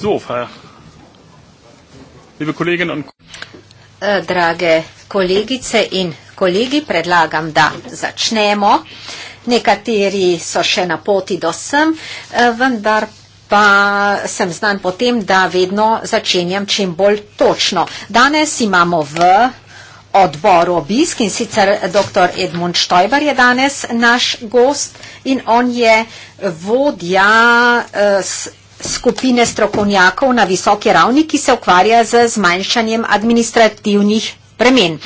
So, liebe Kolleginnen und eh, Drage kolegice in kolegi, predlagam, da začnemo. Nekateri so še na poti do sem, eh, vendar pa sem znan potem, da vedno začenjam čim bolj točno. Danes imamo v odboru obisk in sicer dr. Edmund Štojbar je danes naš gost in on je vodja eh, skupine strokovnjakov na visoki ravni, ki se ukvarja z zmanjšanjem administrativnih bremen.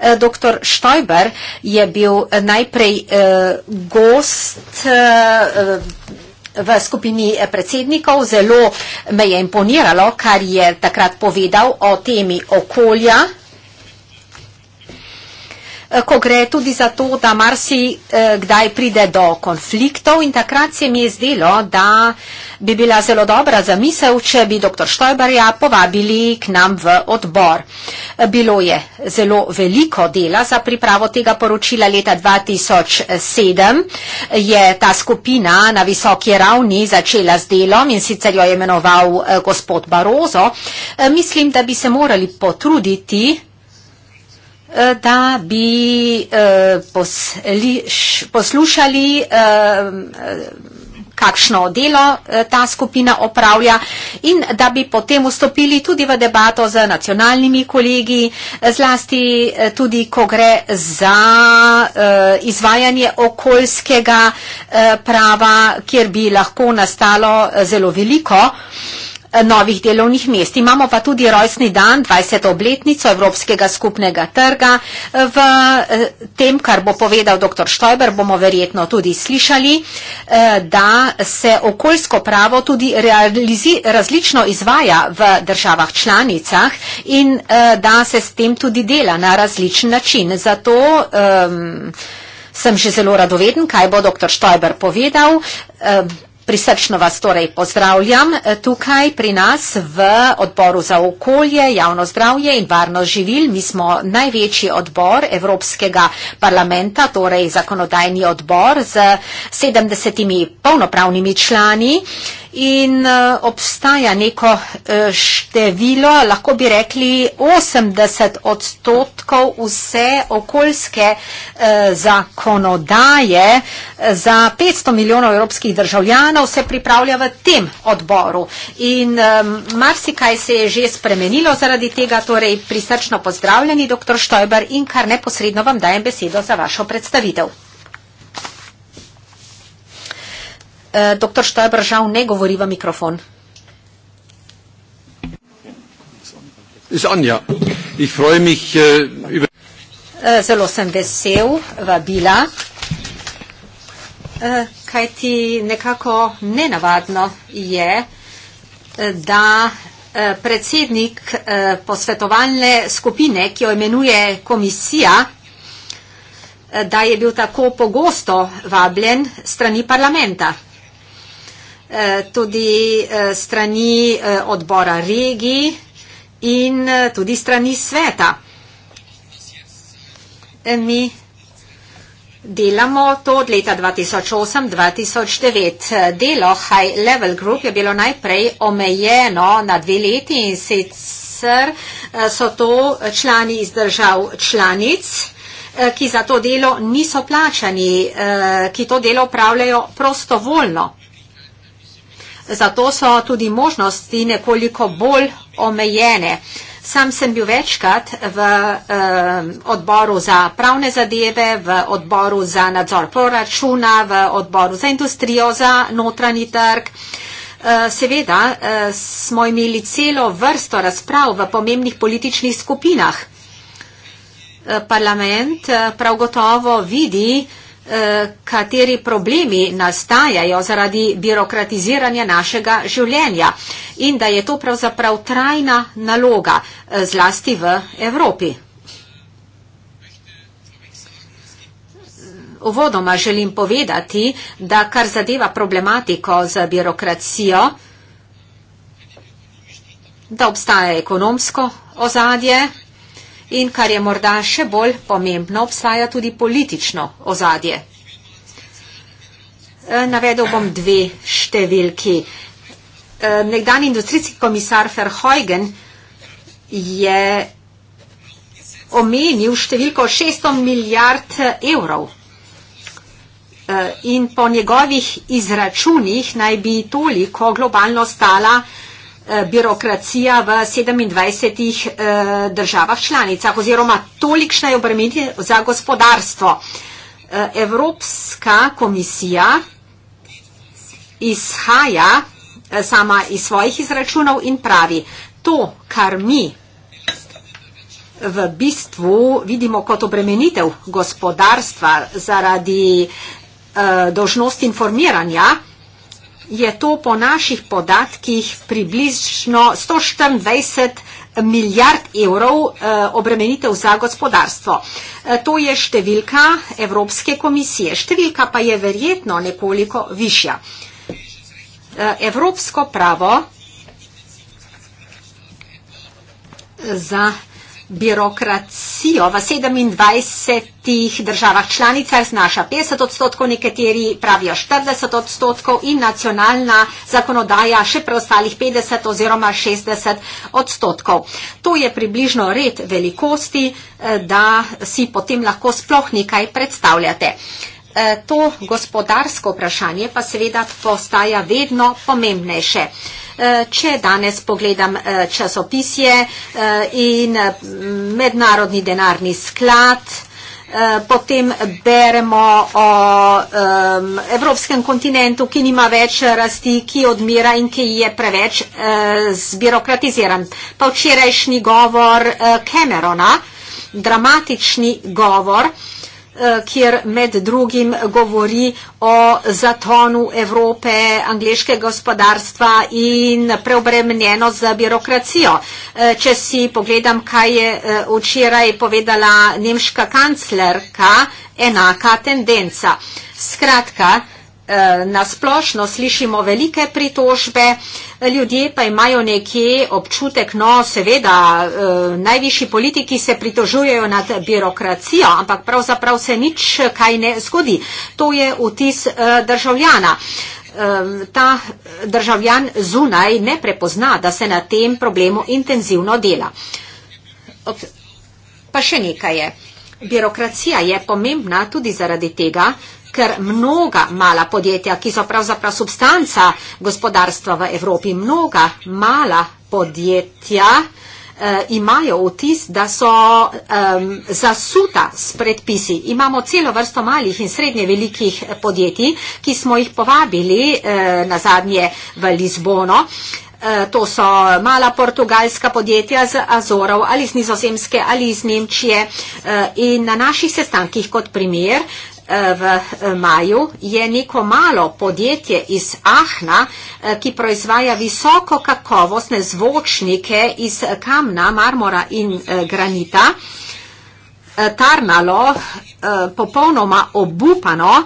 E, Dr. Štojber je bil e, najprej eh, gost eh, v skupini e, predsednikov. Zelo me je imponiralo, kar je takrat povedal o temi okolja. Eh, ko gre tudi za to, da marsi eh, kdaj pride do konfliktov in takrat se mi je zdelo, da bi bila zelo dobra zamisel, če bi dr. Štojbarja povabili k nam v odbor. Eh, bilo je zelo veliko dela za pripravo tega poročila leta 2007. Je ta skupina na visoki ravni začela z delom in sicer jo je imenoval gospod Barozo. Mislim, da bi se morali potruditi Eh, da bi eh, poslušali, eh, kakšno delo ta skupina opravlja in da bi potem vstopili tudi v debato z nacionalnimi kolegi, zlasti tudi, ko gre za izvajanje okoljskega prava, kjer bi lahko nastalo zelo veliko. Eh, novih delovnih mest. Imamo pa tudi rojstni dan, 20. obletnico Evropskega skupnega trga. V eh, tem, kar bo povedal dr. Štojber, bomo verjetno tudi slišali, eh, da se okoljsko pravo tudi različno izvaja v državah članicah in da se s tem tudi dela na različen način. Zato um, sem že zelo radoveden, kaj bo dr. Štojber povedal. Um, Prisrčno vas torej pozdravljam eh, tukaj pri nas v odboru za okolje, javno zdravje in varno živil. Mi smo največji odbor Evropskega parlamenta, torej zakonodajni odbor z 70 polnopravnimi člani in uh, obstaja neko uh, število, lahko bi rekli 80 odstotkov vse okoljske uh, zakonodaje za 500 milijonov evropskih državljanov se pripravlja v tem odboru. In um, marsikaj se je že spremenilo zaradi tega, torej prisrčno pozdravljeni, dr. Štojber, in kar neposredno vam dajem besedo za vašo predstavitev. Eh, doktor Štajber žal ne govori v mikrofon. Ja. Eh, eh, zelo sem vesel vabila, kaj ti nekako nenavadno je, da predsednik posvetovalne skupine, ki jo imenuje komisija, da je bil tako pogosto vabljen strani parlamenta. Eh, tudi eh, strani eh, odbora regij in tudi strani sveta. Mi delamo to od leta 2008-2009. Delo High Level Group je bilo najprej omejeno na dve leti in sicer so to člani iz držav članic, ki za to delo niso plačani, ki to delo upravljajo prostovoljno zato so tudi možnosti nekoliko bolj omejene. Sam sem bil večkrat v ehm, odboru za pravne zadeve, v odboru za nadzor proračuna, v odboru za industrijo, za notranji trg. Ehm, seveda ehm, smo imeli celo vrsto razprav v pomembnih političnih skupinah. Parlament eh, prav gotovo vidi, da je vse, Eh, kateri problemi nastajajo zaradi birokratiziranja našega življenja in da je to pravzaprav trajna naloga eh, zlasti v Evropi. Uvodoma želim povedati, da kar zadeva problematiko z birokracijo, da obstaja ekonomsko ozadje, in kar je morda še bolj pomembno, obstaja tudi politično ozadje. E, navedel bom dve številki. E, nekdani industrijski komisar Verheugen je omenil številko 600 milijard evrov e, in po njegovih izračunih naj bi toliko globalno stala Eh, birokracija v 27 eh, državah članicah oziroma tolikšna je obremenitev za gospodarstvo. Eh, Evropska komisija izhaja sama iz svojih izračunov in pravi, to, kar mi v bistvu vidimo kot obremenitev gospodarstva zaradi dožnosti informiranja, je to po naših podatkih približno 124 milijard evrov eh, obremenitev za gospodarstvo. Eh, to je številka Evropske komisije. Številka pa je verjetno nekoliko višja. Eh, evropsko pravo za komisijo birokracijo. V 27 državah članicah znaša 50 odstotkov, nekateri pravijo 40 odstotkov in nacionalna zakonodaja še preostalih 50 oziroma 60 odstotkov. To je približno red velikosti, eh, da si potem lahko sploh nekaj predstavljate. Eh, to gospodarsko vprašanje pa seveda postaja vedno pomembnejše. Eh, če danes pogledam eh, časopisje in mm, mednarodni denarni sklad, potem beremo o evropskem kontinentu, ki nima več rasti, ki odmira in ki je preveč zbirokratiziran. Pa včerajšnji govor Camerona, dramatični govor, Eh, kjer med drugim govori o zatonu Evrope, angliškega gospodarstva in preobremenjeno z birokracijo. Eh, če si pogledam, kaj je eh, včeraj povedala nemška kanclerka, enaka tendenca. Skratka, na splošno slišimo velike pritožbe, ljudje pa imajo nekje občutek, no seveda, eh, najvišji politiki se pritožujejo nad birokracijo, ampak pravzaprav se nič kaj ne zgodi. To je vtis eh, državljana. Ta državljan zunaj ne prepozna, da se na tem problemu intenzivno dela. Pa še nekaj je. Birokracija je pomembna tudi zaradi tega, ker mnoga mala podjetja, ki so pravzaprav substanca gospodarstva v Evropi, mnoga mala podjetja eh, imajo vtis, da so eh, zasuta s predpisi. Imamo celo vrsto malih in srednje velikih podjetij, ki smo jih povabili eh, na zadnje v Lizbono. Eh, to so mala portugalska podjetja z Azorov ali z Nizozemske ali z Nemčije. Eh, in na naših sestankih kot primer v eh, maju je neko malo podjetje iz Ahna, eh, ki proizvaja visoko kakovostne zvočnike iz eh, kamna, marmora in granita, tarnalo popolnoma obupano,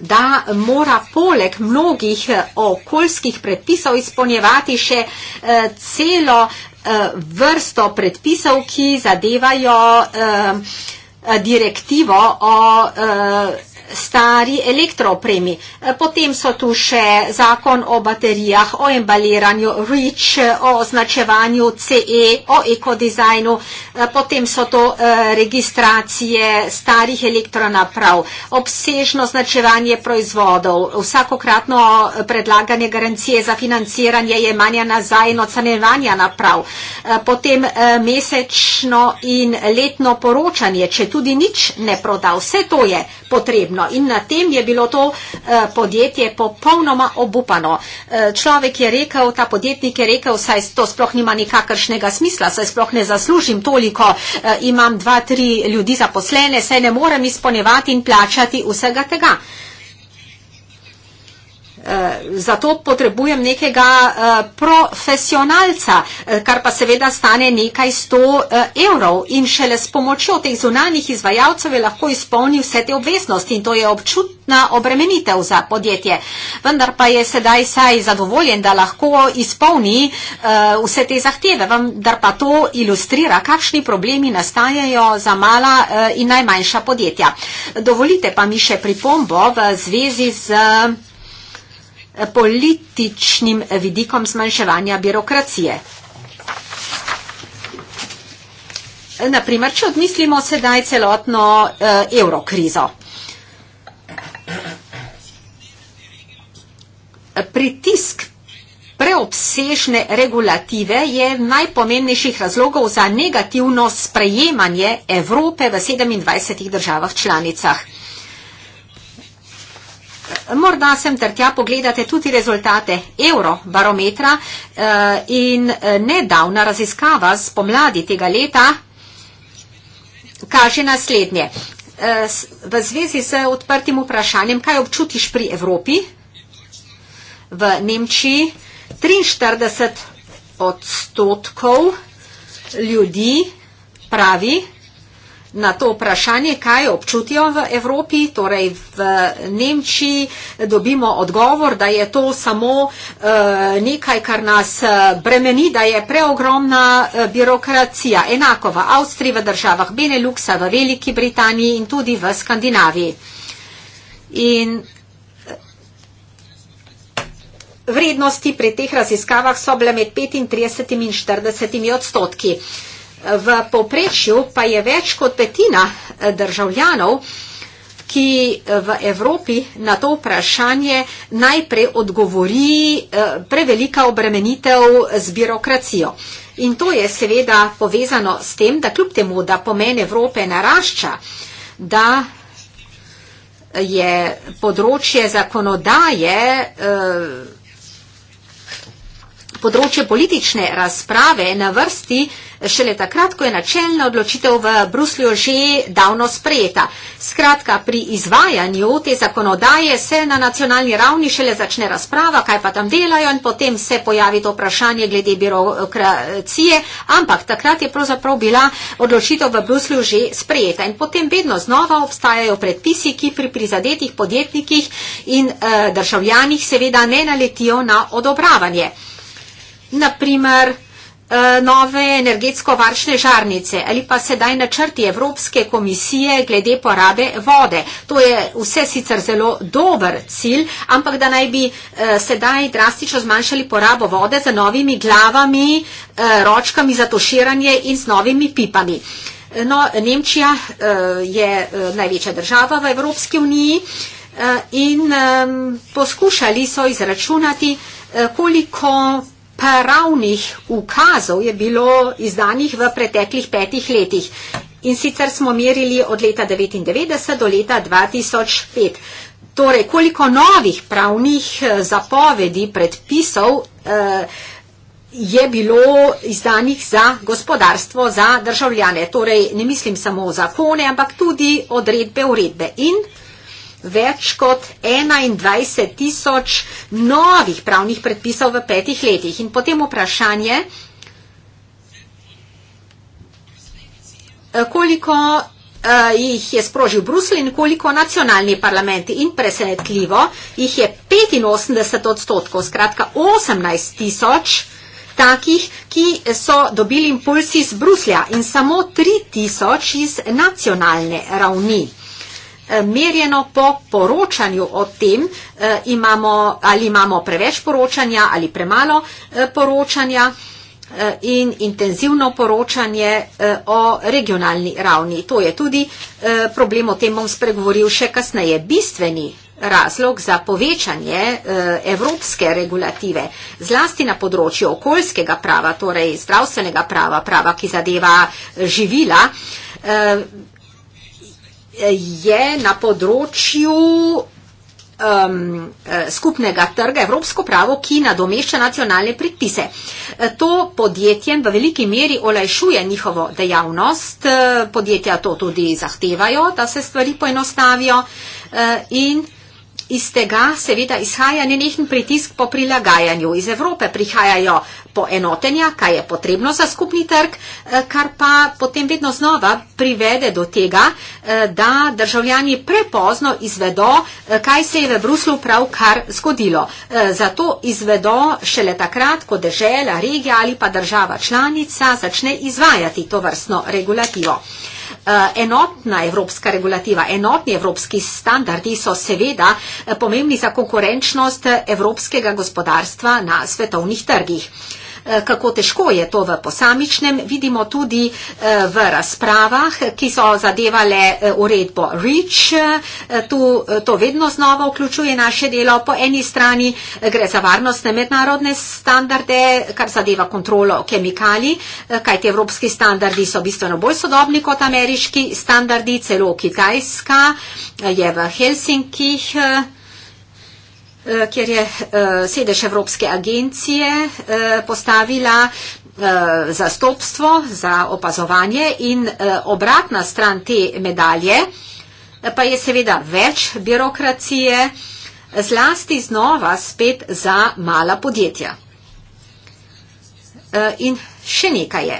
da mora poleg mnogih okoljskih predpisov izpolnjevati še celo vrsto predpisov, ki zadevajo eh, Eh, direktivo o uh, stari elektropremi. Potem so tu še zakon o baterijah, o embaliranju REACH, o označevanju CE, o ekodizajnu, potem so to eh, registracije starih elektronaprav, obsežno označevanje proizvodov, vsakokratno eh, predlaganje garancije za financiranje jemanja nazaj in ocenevanja naprav, eh, potem mesečno in letno poročanje, če tudi nič ne proda, vse to je potrebno pomembno. In na tem je bilo to eh, podjetje popolnoma obupano. Eh, človek je rekel, ta podjetnik je rekel, saj to sploh nima nikakršnega smisla, saj sploh ne zaslužim toliko, eh, imam dva, tri ljudi zaposlene, saj ne morem izpolnjevati in plačati vsega tega. Eh, zato potrebujem nekega eh, profesionalca, eh, kar pa seveda stane nekaj sto evrov in šele s pomočjo teh zunanjih izvajalcev je lahko izpolnil vse te obveznosti in to je občutna obremenitev za podjetje. Vendar pa je sedaj saj zadovoljen, da lahko izpolni vse te zahteve, vendar pa to ilustrira, kakšni problemi nastajajo za mala in najmanjša podjetja. Dovolite pa mi še pripombo v zvezi z političnim vidikom zmanjševanja birokracije. Naprimer, če odmislimo sedaj celotno eh, evrokrizo. Pritisk preobsežne regulative je najpomembnejših razlogov za negativno sprejemanje Evrope v 27 državah članicah. Morda sem trtja pogledate tudi rezultate eurobarometra eh, in eh, nedavna raziskava z pomladi tega leta kaže naslednje. Eh, v zvezi z odprtim vprašanjem, kaj občutiš pri Evropi? V Nemčiji 43 odstotkov ljudi pravi, na to vprašanje, kaj občutijo v Evropi, torej v Nemčiji, dobimo odgovor, da je to samo eh, nekaj, kar nas eh, bremeni, da je preogromna eh, birokracija. Enako v Avstriji, v državah Beneluxa, v Veliki Britaniji in tudi v Skandinaviji. In vrednosti pri teh raziskavah so bile med 35 in 40 odstotki. V povprečju pa je več kot petina eh, državljanov, ki eh, v Evropi na to vprašanje najprej odgovori eh, prevelika obremenitev z birokracijo. In to je seveda povezano s tem, da kljub temu, da pomen Evrope narašča, da je področje zakonodaje. Eh, področje politične razprave na vrsti šele takrat, ko je načelna odločitev v Bruslju že davno sprejeta. Skratka, pri izvajanju te zakonodaje se na nacionalni ravni šele začne razprava, kaj pa tam delajo in potem se pojavi to vprašanje glede birokracije, ampak takrat je pravzaprav bila odločitev v Bruslju že sprejeta in potem vedno znova obstajajo predpisi, ki pri prizadetih podjetnikih in e, državljanih seveda ne naletijo na odobravanje na primer eh, nove energetsko-varčne žarnice ali pa sedaj načrti Evropske komisije glede porabe vode. To je vse sicer zelo dober cilj, ampak da naj bi eh, sedaj drastično zmanjšali porabo vode za novimi glavami, eh, ročkami za toširanje in z novimi pipami. No, Nemčija je največja država v Evropski uniji in poskušali so izračunati, koliko pravnih ukazov je bilo izdanih v preteklih petih letih. In sicer smo merili od leta 1999 do leta 2005. Torej, koliko novih pravnih eh, zapovedi, predpisov eh, je bilo izdanih za gospodarstvo, za državljane. Torej, ne mislim samo zakone, ampak tudi odredbe, uredbe. In več kot 21 tisoč novih pravnih predpisov v petih letih. In potem vprašanje, eh, koliko eh, jih je sprožil Brusel in koliko nacionalni parlamenti in presenetljivo jih je 85 odstotkov, skratka 18 tisoč takih, ki so dobili impulsi iz Bruslja in samo 3 tisoč iz nacionalne ravni merjeno po poročanju o tem, eh, imamo, ali imamo preveč poročanja ali premalo eh, poročanja eh, in intenzivno poročanje o regionalni ravni. To je tudi problem, o tem bom spregovoril še kasneje. Bistveni razlog za povečanje evropske regulative, zlasti na področju okoljskega prava, torej zdravstvenega prava, prava, ki zadeva živila, je na področju um, eh, skupnega trga evropsko pravo, ki nadomešča nacionalne predpise. Eh, to podjetjem v veliki meri olajšuje njihovo dejavnost, eh, podjetja to tudi zahtevajo, da se stvari poenostavijo in iz tega seveda izhaja nenehen pritisk po prilagajanju. Iz Evrope prihajajo uh, poenotenja, kaj je potrebno za skupni trg, eh, kar pa potem vedno znova privede do tega, eh, da državljani prepozno izvedo, eh, kaj se je v Bruslu pravkar zgodilo. Zato izvedo šele takrat, ko dežela, regija ali pa država članica začne izvajati to vrstno regulativo. Enotna evropska regulativa, enotni evropski standardi so seveda pomembni za konkurenčnost evropskega gospodarstva na svetovnih trgih. Eh, kako težko je to v posamičnem, vidimo tudi eh, v razpravah, ki so zadevale eh, uredbo REACH. Tu, to vedno znova vključuje naše delo. Po eni strani gre za varnostne mednarodne standarde, kar zadeva kontrolo kemikalij, kajti evropski standardi so bistveno bolj sodobni kot ameriški standardi, celo Kitajska je v Helsinkih Eh, kjer je eh, sedež Evropske agencije eh, postavila zastopstvo za opazovanje in obratna stran te medalje pa je seveda več birokracije, zlasti znova spet za mala podjetja. In še nekaj je.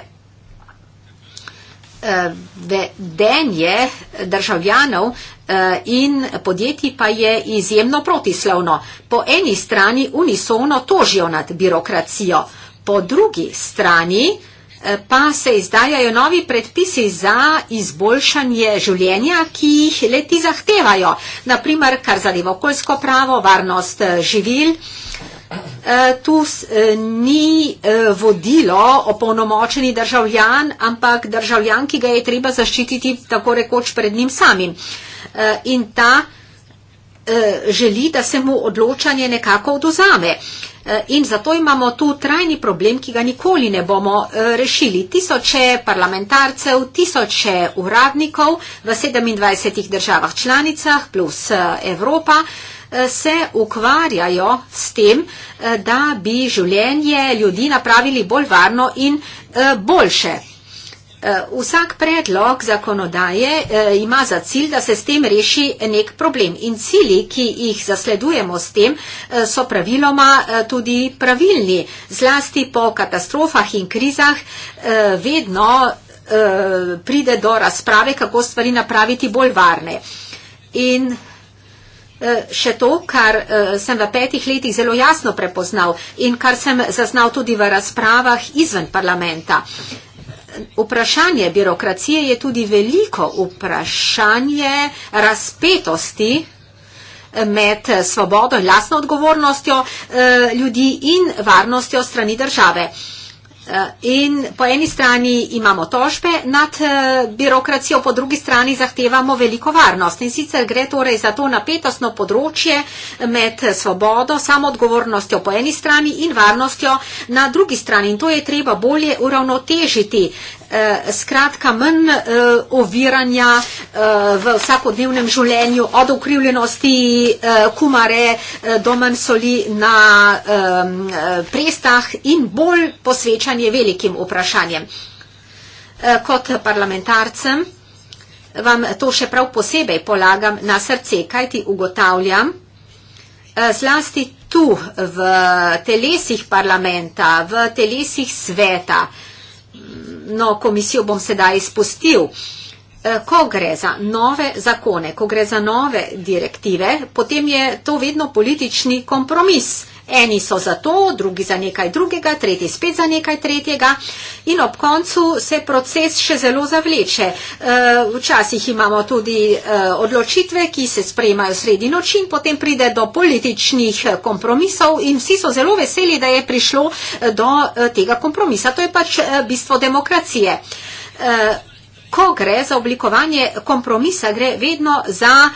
Vedenje državljanov Eh, in podjetij pa je izjemno protislovno. Po eni strani unisono tožijo nad birokracijo, po drugi strani eh, pa se izdajajo novi predpisi za izboljšanje življenja, ki jih leti zahtevajo. Naprimer, kar zadeva okoljsko pravo, varnost eh, živil. Tu ni vodilo opolnomočeni državljan, ampak državljan, ki ga je treba zaščititi tako rekoč pred njim samim. Eh, in ta eh, želi, da se mu odločanje nekako oduzame. Eh, in zato imamo tu trajni problem, ki ga nikoli ne bomo rešili. Tisoče parlamentarcev, tisoče uradnikov v 27 državah članicah plus Evropa se ukvarjajo s tem, da bi življenje ljudi napravili bolj varno in boljše. Eh, vsak predlog zakonodaje eh, ima za cilj, da se s tem reši nek problem. In cili, ki jih zasledujemo s tem, eh, so praviloma tudi pravilni. Zlasti po katastrofah in krizah vedno pride do razprave, kako stvari napraviti bolj varne. In Še to, kar sem v petih letih zelo jasno prepoznal in kar sem zaznal tudi v razpravah izven parlamenta vprašanje birokracije je tudi veliko vprašanje razpetosti eh, med svobodo in lasno odgovornostjo eh, ljudi in varnostjo strani države. Eh, in po eni strani imamo tožbe nad eh, birokracijo, po drugi strani zahtevamo veliko varnost. In sicer gre torej za to napetostno področje med svobodo, samodgovornostjo po eni strani in varnostjo na drugi strani. In to je treba bolje uravnotežiti. Eh, skratka manj eh, oviranja eh, v vsakodnevnem življenju, od ukrivljenosti kumare do manj soli na ehm, prestah in bolj posvečanje velikim vprašanjem. Kot parlamentarcem vam to še prav posebej polagam na srce, kaj ti ugotavljam, zlasti tu v telesih parlamenta, v telesih sveta, no komisijo bom sedaj izpustil. Eh, ko gre za nove zakone, ko gre za nove direktive, potem je to vedno politični kompromis. Eni so za to, drugi za nekaj drugega, tretji spet za nekaj tretjega in ob koncu se proces še zelo zavleče. Eh, včasih imamo tudi eh, odločitve, ki se sprejmajo sredi noči in potem pride do političnih eh, kompromisov in vsi so zelo veseli, da je prišlo do tega kompromisa. To je pač bistvo demokracije. Ko gre za oblikovanje kompromisa, gre vedno za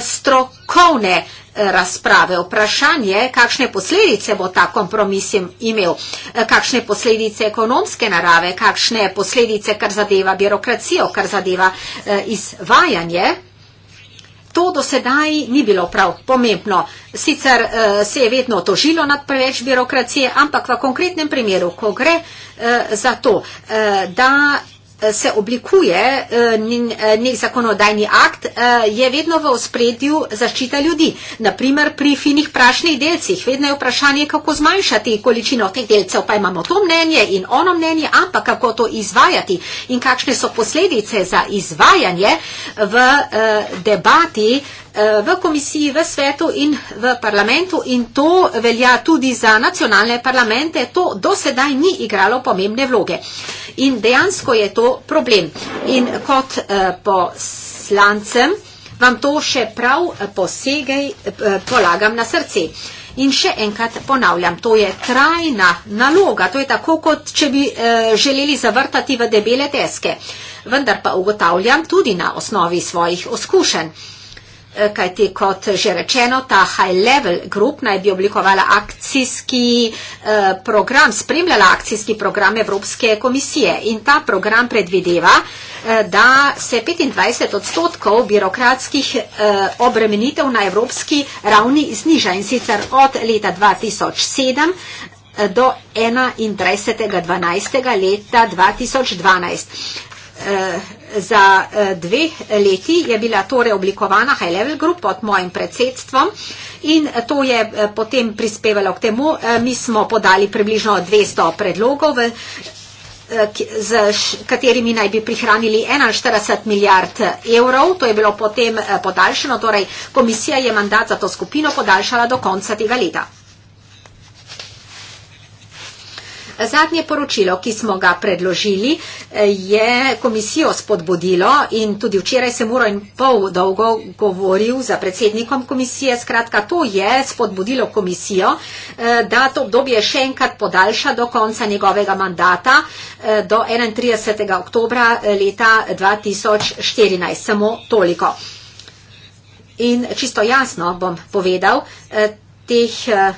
strokovne razprave. Vprašanje, kakšne posledice bo ta kompromis imel, e, kakšne posledice ekonomske narave, kakšne posledice, kar zadeva birokracijo, kar zadeva e, izvajanje. To do sedaj ni bilo prav pomembno. Sicer eh, se je vedno tožilo nad preveč birokracije, ampak v konkretnem primeru, ko gre eh, za to, eh, da se oblikuje eh, eh, nek zakonodajni akt, eh, je vedno v ospredju zaščita ljudi. Naprimer, pri finih prašnih delcih vedno je vprašanje, kako zmanjšati količino teh delcev, pa imamo to mnenje in ono mnenje, ampak kako to izvajati in kakšne so posledice za izvajanje v debati Eh, v komisiji, v svetu in v parlamentu in to velja tudi za nacionalne parlamente, to do sedaj ni igralo pomembne vloge. In dejansko je to problem. In kot eh, poslancem vam to še prav posegej eh, polagam na srce. In še enkrat ponavljam, to je trajna naloga, to je tako, kot če bi želeli zavrtati v debele teske. Vendar pa ugotavljam tudi na osnovi svojih oskušenj kajti kot že rečeno, ta high level grup naj bi oblikovala akcijski eh, program, spremljala akcijski program Evropske komisije in ta program predvideva, eh, da se 25 odstotkov birokratskih eh, obremenitev na evropski ravni zniža in sicer od leta 2007 do 21.12. leta 2012 za eh, dve leti je bila torej oblikovana high level group pod mojim predsedstvom in to je eh, potem prispevalo k temu, eh, mi smo podali približno 200 predlogov, z katerimi naj bi prihranili 41 milijard evrov, to je bilo potem podaljšeno, torej komisija je mandat za to skupino podaljšala do konca tega leta. Zadnje poročilo, ki smo ga predložili, eh, je komisijo spodbudilo in tudi včeraj sem uro in pol dolgo govoril za predsednikom komisije. Skratka, to je spodbudilo komisijo, eh, da to obdobje še enkrat podaljša do konca njegovega mandata, eh, do 31. oktobra leta 2014. Samo toliko. In čisto jasno bom povedal, teh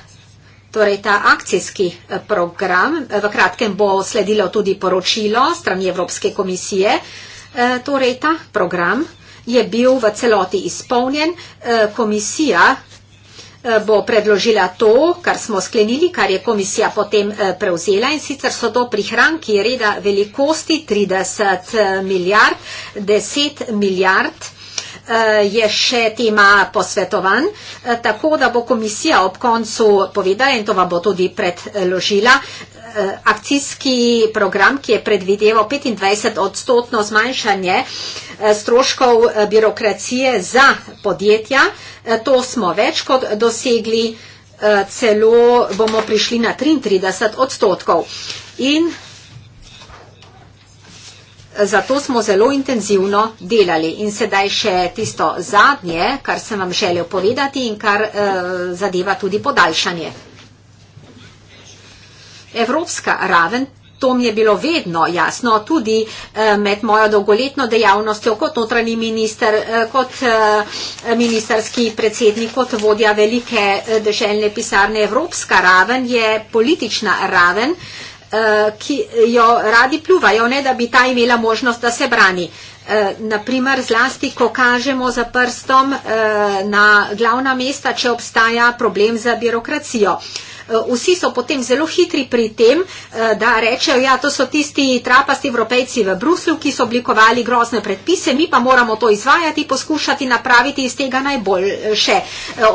Torej, ta akcijski eh, program, eh, v kratkem bo sledilo tudi poročilo strani Evropske komisije. Eh, torej, ta program je bil v celoti izpolnjen. Komisija bo predložila to, kar smo sklenili, kar je komisija potem prevzela in sicer so to prihranki reda velikosti 30 milijard, 10 milijard Eh, je še tema posvetovanj, eh, tako da bo komisija ob koncu povedala in to vam bo tudi predložila eh, akcijski program, ki je predvideval 25 odstotno zmanjšanje stroškov birokracije za podjetja. To smo več kot dosegli, celo bomo prišli na 33 odstotkov. In zato smo zelo intenzivno delali. In sedaj še tisto zadnje, kar sem vam želel povedati in kar eh, zadeva tudi podaljšanje. Evropska raven. To mi je bilo vedno jasno, tudi eh, med mojo dolgoletno dejavnostjo kot notranji minister, eh, kot eh, ministerski predsednik, kot vodja velike eh, državne pisarne. Evropska raven je politična raven. Eh, Eh, ki jo radi pljuvajo, ne da bi ta imela možnost, da se brani. Eh, Naprimer, zlasti, ko kažemo za prstom eh, na glavna mesta, če obstaja problem za birokracijo. Vsi so potem zelo hitri pri tem, da rečejo, ja, to so tisti trapasti evropejci v Bruslju, ki so oblikovali grozne predpise, mi pa moramo to izvajati, poskušati napraviti iz tega najboljše.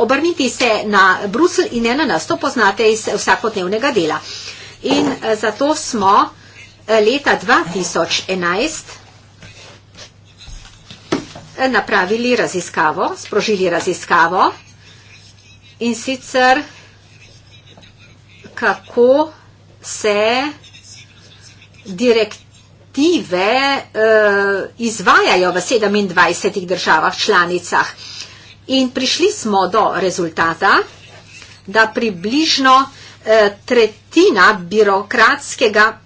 Obrniti se na Bruslj in ne na nas, to poznate iz vsakodnevnega dela in eh, zato smo eh, leta 2011 eh, napravili raziskavo, sprožili raziskavo in sicer kako se direktive izvajajo v 27 državah članicah. In prišli smo do rezultata, da približno tretjina birokratskega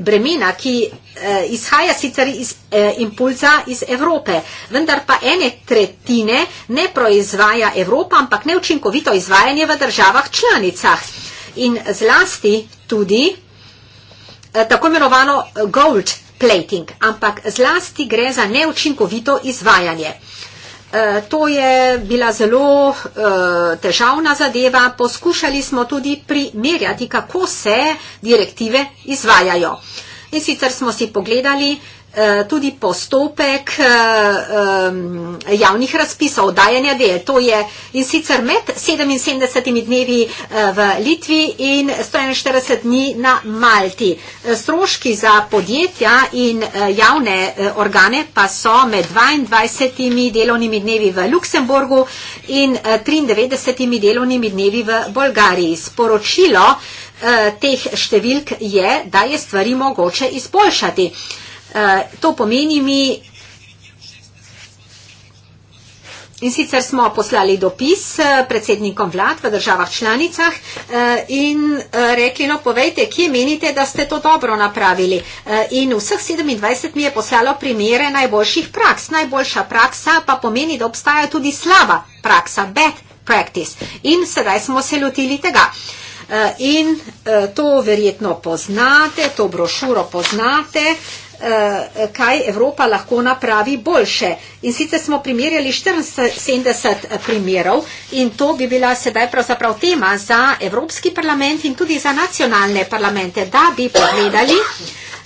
bremena, ki eh, izhaja sicer iz eh, impulza iz Evrope, vendar pa ene tretjine ne proizvaja Evropa, ampak neučinkovito izvajanje v državah članicah. In zlasti tudi eh, tako imenovano gold plating, ampak zlasti gre za neučinkovito izvajanje. Eh, to je bila zelo eh, težavna zadeva. Poskušali smo tudi primerjati, kako se direktive izvajajo. In sicer smo si pogledali, Eh, tudi postopek eh, eh, javnih razpisov, dajanja del. To je in sicer med 77 dnevi v Litvi in 141 dni na Malti. Stroški za podjetja in javne organe pa so med 22 delovnimi dnevi v Luksemburgu in 93 delovnimi dnevi v Bolgariji. Sporočilo teh številk je, da je stvari mogoče izboljšati. Eh, to pomeni mi, In sicer smo poslali dopis eh, predsednikom vlad v državah članicah eh, in rekli, no povejte, kje menite, da ste to dobro napravili. In vseh 27 mi je poslalo primere najboljših praks. Najboljša praksa pa pomeni, da obstaja tudi slaba praksa, bad practice. In sedaj smo se lotili tega. In to verjetno poznate, to brošuro poznate. Eh, kaj Evropa lahko napravi boljše. In sicer smo primerjali 74 eh, primerov in to bi bila sedaj pravzaprav tema za Evropski parlament in tudi za nacionalne parlamente, da bi pogledali,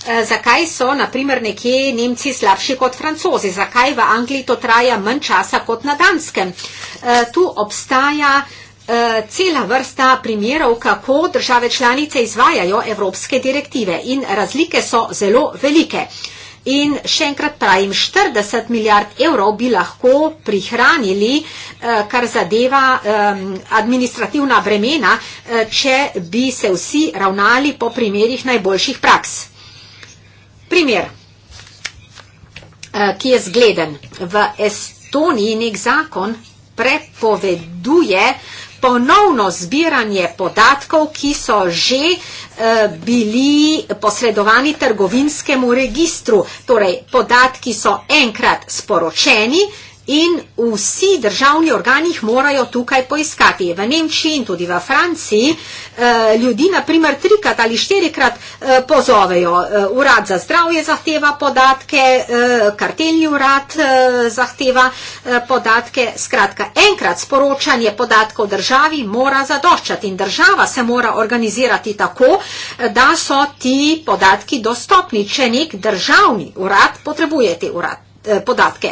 eh, zakaj so naprimer nekje Nemci slabši kot Francozi, zakaj v Angliji to traja manj časa kot na Danskem. Tu obstaja Eh, cela vrsta primerov, kako države članice izvajajo evropske direktive in razlike so zelo velike. In še enkrat pravim, 40 milijard evrov bi lahko prihranili, eh, kar zadeva administrativna bremena, eh, če bi se vsi ravnali po primerih najboljših praks. Primer, ki je zgleden. V Estoniji nek zakon prepoveduje, da ponovno zbiranje podatkov, ki so že eh, bili posredovani trgovinskemu registru. Torej, podatki so enkrat sporočeni, In vsi državni organi jih morajo tukaj poiskati. V Nemčiji in tudi v Franciji eh, ljudi naprimer trikrat ali štirikrat eh, pozovejo. Eh, urad za zdravje zahteva podatke, kartelni urad zahteva podatke. Skratka, enkrat sporočanje podatkov državi mora zadoščati in država se mora organizirati tako, da so ti podatki dostopni, če nek državni urad potrebuje te podatke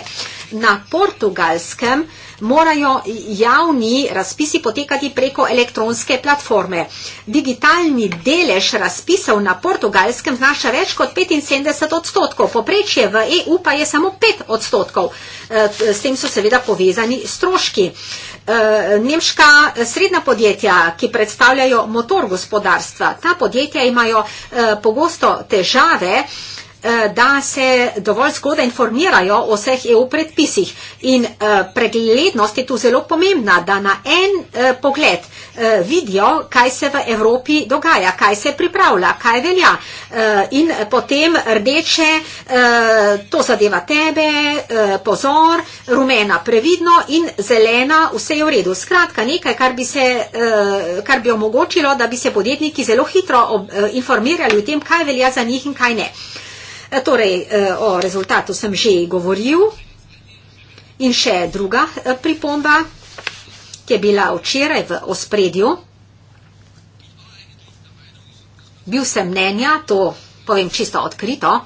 na portugalskem morajo javni razpisi potekati preko elektronske platforme. Digitalni delež razpisov na portugalskem znaša več kot 75 odstotkov, poprečje v EU pa je samo 5 odstotkov. E, s tem so seveda povezani stroški. E, nemška srednja podjetja, ki predstavljajo motor gospodarstva, ta podjetja imajo e, pogosto težave, Eh, da se dovolj zgodaj informirajo o vseh EU predpisih. In eh, preglednost je tu zelo pomembna, da na en eh, pogled vidijo, kaj se v Evropi dogaja, kaj se pripravlja, kaj velja. In potem rdeče, to zadeva tebe, pozor, rumena previdno in zelena, vse je v redu. Skratka, nekaj, kar bi, se, kar bi omogočilo, da bi se podjetniki zelo hitro informirali o tem, kaj velja za njih in kaj ne. Torej, eh, o rezultatu sem že govoril in še druga eh, pripomba, ki je bila včeraj v ospredju. Bil sem mnenja, to povem čisto odkrito,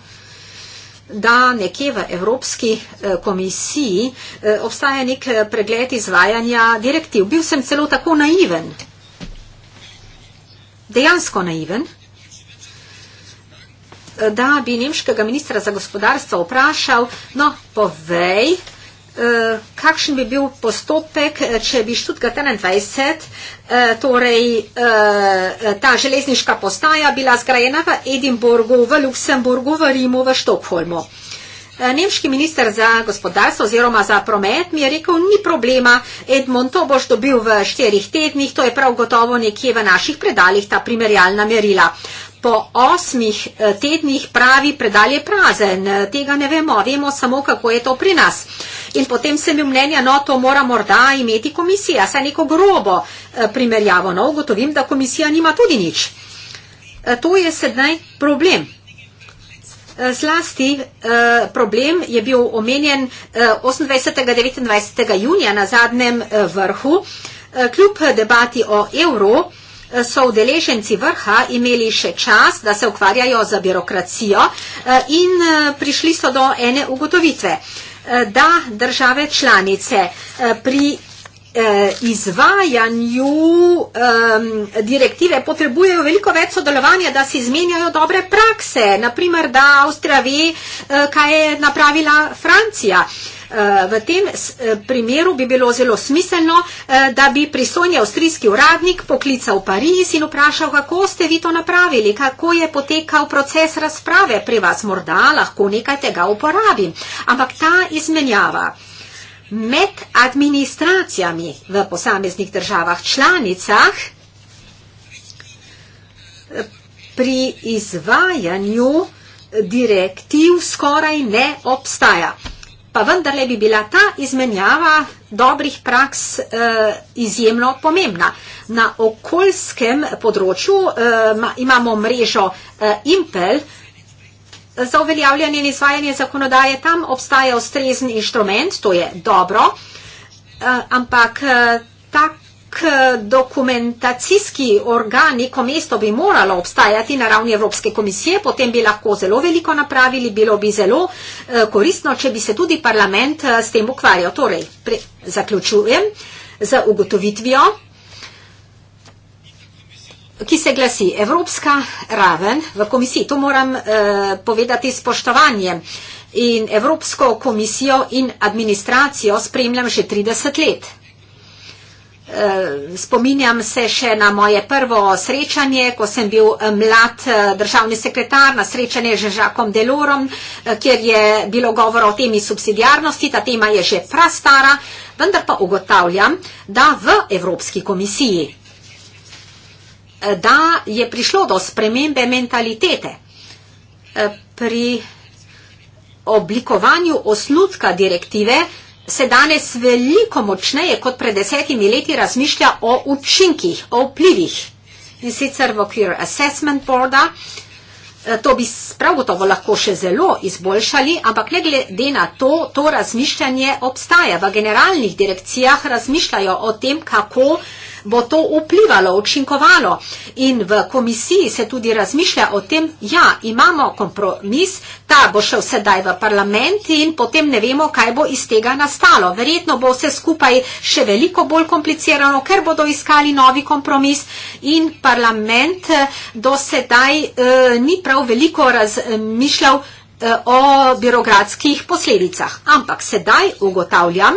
da nekje v Evropski eh, komisiji obstaja nek pregled izvajanja direktiv. Bil sem celo tako naiven, dejansko naiven da bi nemškega ministra za gospodarstvo vprašal, no, povej, eh, kakšen bi bil postopek, če bi Študgat 21, eh, torej eh, ta železniška postaja, bila zgrajena v Edinburgu, v Luksemburgu, v Rimu, v Štokholmu. Nemški minister za gospodarstvo oziroma za promet mi je rekel, ni problema, Edmond, to boš dobil v štirih tednih, to je prav gotovo nekje v naših predaljih ta primerjalna merila po osmih eh, tednih pravi predalje prazen. Eh, tega ne vemo, vemo samo, kako je to pri nas. In potem sem jim mnenja, no, to mora morda imeti komisija, saj neko grobo eh, primerjavo. No, ugotovim, da komisija nima tudi nič. To je sedaj problem. Zlasti problem je bil omenjen 28. 29. junija na zadnjem vrhu. Kljub debati o evro, so udeleženci vrha imeli še čas, da se ukvarjajo za birokracijo eh, in eh, prišli so do ene ugotovitve, eh, da države članice pri izvajanju um, direktive potrebujejo veliko več sodelovanja, da si izmenjajo dobre prakse, naprimer, da Avstrija ve, kaj je napravila Francija. Uh, Eh, v tem eh, primeru bi bilo zelo smiselno, eh, da bi pristojni avstrijski uradnik poklical Pariz in vprašal, kako ste vi to napravili, kako je potekal proces razprave pri vas, morda lahko nekaj tega uporabim. Ampak ta izmenjava med administracijami v posameznih državah članicah pri izvajanju direktiv skoraj ne obstaja pa vendarle bi bila ta izmenjava dobrih praks eh, izjemno pomembna. Na okoljskem področju eh, imamo mrežo eh, Impel za uveljavljanje in izvajanje zakonodaje. Tam obstaja ustrezni inštrument, to je dobro, eh, ampak eh, tak Eh, dokumentacijski organi, ko mesto bi moralo obstajati na ravni Evropske komisije, potem bi lahko zelo veliko napravili, bilo bi zelo eh, koristno, če bi se tudi parlament eh, s tem ukvarjal. Torej, pre, zaključujem z ugotovitvijo, ki se glasi Evropska raven v komisiji. To moram eh, povedati s poštovanjem. In Evropsko komisijo in administracijo spremljam že 30 let. Eh, spominjam se še na moje prvo srečanje, ko sem bil eh, mlad eh, državni sekretar na srečanje že Žakom Delorom, kjer je bilo govor o temi subsidijarnosti, ta tema je že prastara, vendar pa ugotavljam, da v Evropski komisiji da je prišlo do spremembe mentalitete pri oblikovanju osnutka direktive se danes veliko močneje kot pred desetimi leti razmišlja o učinkih, o vplivih. In sicer v okviru assessment boarda, eh, to bi prav gotovo lahko še zelo izboljšali, ampak ne glede na to, to razmišljanje obstaja. V generalnih direkcijah razmišljajo o tem, kako bo to vplivalo, učinkovalo. In v komisiji se tudi razmišlja o tem, ja, imamo kompromis, ta bo šel sedaj v parlament in potem ne vemo, kaj bo iz tega nastalo. Verjetno bo vse skupaj še veliko bolj komplicirano, ker bodo iskali novi kompromis in parlament eh, do sedaj eh, ni prav veliko razmišljal eh, o birokratskih posledicah. Ampak sedaj ugotavljam,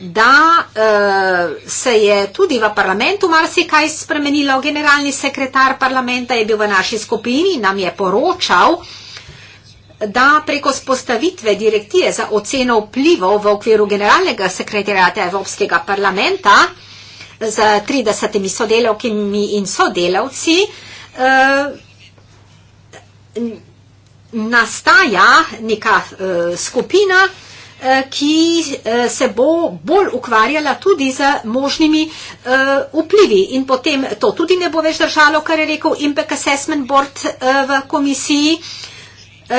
da eh, se je tudi v parlamentu marsikaj spremenilo. Generalni sekretar parlamenta je bil v naši skupini in nam je poročal, da preko spostavitve direktive za oceno vplivov v okviru generalnega sekretarjata Evropskega parlamenta z 30 sodelavkami in sodelavci eh, nastaja neka eh, skupina, Eh, ki eh, se bo bolj ukvarjala tudi z možnimi eh, vplivi. In potem to tudi ne bo več držalo, kar je rekel Impact Assessment Board v komisiji.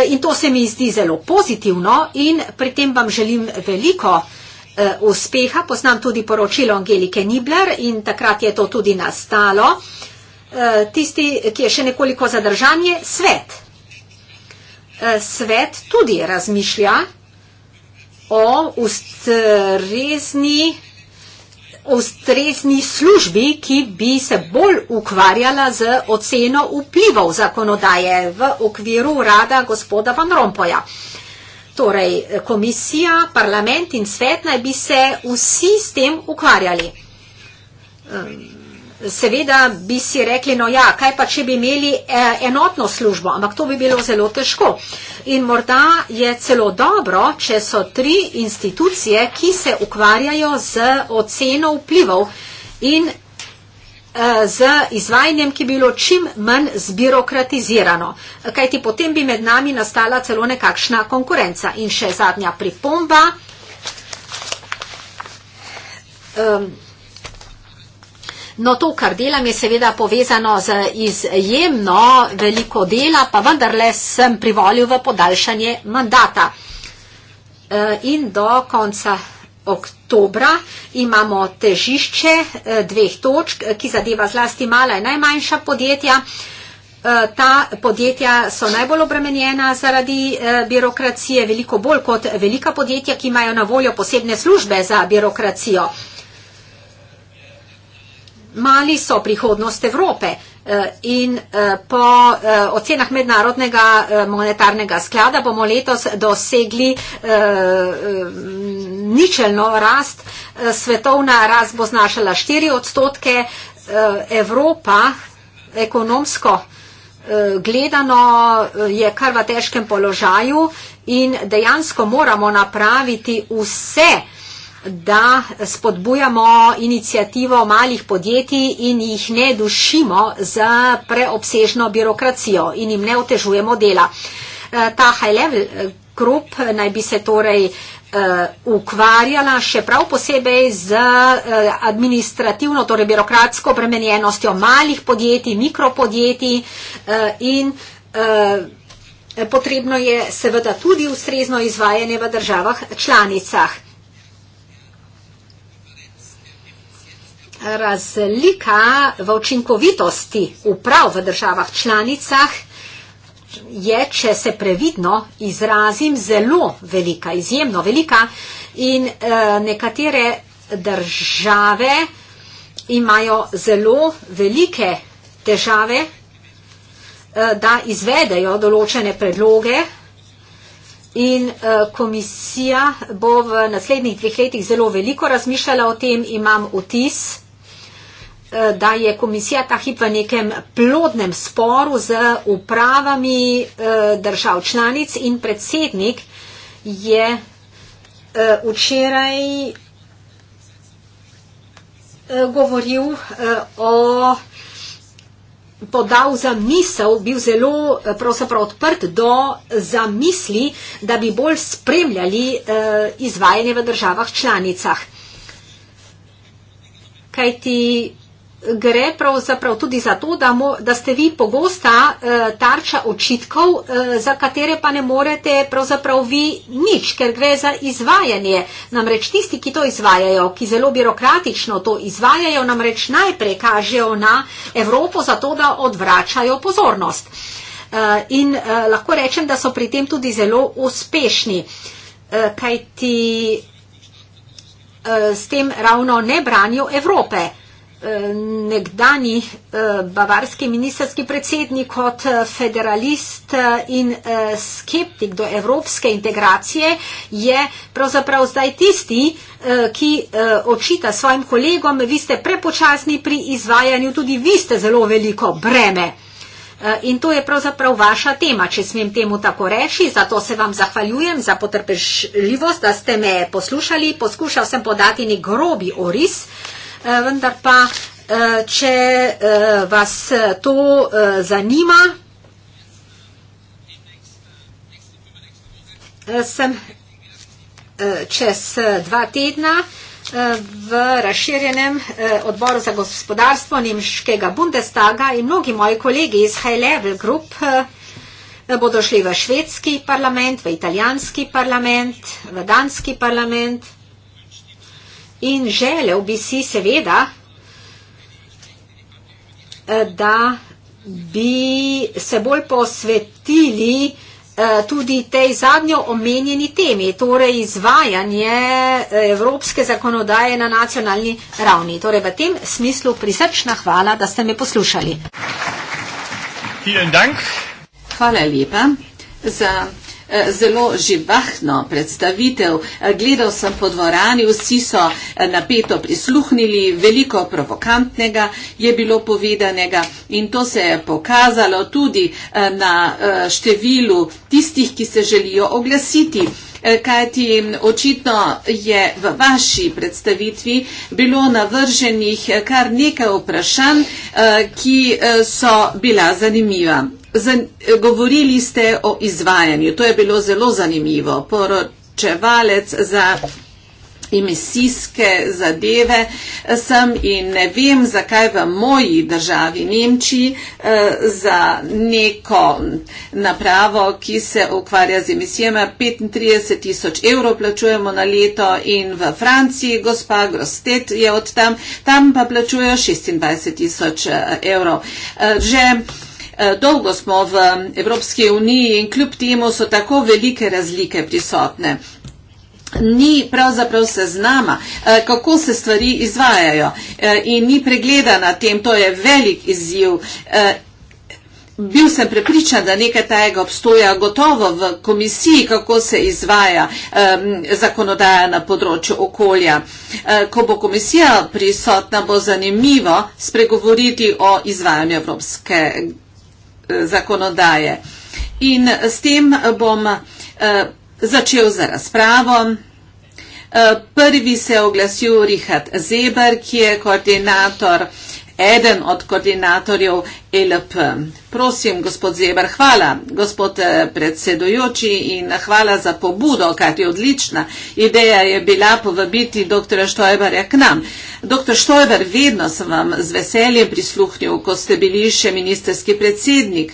In to se mi zdi zelo pozitivno in pri tem vam želim veliko uspeha. Poznam tudi poročilo Angelike Nibler in takrat je to tudi nastalo. Tisti, ki je še nekoliko zadržan, je svet. Svet tudi razmišlja o ustrezni, ustrezni službi, ki bi se bolj ukvarjala z oceno vplivov zakonodaje v okviru rada gospoda Van Rompoja. Torej, komisija, parlament in svet naj bi se vsi s tem ukvarjali. Um, Seveda bi si rekli, no ja, kaj pa če bi imeli eh, enotno službo, ampak to bi bilo zelo težko. In morda je celo dobro, če so tri institucije, ki se ukvarjajo z oceno vplivov in eh, z izvajanjem, ki bi bilo čim manj zbirokratizirano, kajti potem bi med nami nastala celo nekakšna konkurenca. In še zadnja pripomba. Um, No, to, kar delam, je seveda povezano z izjemno veliko dela, pa vendarle sem privolil v podaljšanje mandata. E, in do konca oktobra imamo težišče e, dveh točk, ki zadeva zlasti mala in najmanjša podjetja. E, ta podjetja so najbolj obremenjena zaradi birokracije, veliko bolj kot velika podjetja, ki imajo na voljo posebne službe za birokracijo mali so prihodnost Evrope eh, in eh, po eh, ocenah mednarodnega monetarnega sklada bomo letos dosegli ničelno rast, svetovna rast bo znašala 4 odstotke, Evropa ekonomsko gledano je kar v težkem položaju in dejansko moramo napraviti vse, da spodbujamo inicijativo malih podjetij in jih ne dušimo z preobsežno birokracijo in jim ne otežujemo dela. Eh, ta high level eh, grup naj bi se torej eh, ukvarjala še prav posebej z administrativno, torej birokratsko bremenjenostjo malih podjetij, mikropodjetij in potrebno je seveda tudi ustrezno izvajanje v državah članicah. razlika v učinkovitosti uprav v državah članicah je, če se previdno izrazim, zelo velika, izjemno velika in e, nekatere države imajo zelo velike težave, e, da izvedejo določene predloge in e, komisija bo v naslednjih dveh letih zelo veliko razmišljala o tem, imam vtis, Eh, da je komisija ta hip v nekem plodnem sporu z upravami eh, držav članic in predsednik je eh, včeraj govoril o podal za misel, bil zelo pravzaprav odprt do zamisli, da bi bolj spremljali izvajanje v državah članicah. Kaj ti gre pravzaprav tudi zato, da, da ste vi pogosta eh, tarča očitkov, eh, za katere pa ne morete pravzaprav vi nič, ker gre za izvajanje. Namreč tisti, ki to izvajajo, ki zelo birokratično to izvajajo, namreč najprej kažejo na Evropo za to, da odvračajo pozornost. Eh, in eh, lahko rečem, da so pri tem tudi zelo uspešni, eh, kajti eh, s tem ravno ne branijo Evrope. Eh, nekdani eh, bavarski ministerski predsednik kot eh, federalist in skeptik do evropske integracije je pravzaprav zdaj tisti, ki očita svojim kolegom, vi ste prepočasni pri izvajanju, tudi vi ste zelo veliko breme. In to je pravzaprav vaša tema, če smem temu tako reči, zato se vam zahvaljujem za potrpežljivost, da ste me poslušali, poskušal sem podati nek grobi oris. Eh, vendar pa, eh, če eh, vas to zanima, sem čez dva tedna v razširjenem odboru za gospodarstvo Nemškega Bundestaga in mnogi moji kolegi iz High Level Group bodo šli v švedski parlament, v italijanski parlament, v danski parlament in želel bi si seveda, eh, da bi se bolj posvetili eh, tudi tej zadnjo omenjeni temi, torej izvajanje eh, evropske zakonodaje na nacionalni ravni. Torej v tem smislu prisrčna hvala, da ste me poslušali. Hvala lepa za Eh, zelo živahno predstavitev. Eh, gledal sem po dvorani, vsi so eh, napeto prisluhnili, veliko provokantnega je bilo povedanega in to se je pokazalo tudi na številu tistih, ki se želijo oglasiti. Kajti očitno je v vaši predstavitvi bilo navrženih kar nekaj vprašanj, ki so bila zanimiva. Govorili ste o izvajanju, to je bilo zelo zanimivo. Poročevalec za emisijske zadeve eh, sem in ne vem, zakaj v moji državi Nemčiji eh, za neko napravo, ki se ukvarja z emisijama, 35 tisoč evrov plačujemo na leto in v Franciji, gospa Grostet je od tam, tam pa plačujejo 26 tisoč eh, evrov. Že Eh, dolgo smo v Evropski uniji in kljub temu so tako velike razlike prisotne. Ni pravzaprav seznama, eh, kako se stvari izvajajo eh, in ni pregleda na tem, to je velik izziv. Bil sem prepričan, da nekaj tajega obstoja gotovo v komisiji, kako se izvaja um, zakonodaja na področju okolja. E, ko bo komisija prisotna, bo zanimivo spregovoriti o izvajanju Evropske zakonodaje. In s tem bom eh, začel za razpravo. Eh, prvi se je oglasil Richard Zeber, ki je koordinator eden od koordinatorjev ELP. Prosim, gospod Zeber, hvala, gospod eh, predsedujoči in hvala za pobudo, kar je odlična. Ideja je bila povabiti dr. Štojberja k nam. Dr. Štojber, vedno sem vam z veseljem prisluhnil, ko ste bili še ministerski predsednik.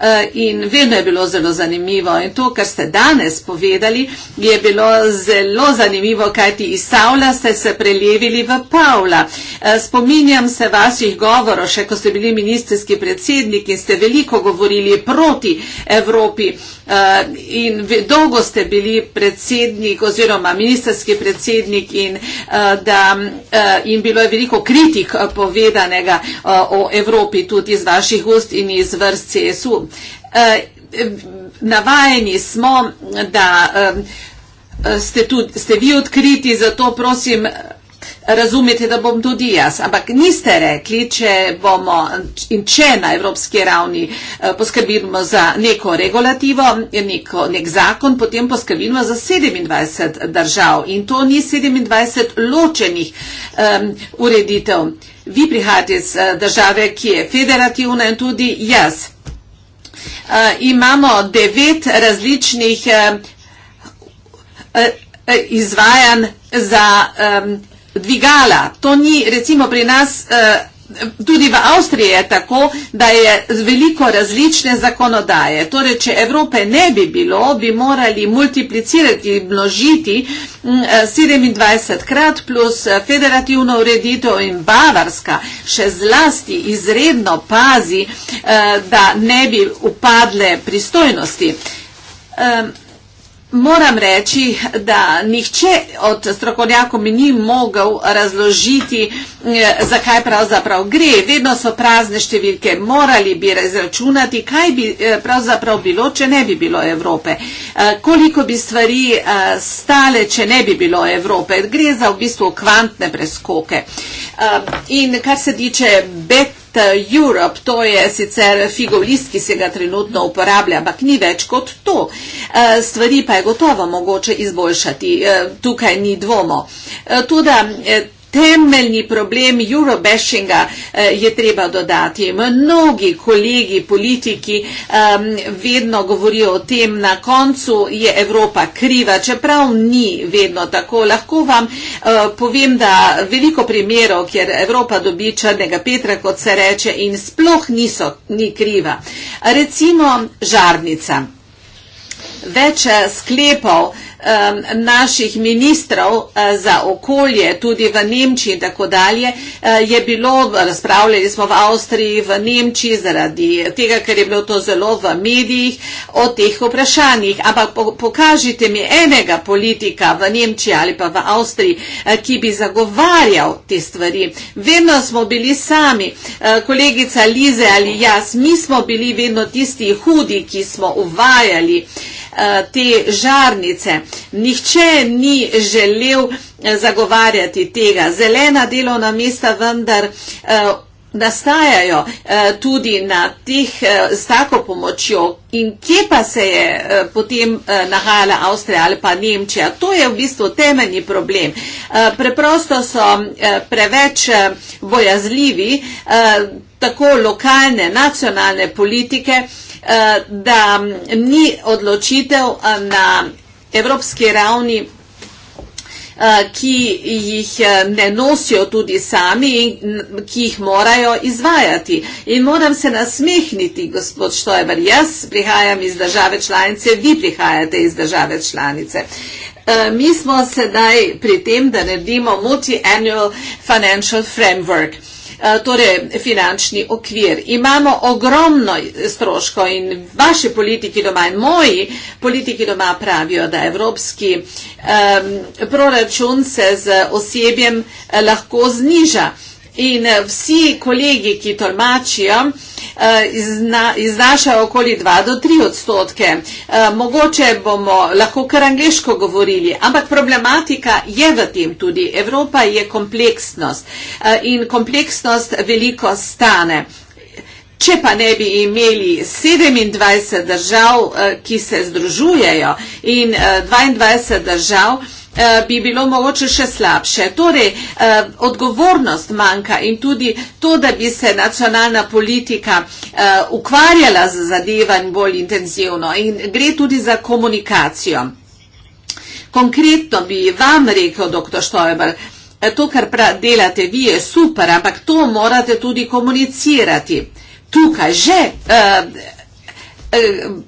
Eh, in vedno je bilo zelo zanimivo. In to, kar ste danes povedali, je bilo zelo zanimivo, kajti iz Saula ste se prelevili v Pavla. Eh, spominjam se vaših govorov, še ko ste bili ministerski predsednik in ste veliko govorili proti Evropi. Eh, in dolgo ste bili predsednik oziroma ministerski predsednik in eh, da eh, in bilo je veliko kritik povedanega o Evropi tudi iz vaših ust in iz vrst CSU. Navajeni smo, da ste, tudi, ste vi odkriti, zato prosim, razumete, da bom tudi jaz. Ampak niste rekli, če bomo in če na evropski ravni eh, poskrbimo za neko regulativo, neko, nek zakon, potem poskrbimo za 27 držav in to ni 27 ločenih um, ureditev. Vi prihajate iz eh, države, ki je federativna in tudi jaz. Uh, imamo devet različnih uh, uh, izvajanj za um, dvigala. To ni recimo pri nas. Uh, Tudi v Avstriji je tako, da je veliko različne zakonodaje. Torej, če Evrope ne bi bilo, bi morali multiplicirati, množiti 27 mm, eh, krat plus eh, federativno ureditev in Bavarska še zlasti izredno pazi, da ne bi upadle pristojnosti. Moram reči, da nihče od strokovnjakov mi ni mogel razložiti, eh, zakaj pravzaprav gre. Vedno so prazne številke, morali bi razračunati, kaj bi eh, pravzaprav bilo, če ne bi bilo Evrope. Eh, koliko bi stvari stale, če ne bi bilo Evrope. Gre za v bistvu kvantne preskoke. In kar se tiče bet Europe, to je sicer figov list, ki se ga trenutno uporablja, ampak ni več kot to. E, stvari pa je gotovo mogoče izboljšati, e, tukaj ni dvomo. E, Tudi temeljni problem eurobashinga eh, je treba dodati. Mnogi kolegi, politiki vedno govorijo o tem, na koncu je Evropa kriva, čeprav ni vedno tako. Lahko vam eh, povem, da veliko primerov, kjer Evropa dobi črnega petra, kot se reče, in sploh niso, ni kriva. Recimo žarnica. Več eh, sklepov, Um, naših ministrov uh, za okolje, tudi v Nemčiji in tako dalje, uh, je bilo, razpravljali smo v Avstriji, v Nemčiji, zaradi tega, ker je bilo to zelo v medijih, o teh vprašanjih. Ampak pokažite mi enega politika v Nemčiji ali pa v Avstriji, uh, ki bi zagovarjal te stvari. Vedno smo bili sami, kolegica Lize ali jaz, mi smo bili vedno tisti hudi, ki smo uvajali. Eh, te žarnice. Nihče ni želel eh, zagovarjati tega. Zelena delovna mesta vendar eh, nastajajo tudi na teh, s tako pomočjo in kje pa se je potem nahajala Avstrija ali pa Nemčija. To je v bistvu temeljni problem. Preprosto so preveč bojazljivi tako lokalne, nacionalne politike, Eh, da mm, ni odločitev eh, na evropski ravni, eh, ki jih ne nosijo tudi sami in mm, ki jih morajo izvajati. In moram se nasmehniti, gospod Štojber, jaz prihajam iz države članice, vi prihajate iz države članice. Mi smo sedaj pri tem, da naredimo multi-annual financial framework. Eh, torej finančni okvir. Imamo ogromno stroško in vaši politiki doma in moji politiki doma pravijo, da evropski um, proračun se z osebjem eh, lahko zniža. Um, In eh, vsi kolegi, ki tolmačijo, eh, iznašajo okoli 2 do 3 odstotke. Eh, mogoče bomo lahko kar angliško govorili, ampak problematika je v tem tudi. Evropa je kompleksnost in kompleksnost veliko stane. Če pa ne bi imeli 27 držav, ki se združujejo in 22 držav, Eh, bi bilo mogoče še slabše. Torej, eh, odgovornost manjka in tudi to, da bi se nacionalna politika eh, ukvarjala z zadevanj bolj intenzivno in gre tudi za komunikacijo. Konkretno bi vam rekel, dr. Štojbr, to, kar delate vi, je super, ampak to morate tudi komunicirati. Tukaj že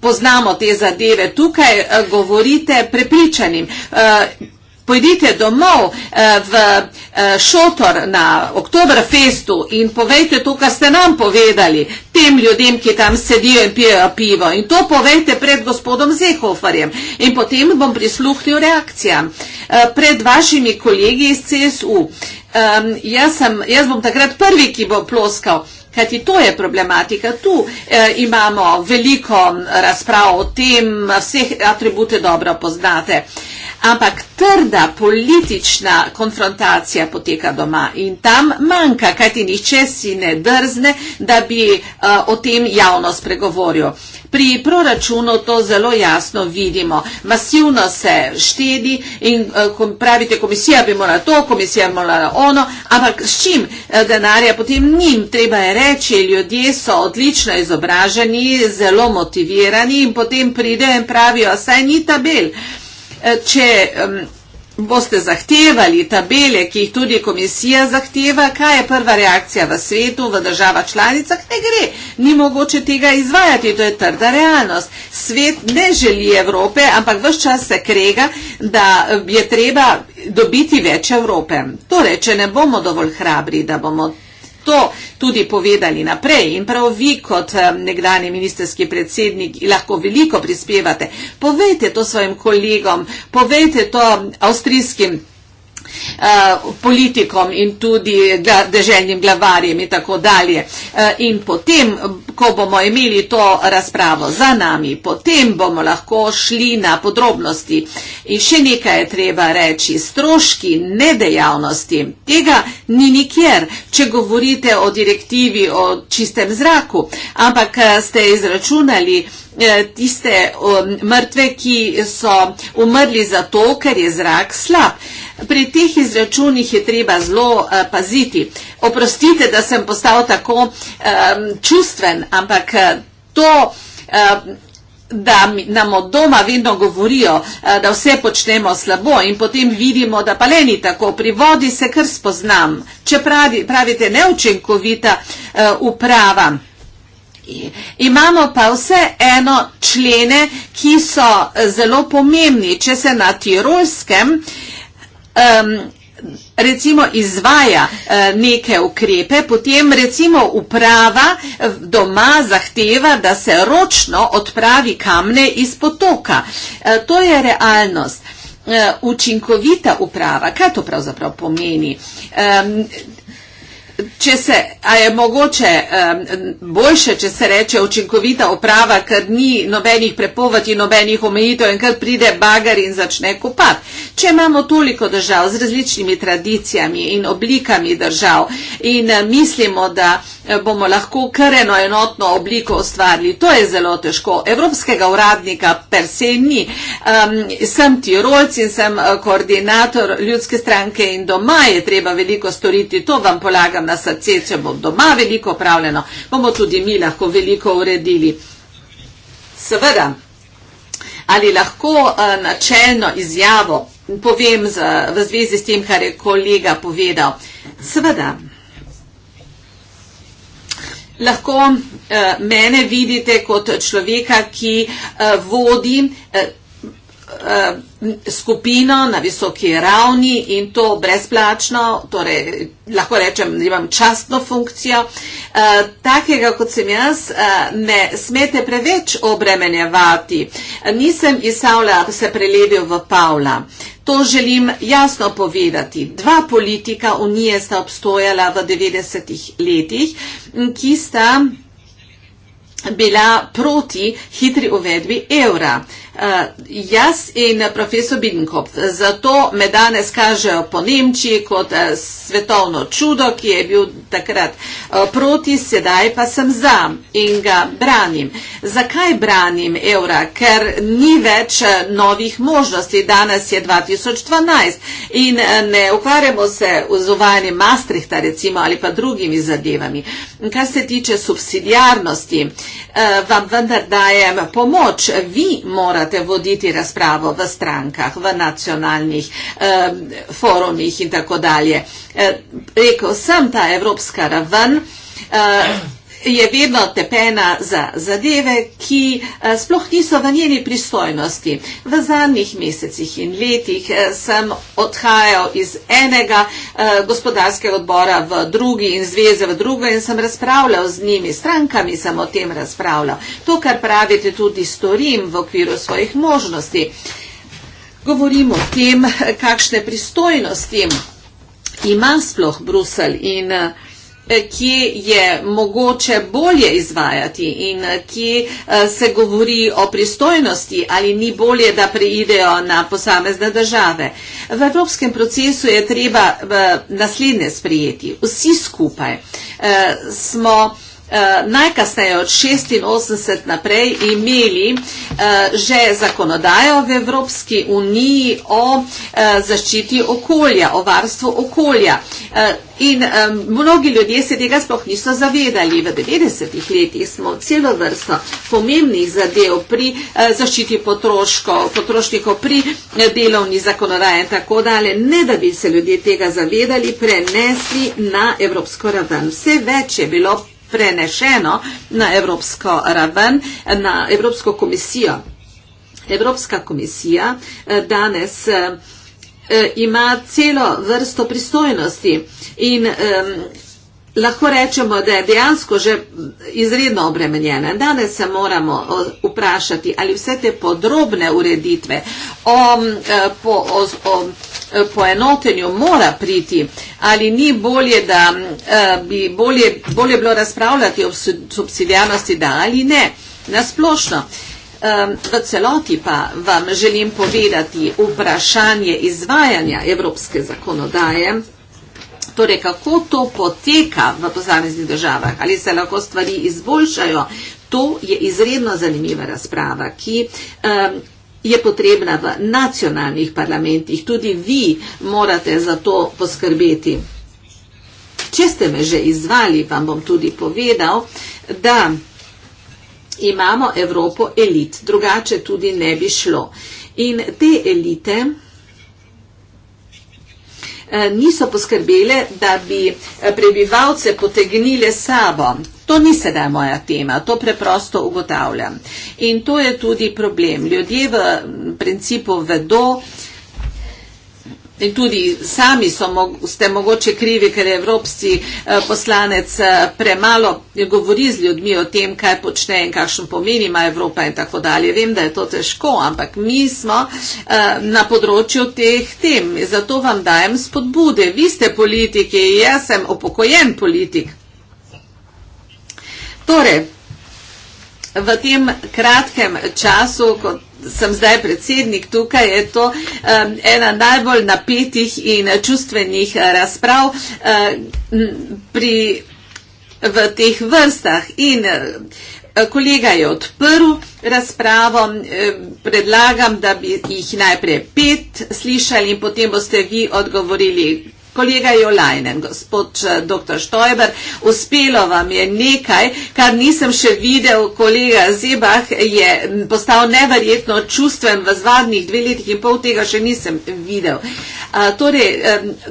poznamo te zadeve, tukaj govorite prepričanim pojdite domov eh, v eh, šotor na Oktoberfestu in povejte to, kar ste nam povedali, tem ljudem, ki tam sedijo in pijejo pivo. In to povejte pred gospodom Zehoferjem. In potem bom prisluhnil reakcijam. Eh, pred vašimi kolegi iz CSU. Um, jaz, sem, jaz bom takrat prvi, ki bo ploskal, kajti to je problematika. Tu eh, imamo veliko mm, razprav o tem, vseh atribute dobro poznate. Ampak trda politična konfrontacija poteka doma in tam manjka, kajti nihče si ne drzne, da bi uh, o tem javno spregovoril. Pri proračunu to zelo jasno vidimo. Masivno se štedi in eh, pravite, komisija bi morala to, komisija bi morala ono, ampak s čim eh, denarja potem njim treba je reči, ljudje so odlično izobraženi, zelo motivirani in potem pride in pravijo, saj ni tabel. Uh, Eh, če um, boste zahtevali tabele, ki jih tudi komisija zahteva, kaj je prva reakcija v svetu, v državah članicah, ne gre. Ni mogoče tega izvajati, to je trda realnost. Svet ne želi Evrope, ampak vse čas se krega, da eh, je treba dobiti več Evrope. Torej, če ne bomo dovolj hrabri, da bomo to tudi povedali naprej in prav vi kot nekdani ministerski predsednik lahko veliko prispevate. Povejte to svojim kolegom, povejte to avstrijskim Eh, politikom in tudi deželjnim glavarjem in tako dalje. Eh, in potem, ko bomo imeli to razpravo za nami, potem bomo lahko šli na podrobnosti. In še nekaj je treba reči, stroški nedejavnosti, tega ni nikjer, če govorite o direktivi o čistem zraku, ampak eh, ste izračunali, Eh, tiste um, mrtve, ki so umrli zato, ker je zrak slab. Pri teh izračunih je treba zelo eh, paziti. Oprostite, da sem postal tako čustven, ampak eh, to da nam od doma vedno govorijo, da vse počnemo slabo in potem vidimo, da pa le ni tako. Pri vodi se kar spoznam, če pravi, pravite neučinkovita uprava. Uh, Imamo pa vse eno člene, ki so eh, zelo pomembni, če se na tirolskem um, recimo izvaja eh, neke ukrepe, potem recimo uprava eh, doma zahteva, da se ročno odpravi kamne iz potoka. To je realnost. Učinkovita uprava, kaj to pravzaprav pomeni? če se, a je mogoče um, boljše, če se reče učinkovita uprava, ker ni nobenih prepovedi, nobenih omejitev in ker pride bagar in začne kupati. Če imamo toliko držav z različnimi tradicijami in oblikami držav in mislimo, da bomo lahko kareno enotno obliko ustvarili, to je zelo težko. Evropskega uradnika per se ni. Um, sem tirolc in sem eh, koordinator ljudske stranke in doma je treba veliko storiti, to vam polagam na srce, če bo doma veliko pravljeno, bomo tudi mi lahko veliko uredili. Seveda, ali lahko eh, načelno izjavo povem z, v zvezi s tem, kar je kolega povedal. Seveda, lahko eh, mene vidite kot človeka, ki eh, vodi Eh, skupino na visoki ravni in to brezplačno, torej lahko rečem, da imam častno funkcijo. Eh, takega, kot sem jaz, ne eh, smete preveč obremenjevati. Nisem iz Saula se prelevil v Pavla. To želim jasno povedati. Dva politika Unije sta obstojala v 90-ih letih, ki sta bila proti hitri uvedbi evra. Eh, jaz in eh, profesor Bidenkop, zato me danes kažejo po Nemčiji kot eh, svetovno čudo, ki je bil takrat proti, sedaj pa sem za in ga branim. Zakaj branim evra? Ker ni več novih možnosti, danes je 2012 in ne ukvarjamo se z uvajanjem Maastrichta recimo ali pa drugimi zadevami. Kar se tiče subsidijarnosti, vam vendar dajem pomoč, vi morate morate voditi razpravo v strankah, v nacionalnih eh, forumih in tako dalje. Eh, rekel sem, ta evropska raven. Eh, je vedno tepena za zadeve, ki eh, sploh niso v njeni pristojnosti. V zadnjih mesecih in letih eh, sem odhajal iz enega eh, gospodarskega odbora v drugi in zveze v drugo in sem razpravljal z njimi strankami, sem o tem razpravljal. To, kar pravite, tudi storim v okviru svojih možnosti. Govorimo o tem, kakšne pristojnosti ima sploh Brusel in kje je mogoče bolje izvajati in eh, kje eh, se govori o pristojnosti ali ni bolje, da preidejo na posamezne države. V evropskem procesu je treba eh, naslednje sprijeti. Vsi skupaj smo Eh, najkasneje od 86 naprej imeli eh, že zakonodajo v Evropski uniji o eh, zaščiti okolja, o varstvu okolja. In mnogi ljudje se tega sploh niso zavedali. V 90-ih letih smo celo vrsto pomembnih zadev pri zaščiti potrošnikov, pri delovni zakonodaji in tako dalje, ne da bi se ljudje tega zavedali, prenesli na Evropsko raven. Vse več je bilo prenešeno na evropsko raven, na Evropsko komisijo. Evropska komisija eh, danes eh, eh, ima celo vrsto pristojnosti in lahko rečemo, da je dejansko že izredno obremenjena. Danes se moramo vprašati, ali vse te podrobne ureditve o, o, o, o Eh, poenotenju mora priti, ali ni bolje, da eh, bi bolje, bolje bilo razpravljati o subsidijarnosti, da ali ne, nasplošno. V celoti pa vam želim povedati vprašanje izvajanja evropske zakonodaje, torej kako to poteka v posameznih državah, ali se lahko stvari izboljšajo. To je izredno zanimiva razprava, ki um, je potrebna v nacionalnih parlamentih. Tudi vi morate za to poskrbeti. Če ste me že izvali, vam bom tudi povedal, da imamo Evropo elit. Drugače tudi ne bi šlo. In te elite Eh, niso poskrbele, da bi eh, prebivalce potegnile sabo. To ni sedaj moja tema, to preprosto ugotavljam. In to je tudi problem. Ljudje v principu vedo, In tudi sami so, ste mogoče krivi, ker je evropski eh, poslanec eh, premalo govori z ljudmi o tem, kaj počne in kakšen pomen ima Evropa in tako dalje. Vem, da je to težko, ampak mi smo eh, na področju teh tem. Zato vam dajem spodbude. Vi ste politiki, jaz sem upokojen politik. Torej, v tem kratkem času, kot sem zdaj predsednik tukaj, je to ena najbolj napetih in čustvenih eh, razprav eh, pri, v teh vrstah. In eh, kolega je odprl razpravo, predlagam, da bi jih najprej pet slišali in potem boste vi odgovorili kolega Jolajnen, gospod eh, dr. Štojber, uspelo vam je nekaj, kar nisem še videl, kolega Zebah je postal neverjetno čustven v zvadnih dve letih in pol tega še nisem videl. Eh, torej,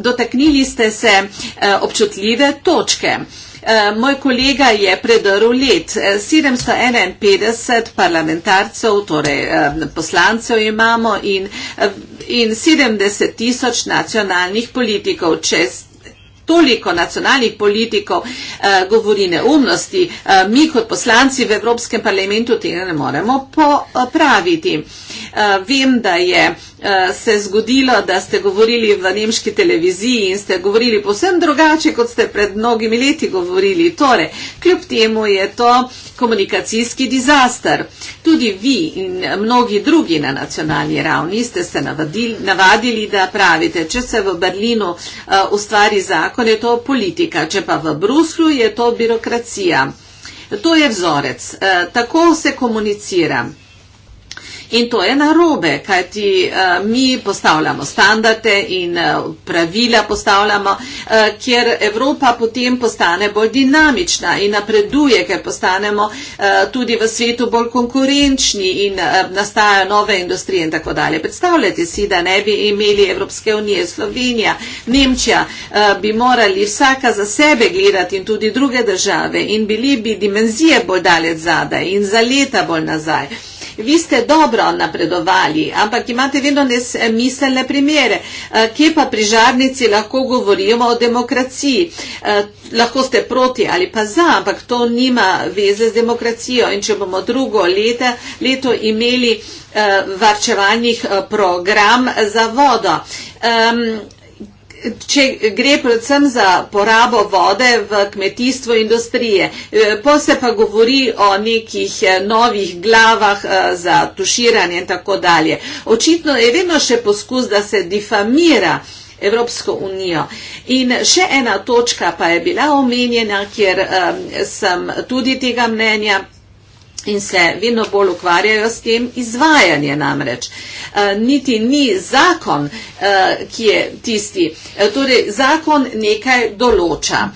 dotaknili ste se eh, občutljive točke. Eh, moj kolega je predaril let. 751 parlamentarcev, torej eh, poslancev imamo in, eh, in 70 tisoč nacionalnih politikov. Čest toliko nacionalnih politikov eh, govori neumnosti, eh, mi kot poslanci v Evropskem parlamentu tega ne moremo popraviti. Eh, vem, da je eh, se zgodilo, da ste govorili v nemški televiziji in ste govorili povsem drugače, kot ste pred mnogimi leti govorili. Torej, kljub temu je to komunikacijski dizaster. Tudi vi in mnogi drugi na nacionalni ravni ste se navadili, navadili da pravite, če se v Berlinu uh, ustvari zakon, zakon je to politika, če pa v Bruslju je to birokracija. To je vzorec. Eh, tako se komunicira. In to je narobe, kajti eh, mi postavljamo standarde in eh, pravila postavljamo, eh, kjer Evropa potem postane bolj dinamična in napreduje, ker postanemo tudi v svetu bolj konkurenčni in nastajajo nove industrije in tako dalje. Predstavljate si, da ne bi imeli Evropske unije, Slovenija, Nemčija, bi morali vsaka za sebe gledati in tudi druge države in bili bi dimenzije bolj dalec zadaj in za leta bolj nazaj vi ste dobro napredovali, ampak imate vedno nesmiselne primere. Eh, kje pa pri žarnici lahko govorimo o demokraciji? Eh, lahko ste proti ali pa za, ampak to nima veze z demokracijo in če bomo drugo leto, leto imeli eh, varčevalnih program za vodo če gre predvsem za porabo vode v kmetijstvu industrije. E, po se pa govori o nekih e, novih glavah e, za tuširanje in tako dalje. Očitno je vedno še poskus, da se difamira Evropsko unijo. In še ena točka pa je bila omenjena, kjer um, sem tudi tega mnenja, in se vedno bolj ukvarjajo s tem izvajanje namreč. E, niti ni zakon, e, ki je tisti, e, torej zakon nekaj določa.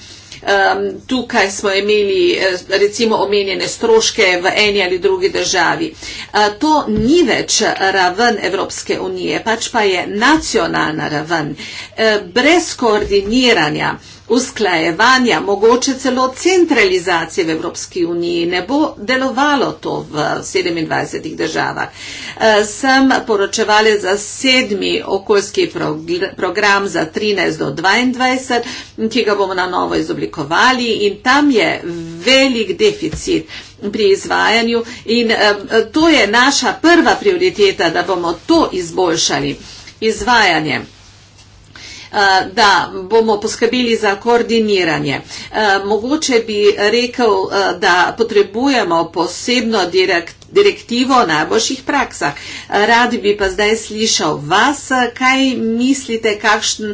Um, tukaj smo imeli recimo omenjene stroške v eni ali drugi državi. Uh, to ni več raven Evropske unije, pač pa je nacionalna raven. Uh, brez koordiniranja uh, usklajevanja, mogoče celo centralizacije v Evropski uniji. Ne bo delovalo to v 27 državah. E, sem poročevala za sedmi okoljski program za 13 do 22, ki ga bomo na novo izoblikovali in tam je velik deficit pri izvajanju in e, to je naša prva prioriteta, da bomo to izboljšali. Izvajanje. Eh, da bomo poskrbeli za koordiniranje. Eh, mogoče bi rekel, eh, da potrebujemo posebno direkt direktivo o najboljših praksah. Rad bi pa zdaj slišal vas, kaj mislite, kakšen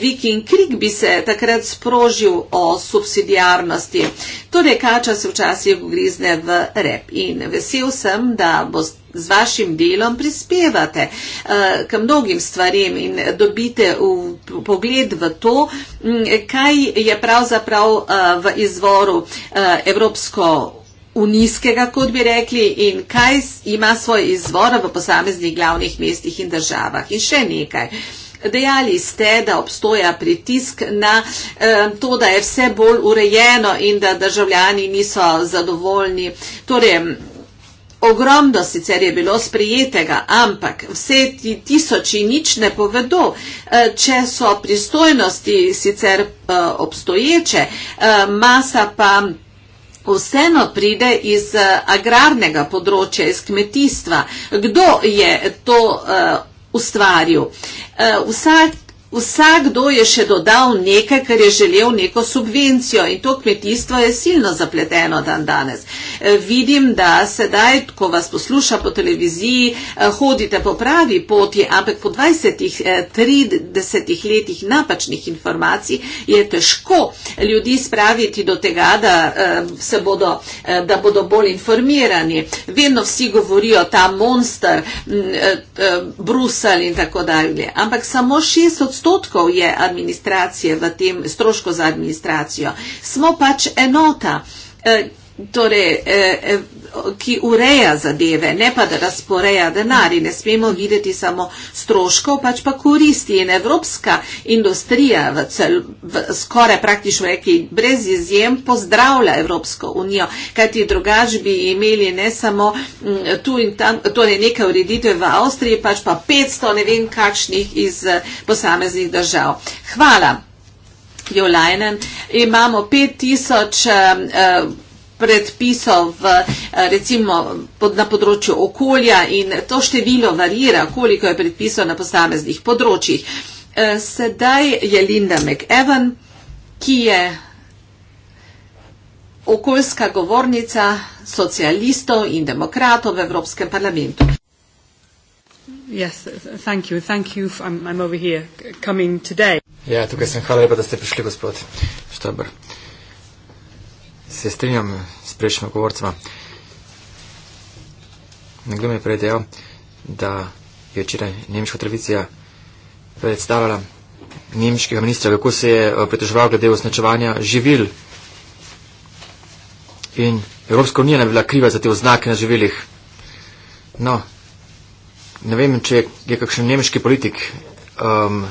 viking krik bi se takrat sprožil o subsidijarnosti. Torej, kača se včasih ugrizne v rep in vesel sem, da boste z vašim delom prispevate uh, k mnogim stvarem in dobite v pogled v to, mm, kaj je pravzaprav eh, v izvoru eh, Evropsko unijskega, kot bi rekli, in kaj ima svoje izvore v posameznih glavnih mestih in državah. In še nekaj. Dejali ste, da obstoja pritisk na eh, to, da je vse bolj urejeno in da državljani niso zadovoljni. Torej, Ogromno sicer je bilo sprijetega, ampak vse ti tisoči nič ne povedo, e, če so pristojnosti sicer e, obstoječe, e, masa pa vseeno pride iz agrarnega področja, iz kmetijstva. Kdo je to ustvaril? Vsak Vsakdo je še dodal nekaj, kar je želel neko subvencijo in to kmetijstvo je silno zapleteno dan danes. E, vidim, da sedaj, ko vas posluša po televiziji, e, hodite po pravi poti, ampak po 20-30 e, letih napačnih informacij je težko ljudi spraviti do tega, da, bodo, da bodo bolj informirani. Vedno vsi govorijo ta monster, Brusel in tako dalje. Ampak samo 6 odstotkov odstotkov je administracije v tem, stroško za administracijo. Smo pač enota, eh, torej, eh, eh, ki ureja zadeve, ne pa da razporeja denar in ne smemo videti samo stroškov, pač pa koristi. In evropska industrija v cel, v skoraj praktično reki brez izjem pozdravlja Evropsko unijo, kajti drugač bi imeli ne samo mm, tu in tam, torej nekaj ureditev v Avstriji, pač pa 500 ne vem kakšnih iz eh, posameznih držav. Hvala. Jolajnen. Imamo 5000 uh, uh, predpisov v, eh, recimo, pod, na področju okolja in to število varira, koliko je predpisov na posameznih področjih. Eh, sedaj je Linda McEwan, ki je okoljska govornica socialistov in demokratov v Evropskem parlamentu. Yes, thank you. Thank you. I'm, I'm over here coming today. Ja, tukaj sem. Hvala lepa, da ste prišli, gospod Štabr. Se strinjam s prejšnjo govorcva. Nekdo mi je predel, da je včeraj nemška tradicija predstavljala nemškega ministra, kako se je eh, pritoževal glede označevanja živil. In Evropska unija ne bi bila kriva za te oznake na živilih. No, ne vem, če je kakšen nemški politik um,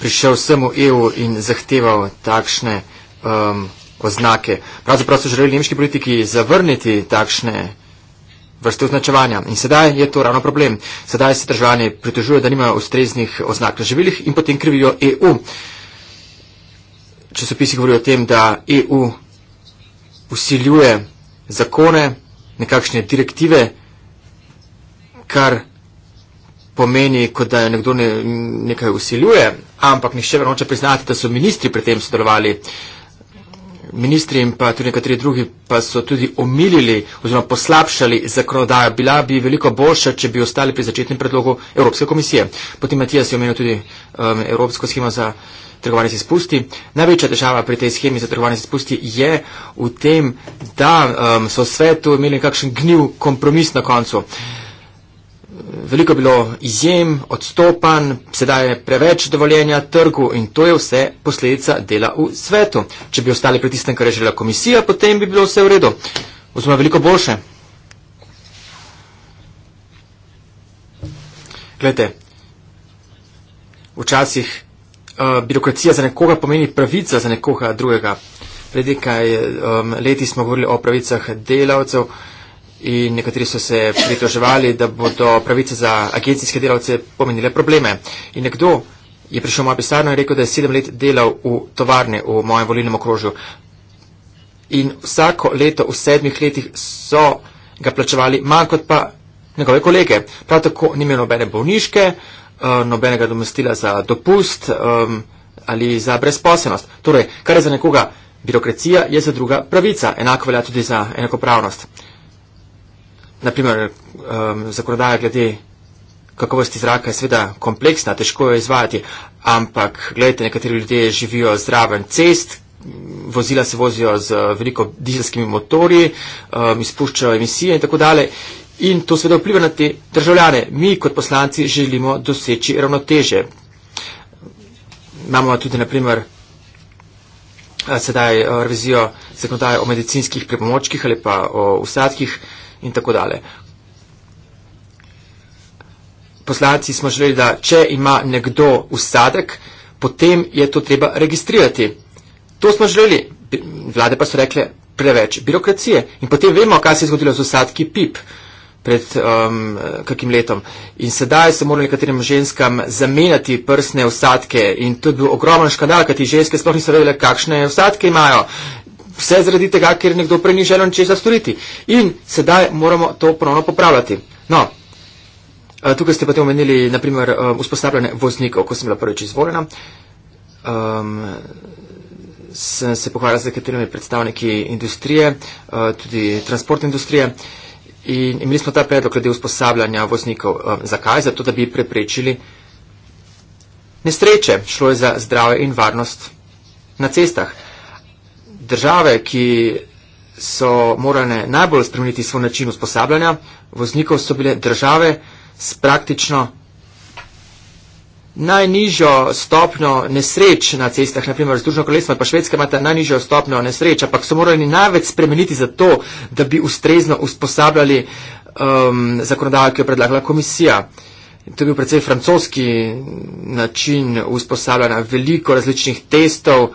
prišel vsemu e EU in zahteval takšne. Um, oznake. Pravzaprav so želeli nemški politiki zavrniti takšne vrste označevanja. In sedaj je to ravno problem. Sedaj se državljani pritožujejo, da nimajo ustreznih oznak na živilih in potem krivijo EU. Časopisi govorijo o tem, da EU usiljuje zakone, nekakšne direktive, kar pomeni, kot da nekdo ne, nekaj usiljuje, ampak nišče vrnoče priznati, da so ministri pri tem sodelovali. Uh, ministri in pa tudi nekateri drugi pa so tudi omilili oziroma poslabšali zakonodajo. Bila bi veliko boljša, če bi ostali pri začetnem predlogu Evropske komisije. Potem Matijas je omenil tudi um, Evropsko schemo za trgovanje z izpusti. Največja težava pri tej schemi za trgovanje z izpusti je v tem, da um, so svetu imeli kakšen gnil kompromis na koncu. Uh, veliko bilo izjem, odstopanj, sedaj je preveč dovoljenja trgu in to je vse posledica dela v svetu. Če bi ostali pri tistem, kar je želela komisija, potem bi bilo vse v redu. Oziroma veliko boljše. Glede, včasih uh, birokracija za nekoga pomeni pravica za nekoga drugega. Pred nekaj eh, um, leti smo govorili o pravicah delavcev. Uh, in nekateri so se pritoževali, da bodo pravice za agencijske delavce pomenile probleme. In nekdo je prišel v mojo pisarno in rekel, da je sedem let delal v tovarni v mojem volilnem okrožju. In vsako leto v sedmih letih so ga plačevali manj kot pa njegove kolege. Prav tako ni imel nobene bolniške, eh, nobenega domestila za dopust ali za brezposelnost. Torej, kar je za nekoga birokracija, je za druga pravica. Enako velja tudi za enakopravnost naprimer, um, zakonodaja glede kakovosti zraka je seveda kompleksna, težko jo izvajati, ampak gledajte, nekateri ljudje živijo zraven cest, vozila se vozijo z uh, veliko dizelskimi motori, um, izpuščajo emisije in tako dalje. In to seveda vpliva na te državljane. Mi kot poslanci želimo doseči ravnoteže. Imamo tudi naprimer uh, sedaj uh, revizijo zakonodaje o medicinskih pripomočkih ali pa o usadkih. Uh, in tako dalje. Poslanci smo želeli, da če ima nekdo usadek, potem je to treba registrirati. To smo želeli, vlade pa so rekle preveč birokracije. In potem vemo, kaj se je zgodilo z usadki PIP pred um, kakim letom. In sedaj so morali nekaterim ženskam zamenjati prsne usadke. In to je bil ogromen škandal, kajti ženske sploh niso vedele, kakšne usadke imajo vse zaradi tega, ker nekdo prej ni želel ničesa storiti. In sedaj moramo to ponovno popravljati. No, eh, tukaj ste pa te omenili, naprimer, eh, usposabljanje voznikov, ko sem bila prvič izvoljena. Um, sem se pohvalila z nekaterimi predstavniki industrije, eh, tudi transportne industrije. In imeli smo ta predlog glede usposabljanja voznikov. Um, zakaj? Zato, da bi preprečili nesreče. Šlo je za zdrave in varnost na cestah države, ki so morale najbolj spremeniti svoj način usposabljanja voznikov, so bile države s praktično najnižjo stopnjo nesreč na cestah, naprimer združno kolesno, pa švedska imata najnižjo stopnjo nesreč, ampak so morali največ spremeniti za to, da bi ustrezno usposabljali um, zakonodajo, ki jo predlagala komisija. To je bil predvsej francoski način usposabljanja, veliko različnih testov, uh,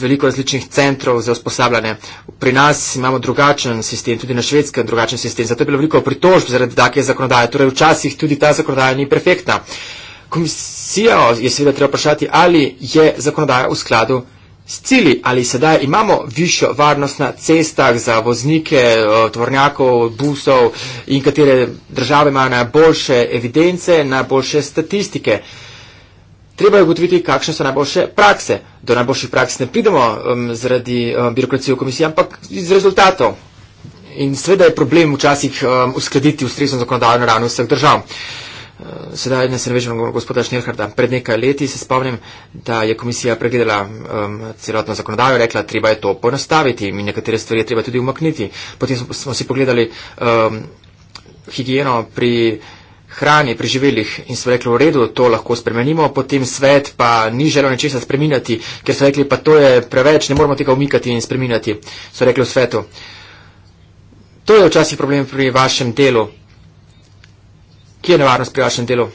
veliko različnih centrov za usposabljanje. Pri nas imamo drugačen sistem, tudi na švedskem drugačen sistem. Zato je bilo veliko pritožb zaradi take zakonodaje. Torej včasih tudi ta zakonodaja ni perfektna. Komisija je seveda treba vprašati, ali je zakonodaja v skladu s cili, ali sedaj imamo višjo varnost na cestah za voznike, eh, tvornjakov, busov in katere države imajo najboljše evidence, najboljše statistike treba je ugotoviti, kakšne so najboljše prakse. Do najboljših praks ne pridemo um, zaradi um, birokracije v komisiji, ampak iz rezultatov. In sveda je problem včasih um, uskladiti ustrezno zakonodajo na ravni vseh držav. E, sedaj ne se navežem gospoda Šnirharda. Pred nekaj leti se spomnim, da je komisija pregledala um, celotno zakonodajo, rekla, treba je to ponastaviti in nekatere stvari je treba tudi umakniti. Potem smo, smo si pogledali um, higieno pri hrani preživelih in so rekli, v redu, to lahko spremenimo, potem svet pa ni želel ničesa spremenjati, ker so rekli, pa to je preveč, ne moramo tega umikati in spremenjati, so rekli v svetu. To je včasih problem pri vašem delu. Kje je nevarnost pri vašem delu?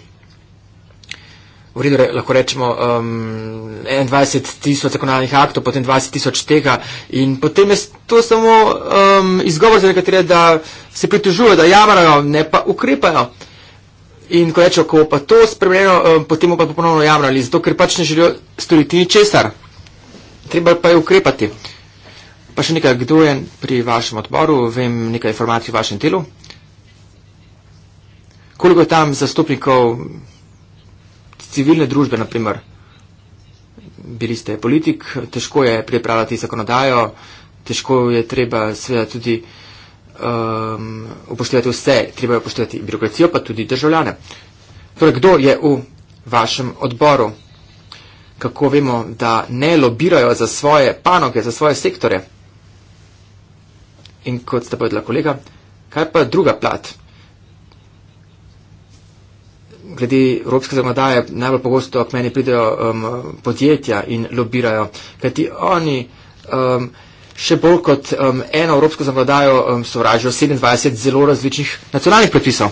V redu re, lahko rečemo um, 21 tisoč zakonalnih aktov, potem 20 tisoč tega in potem je to samo um, izgovor za nekatere, da se pritožujejo, da javarajo, ne pa ukrepajo. In ko rečejo, ko pa to spremenijo, eh, potem pa popolnoma javnali, zato ker pač ne želijo storiti ničesar. Treba pa je ukrepati. Pa še nekaj, kdo je pri vašem odboru, vem nekaj informacij o vašem delu. Koliko je tam zastopnikov civilne družbe, naprimer? Bili ste politik, težko je pripravljati zakonodajo, težko je treba seveda tudi um, upoštevati vse, treba je upoštevati birokracijo, pa tudi državljane. Torej, kdo je v vašem odboru? Kako vemo, da ne lobirajo za svoje panoge, za svoje sektore? In kot ste povedala kolega, kaj pa druga plat? Glede evropske zakonodaje, najbolj pogosto k meni pridejo um, podjetja in lobirajo, kajti oni. Um, še bolj kot um, eno evropsko zakonodajo um, sovražijo 27 zelo različnih nacionalnih predpisov.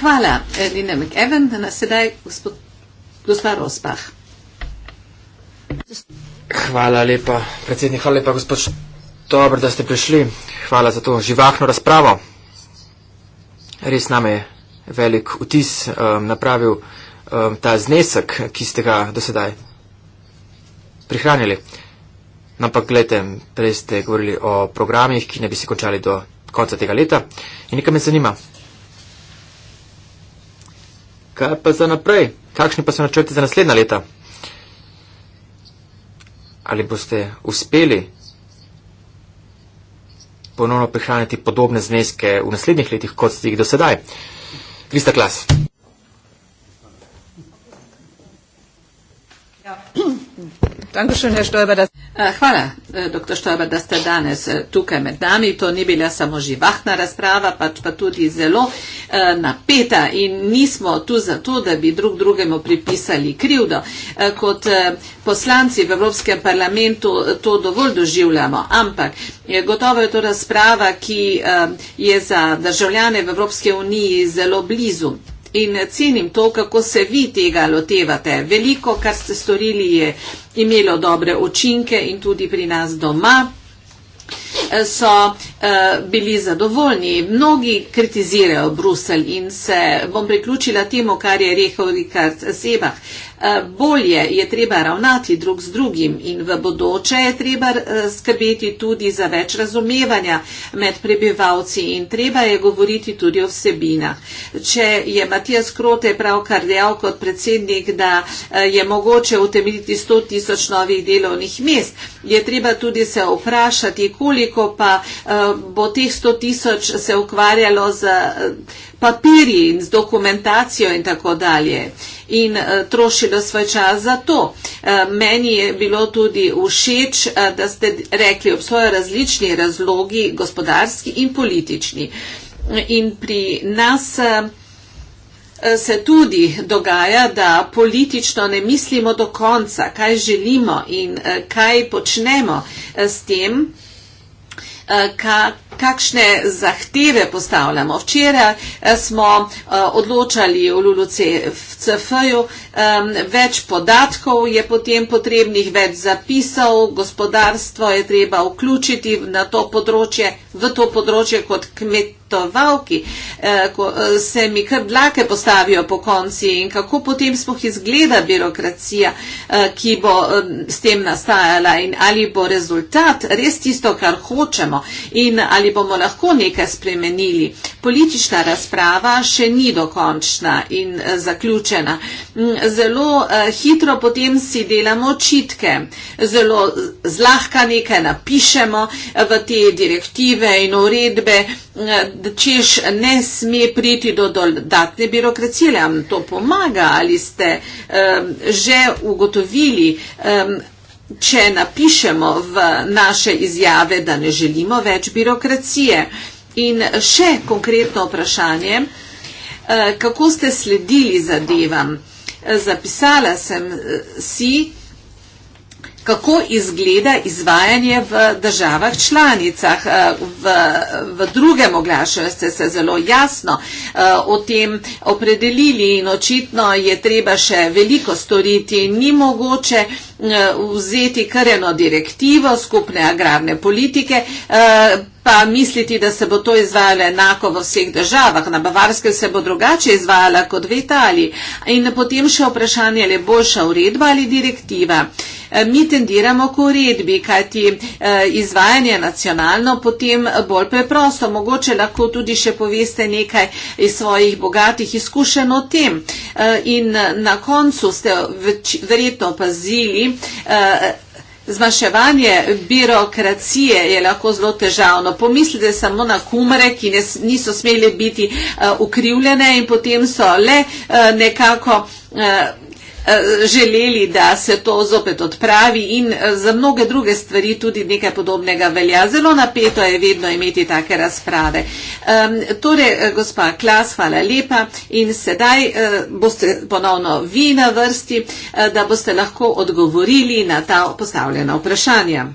Hvala, Lina McEwen, da nas sedaj gospod Gustav Rosbach. Hvala lepa, predsednik, hvala lepa, gospod. Dobro, da ste prišli. Hvala za to živahno razpravo. Res name je velik vtis um, napravil um, ta znesek, ki ste ga do sedaj prihranili. Ampak, gledajte, prej ste govorili o programih, ki ne bi se končali do konca tega leta in nekaj me zanima. Kaj pa za naprej? Kakšni pa so načrti za naslednja leta? Ali boste uspeli ponovno prihraniti podobne zneske v naslednjih letih, kot ste jih do sedaj? Krista Klas. Ja. Dankeschön, Herr Stolber, dass eh, Hvala, eh, dr. Štober, da ste danes eh, tukaj med nami. To ni bila samo živahna razprava, pač pa tudi zelo napeta in nismo tu zato, da bi drug drugemu pripisali krivdo. Kot poslanci v Evropskem parlamentu to dovolj doživljamo, ampak gotovo je to razprava, ki je za državljane v Evropske uniji zelo blizu in cenim to, kako se vi tega lotevate. Veliko, kar ste storili, je imelo dobre učinke in tudi pri nas doma. Uh, Eh, so eh, bili zadovoljni. Mnogi kritizirajo Brusel in se bom priključila temu, kar je rekel Rikard Sebah. Eh, bolje je treba ravnati drug z drugim in v bodoče je treba skrbeti tudi za več razumevanja med prebivalci in treba je govoriti tudi o vsebinah. Če je Matijas Krote pravkar dejal kot predsednik, da je mogoče utemeljiti 100 tisoč novih delovnih mest, je treba tudi se vprašati, preko, pa eh, bo teh 100 tisoč se ukvarjalo z eh, papirji in z dokumentacijo in tako dalje in eh, trošilo svoj čas za to. Meni je bilo tudi všeč, da ste rekli, obstoja različni razlogi, gospodarski in politični. In pri nas se tudi dogaja, da politično ne mislimo do konca, kaj želimo in kaj počnemo s tem. Eh, ka, kakšne zahteve postavljamo. Včeraj eh, smo eh, odločali v LULUCFC-ju, več podatkov je potem potrebnih, več zapisov, gospodarstvo je treba vključiti v to področje kot kmet svetovalki, eh, ko eh, se mi kar dlake postavijo po konci in kako potem spoh izgleda birokracija, eh, ki bo s tem nastajala in ali bo rezultat res tisto, kar hočemo in ali bomo lahko nekaj spremenili. Politična razprava še ni dokončna in zaključena. Mm, zelo hitro potem si delamo očitke, zelo zlahka nekaj napišemo v te direktive in uredbe, da češ ne sme priti do dodatne birokracije, ali vam to pomaga, ali ste um, že ugotovili, um, če napišemo v naše izjave, da ne želimo več birokracije. In še konkretno vprašanje, eh, kako ste sledili zadevam. Zapisala sem eh, si, kako izgleda izvajanje v državah članicah. Eh, v, v drugem oglašaju ste se zelo jasno eh, o tem opredelili in očitno je treba še veliko storiti. Ni mogoče eh, vzeti kar eno direktivo skupne agrarne politike, pa misliti, da se bo to izvajalo enako v vseh državah. Na Bavarske se bo drugače izvajala kot v Italiji. In potem še vprašanje, ali je boljša uredba ali direktiva. Eh, mi tendiramo k uredbi, kajti eh, izvajanje nacionalno potem bolj preprosto. Mogoče lahko tudi še poveste nekaj iz svojih bogatih izkušenj o tem. Eh, in na koncu ste več, verjetno pazili, Zmaševanje birokracije je lahko zelo težavno. Pomislite samo na kumare, ki ne, niso smeli biti uh, ukrivljene in potem so le uh, nekako uh, Eh, želeli, da se to zopet odpravi in eh, za mnoge druge stvari tudi nekaj podobnega velja. Zelo napeto je vedno imeti take razprave. Torej, eh, gospa Klas, hvala lepa in sedaj boste ponovno vi na vrsti, da boste lahko odgovorili na ta postavljena vprašanja.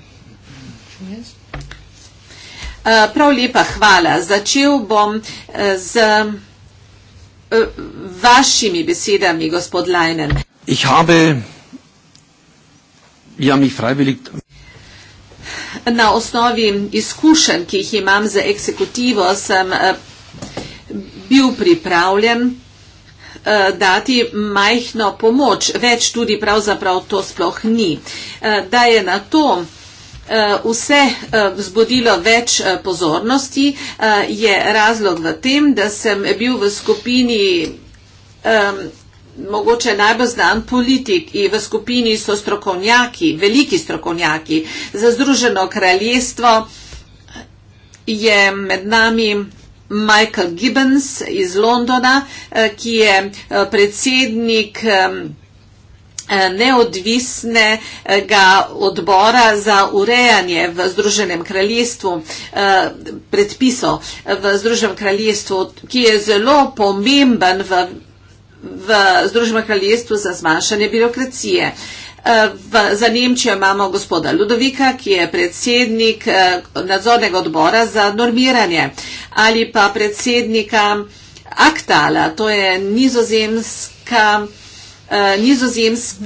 Prav lepa hvala. Začel bom z vašimi besedami, gospod Lajnen. Ich habe ja mich freiwillig. Na osnovi izkušenj, ki jih imam za eksekutivo, sem eh, bil pripravljen eh, dati majhno pomoč, več tudi pravzaprav to sploh ni. Eh, da je na to vse vzbudilo več pozornosti, je razlog v tem, da sem bil v skupini mogoče najbolj znan politik in v skupini so strokovnjaki, veliki strokovnjaki. Za Združeno kraljestvo je med nami Michael Gibbons iz Londona, eh, ki je eh, predsednik eh, neodvisnega odbora za urejanje v Združenem kraljestvu predpisov v Združenem kraljestvu, ki je zelo pomemben v v Združenem kraljestvu za zmanjšanje birokracije. Eh, v, za Nemčijo imamo gospoda Ludovika, ki je predsednik eh, nadzornega odbora za normiranje ali pa predsednika Aktala, to je nizozemska, eh, nizozemska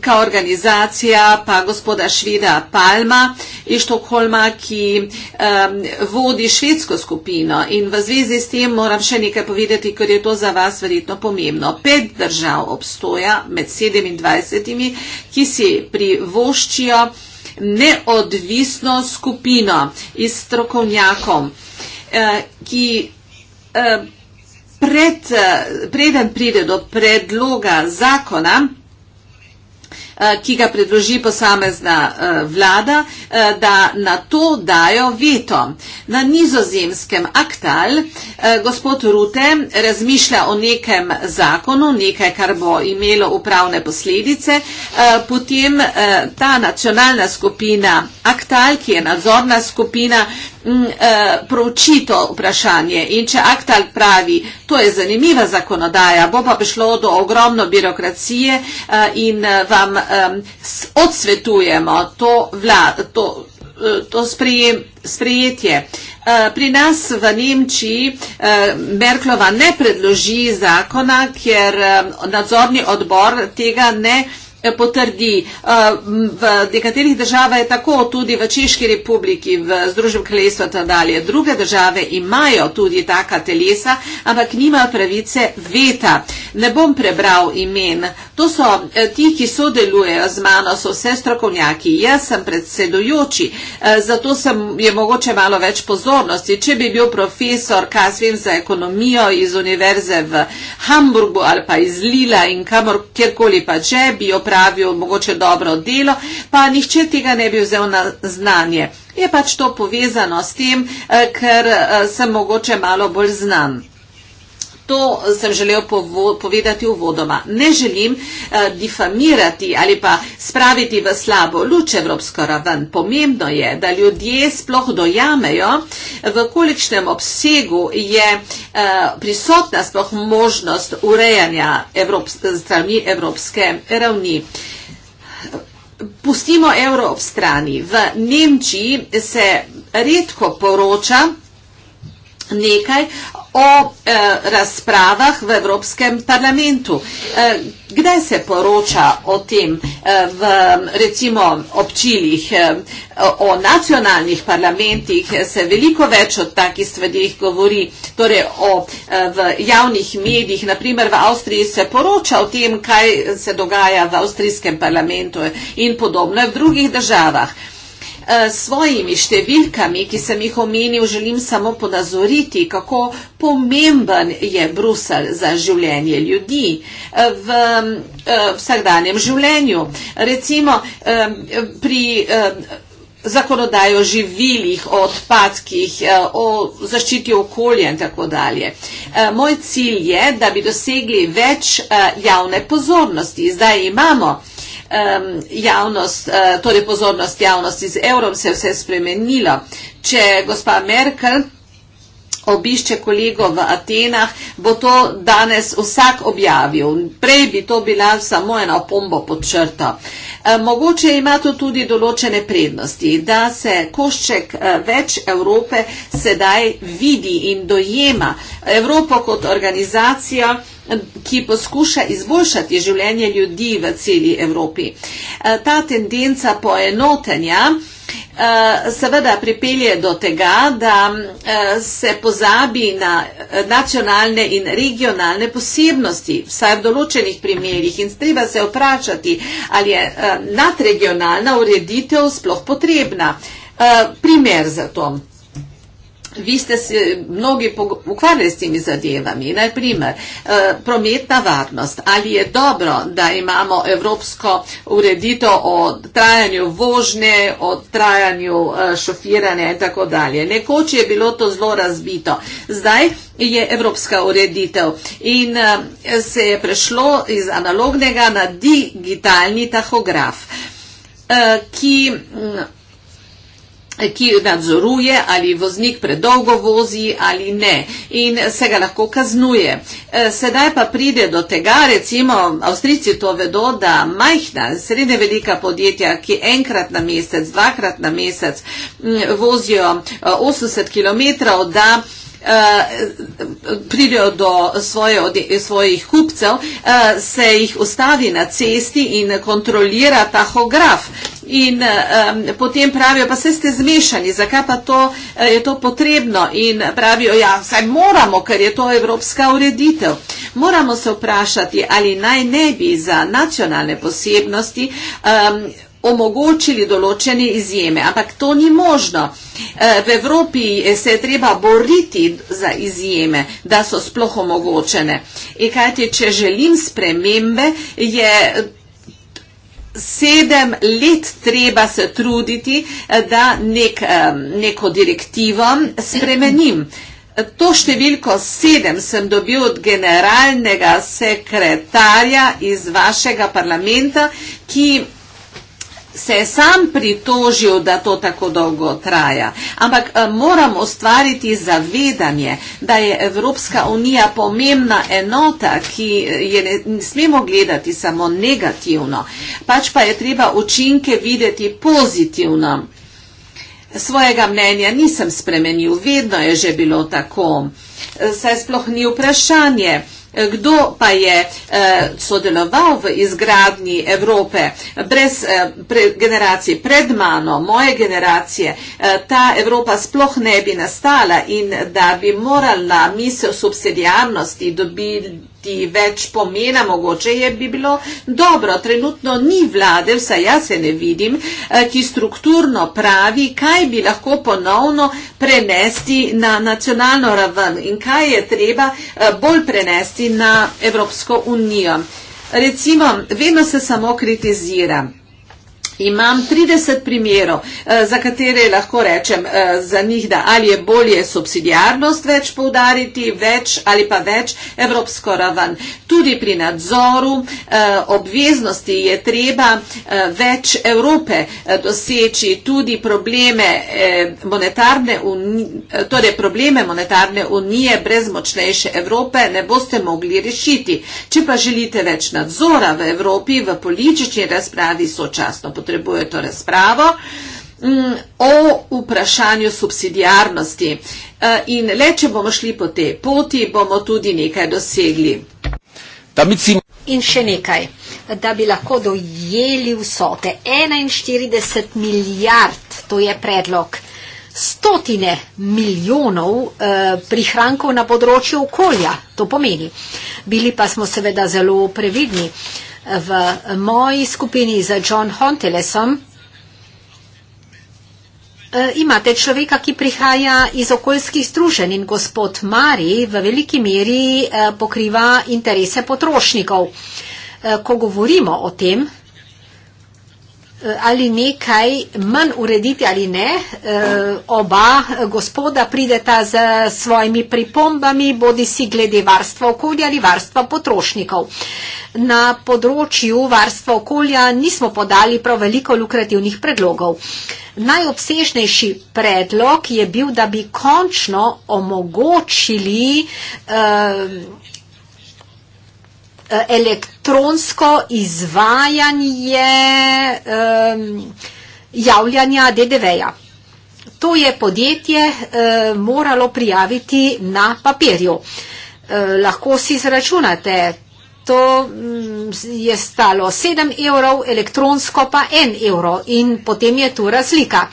kao organizacija pa gospoda Švida Palma iz Štokholma, ki um, vodi švedsko skupino in v zvezi s tem moram še nekaj povedati, ker je to za vas verjetno pomembno. Pet držav obstoja med 27, ki si privoščijo neodvisno skupino iz strokovnjakom, uh, eh, ki uh, pred, uh, preden pride do predloga zakona, Eh, ki ga predloži posamezna eh, vlada, eh, da na to dajo veto. Na nizozemskem aktal gospod Rute razmišlja o nekem zakonu, nekaj, kar bo imelo upravne posledice, potem ta nacionalna skupina aktal, ki je nadzorna skupina, Mm, eh, prouči to vprašanje in če aktal pravi, to je zanimiva zakonodaja, bo pa prišlo do ogromno birokracije eh, in eh, vam odsvetujemo to, vla, to, to sprejem, sprejetje. Pri nas v Nemčiji Merklova ne predloži zakona, ker nadzorni odbor tega ne predloži Eh, potrdi. Eh, v nekaterih državah je tako, tudi v Češki republiki, v Združenem kraljestvu in tako dalje. Druge države imajo tudi taka telesa, ampak nimajo pravice veta. Ne bom prebral imen. To so eh, ti, ki sodelujejo z mano, so vse strokovnjaki. Jaz sem predsedujoči, zato sem, je mogoče malo več pozornosti. Če bi bil profesor, kaj svem za ekonomijo iz univerze v Hamburgu ali pa iz Lila in kamor, kjerkoli pa že, bi opravil opravil mogoče dobro delo, pa nihče tega ne bi vzel na znanje. Je pač to povezano s tem, eh, ker eh, sem mogoče malo bolj znan. To sem želel povo, povedati v vodoma. Ne želim eh, difamirati ali pa spraviti v slabo luč Evropsko raven. Pomembno je, da ljudje sploh dojamejo, v kolikšnem obsegu je eh, prisotna sploh možnost urejanja Evrop, strani Evropske ravni. Pustimo evro ob strani. V Nemčiji se redko poroča nekaj o eh, razpravah v Evropskem parlamentu. Eh, kdaj se poroča o tem eh, v recimo občilih, eh, o nacionalnih parlamentih, se veliko več o takih stvarih govori, torej o, eh, v javnih medijih, naprimer v Avstriji se poroča o tem, kaj se dogaja v avstrijskem parlamentu in podobno je v drugih državah. Eh, svojimi številkami, ki sem jih omenil, želim samo ponazoriti, kako pomemben je Bruselj za življenje ljudi eh, eh, v vsakdanjem življenju. Recimo pri zakonodajo živilih, o odpadkih, o zaščiti okolja in tako dalje. Moj cilj je, da bi dosegli več javne pozornosti. Zdaj imamo um, javnost, uh, torej pozornost javnosti z evrom se je vse spremenilo. Če gospa Merkel obišče kolego v Atenah, bo to danes vsak objavil. Prej bi to bila samo ena opomba pod črto. E, mogoče ima to tudi določene prednosti, da se košček e, več Evrope sedaj vidi in dojema Evropo kot organizacijo, ki poskuša izboljšati življenje ljudi v celi Evropi. E, ta tendenca poenotenja Eh, seveda pripelje do tega, da eh, se pozabi na eh, nacionalne in regionalne posebnosti, vsaj v določenih primerjih in treba se vprašati, ali je nadregionalna ureditev sploh potrebna. Primer za to vi ste se mnogi ukvarjali s temi zadevami. Naprimer, eh, prometna varnost. Ali je dobro, da imamo evropsko ureditev o trajanju vožnje, o trajanju eh, šofiranja in tako dalje. Nekoč je bilo to zelo razbito. Zdaj je evropska ureditev in eh, se je prešlo iz analognega na digitalni tahograf ki mm, ki nadzoruje, ali voznik predolgo vozi ali ne in se ga lahko kaznuje. E, sedaj pa pride do tega, recimo Avstrici to vedo, da majhna, srednje velika podjetja, ki enkrat na mesec, dvakrat na mesec vozijo 80 e, km, da Eh, pridejo do svoje, svojih kupcev, eh, se jih ustavi na cesti in kontrolira tahograf. In um, potem pravijo, pa se ste zmešani, zakaj pa to, je to potrebno? In pravijo, ja, saj moramo, ker je to evropska ureditev. Moramo se vprašati, ali naj ne bi za nacionalne posebnosti um, omogočili določene izjeme, ampak to ni možno. Eh, v Evropi eh, se je treba boriti za izjeme, da so sploh omogočene. In kajte, če želim spremembe, je sedem let treba se truditi, eh, da nek, neko direktivo spremenim. To številko sedem sem dobil od generalnega sekretarja iz vašega parlamenta, ki se je sam pritožil, da to tako dolgo traja. Ampak eh, moram ustvariti zavedanje, da je Evropska unija pomembna enota, ki eh, je ne, ne smemo gledati samo negativno, pač pa je treba učinke videti pozitivno. Svojega mnenja nisem spremenil, vedno je že bilo tako. Eh, saj sploh ni vprašanje. Kdo pa je eh, sodeloval v izgradnji Evrope brez eh, generacij pred mano, moje generacije, eh, ta Evropa sploh ne bi nastala in da bi morala misel subsidijarnosti dobiti imeti več pomena, mogoče je bi bilo dobro. Trenutno ni vlade, vsaj jaz se ne vidim, eh, ki strukturno pravi, kaj bi lahko ponovno prenesti na nacionalno raven in kaj je treba eh, bolj prenesti na Evropsko unijo. Recimo, vedno se samo kritizira. Imam 30 primerov, eh, za katere lahko rečem eh, za njih, da ali je bolje subsidijarnost več poudariti, več ali pa več evropsko raven. Tudi pri nadzoru eh, obveznosti je treba več Evrope doseči, tudi probleme monetarne, torej probleme monetarne unije brez močnejše Evrope ne boste mogli rešiti. Če pa želite več nadzora v Evropi, v politični razpravi sočasno potrebujete potrebuje to razpravo mm, o vprašanju subsidijarnosti. Eh, in le, če bomo šli po tej poti, bomo tudi nekaj dosegli. In še nekaj, da bi lahko dojeli vsote. 41 milijard, to je predlog, stotine milijonov eh, prihrankov na področju okolja, to pomeni. Bili pa smo seveda zelo previdni. Eh, v moji skupini z John Hontelesom e, imate človeka, ki prihaja iz okoljskih združenj in gospod Mari v veliki meri e, pokriva interese potrošnikov. E, ko govorimo o tem, Eh, ali nekaj manj urediti ali ne, eh, oba eh, gospoda prideta z svojimi pripombami, bodi si glede varstva okolja ali varstva potrošnikov. Na področju varstva okolja nismo podali prav veliko lukrativnih predlogov. Najobsežnejši predlog je bil, da bi končno omogočili Eh, elektronsko izvajanje um, javljanja DDV-ja. To je podjetje uh, moralo prijaviti na papirju. Uh, lahko si zračunate, to um, je stalo 7 evrov, elektronsko pa 1 evro in potem je tu razlika.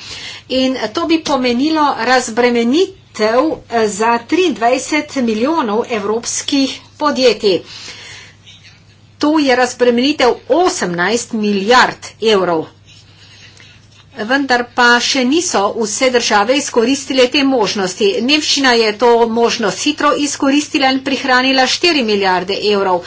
In to bi pomenilo razbremenitev za 23 milijonov evropskih podjetij. Uh, tu je razbremenitev 18 milijard evrov. Vendar pa še niso vse države izkoristile te možnosti. Nemščina je to možnost hitro izkoristila in prihranila 4 milijarde evrov.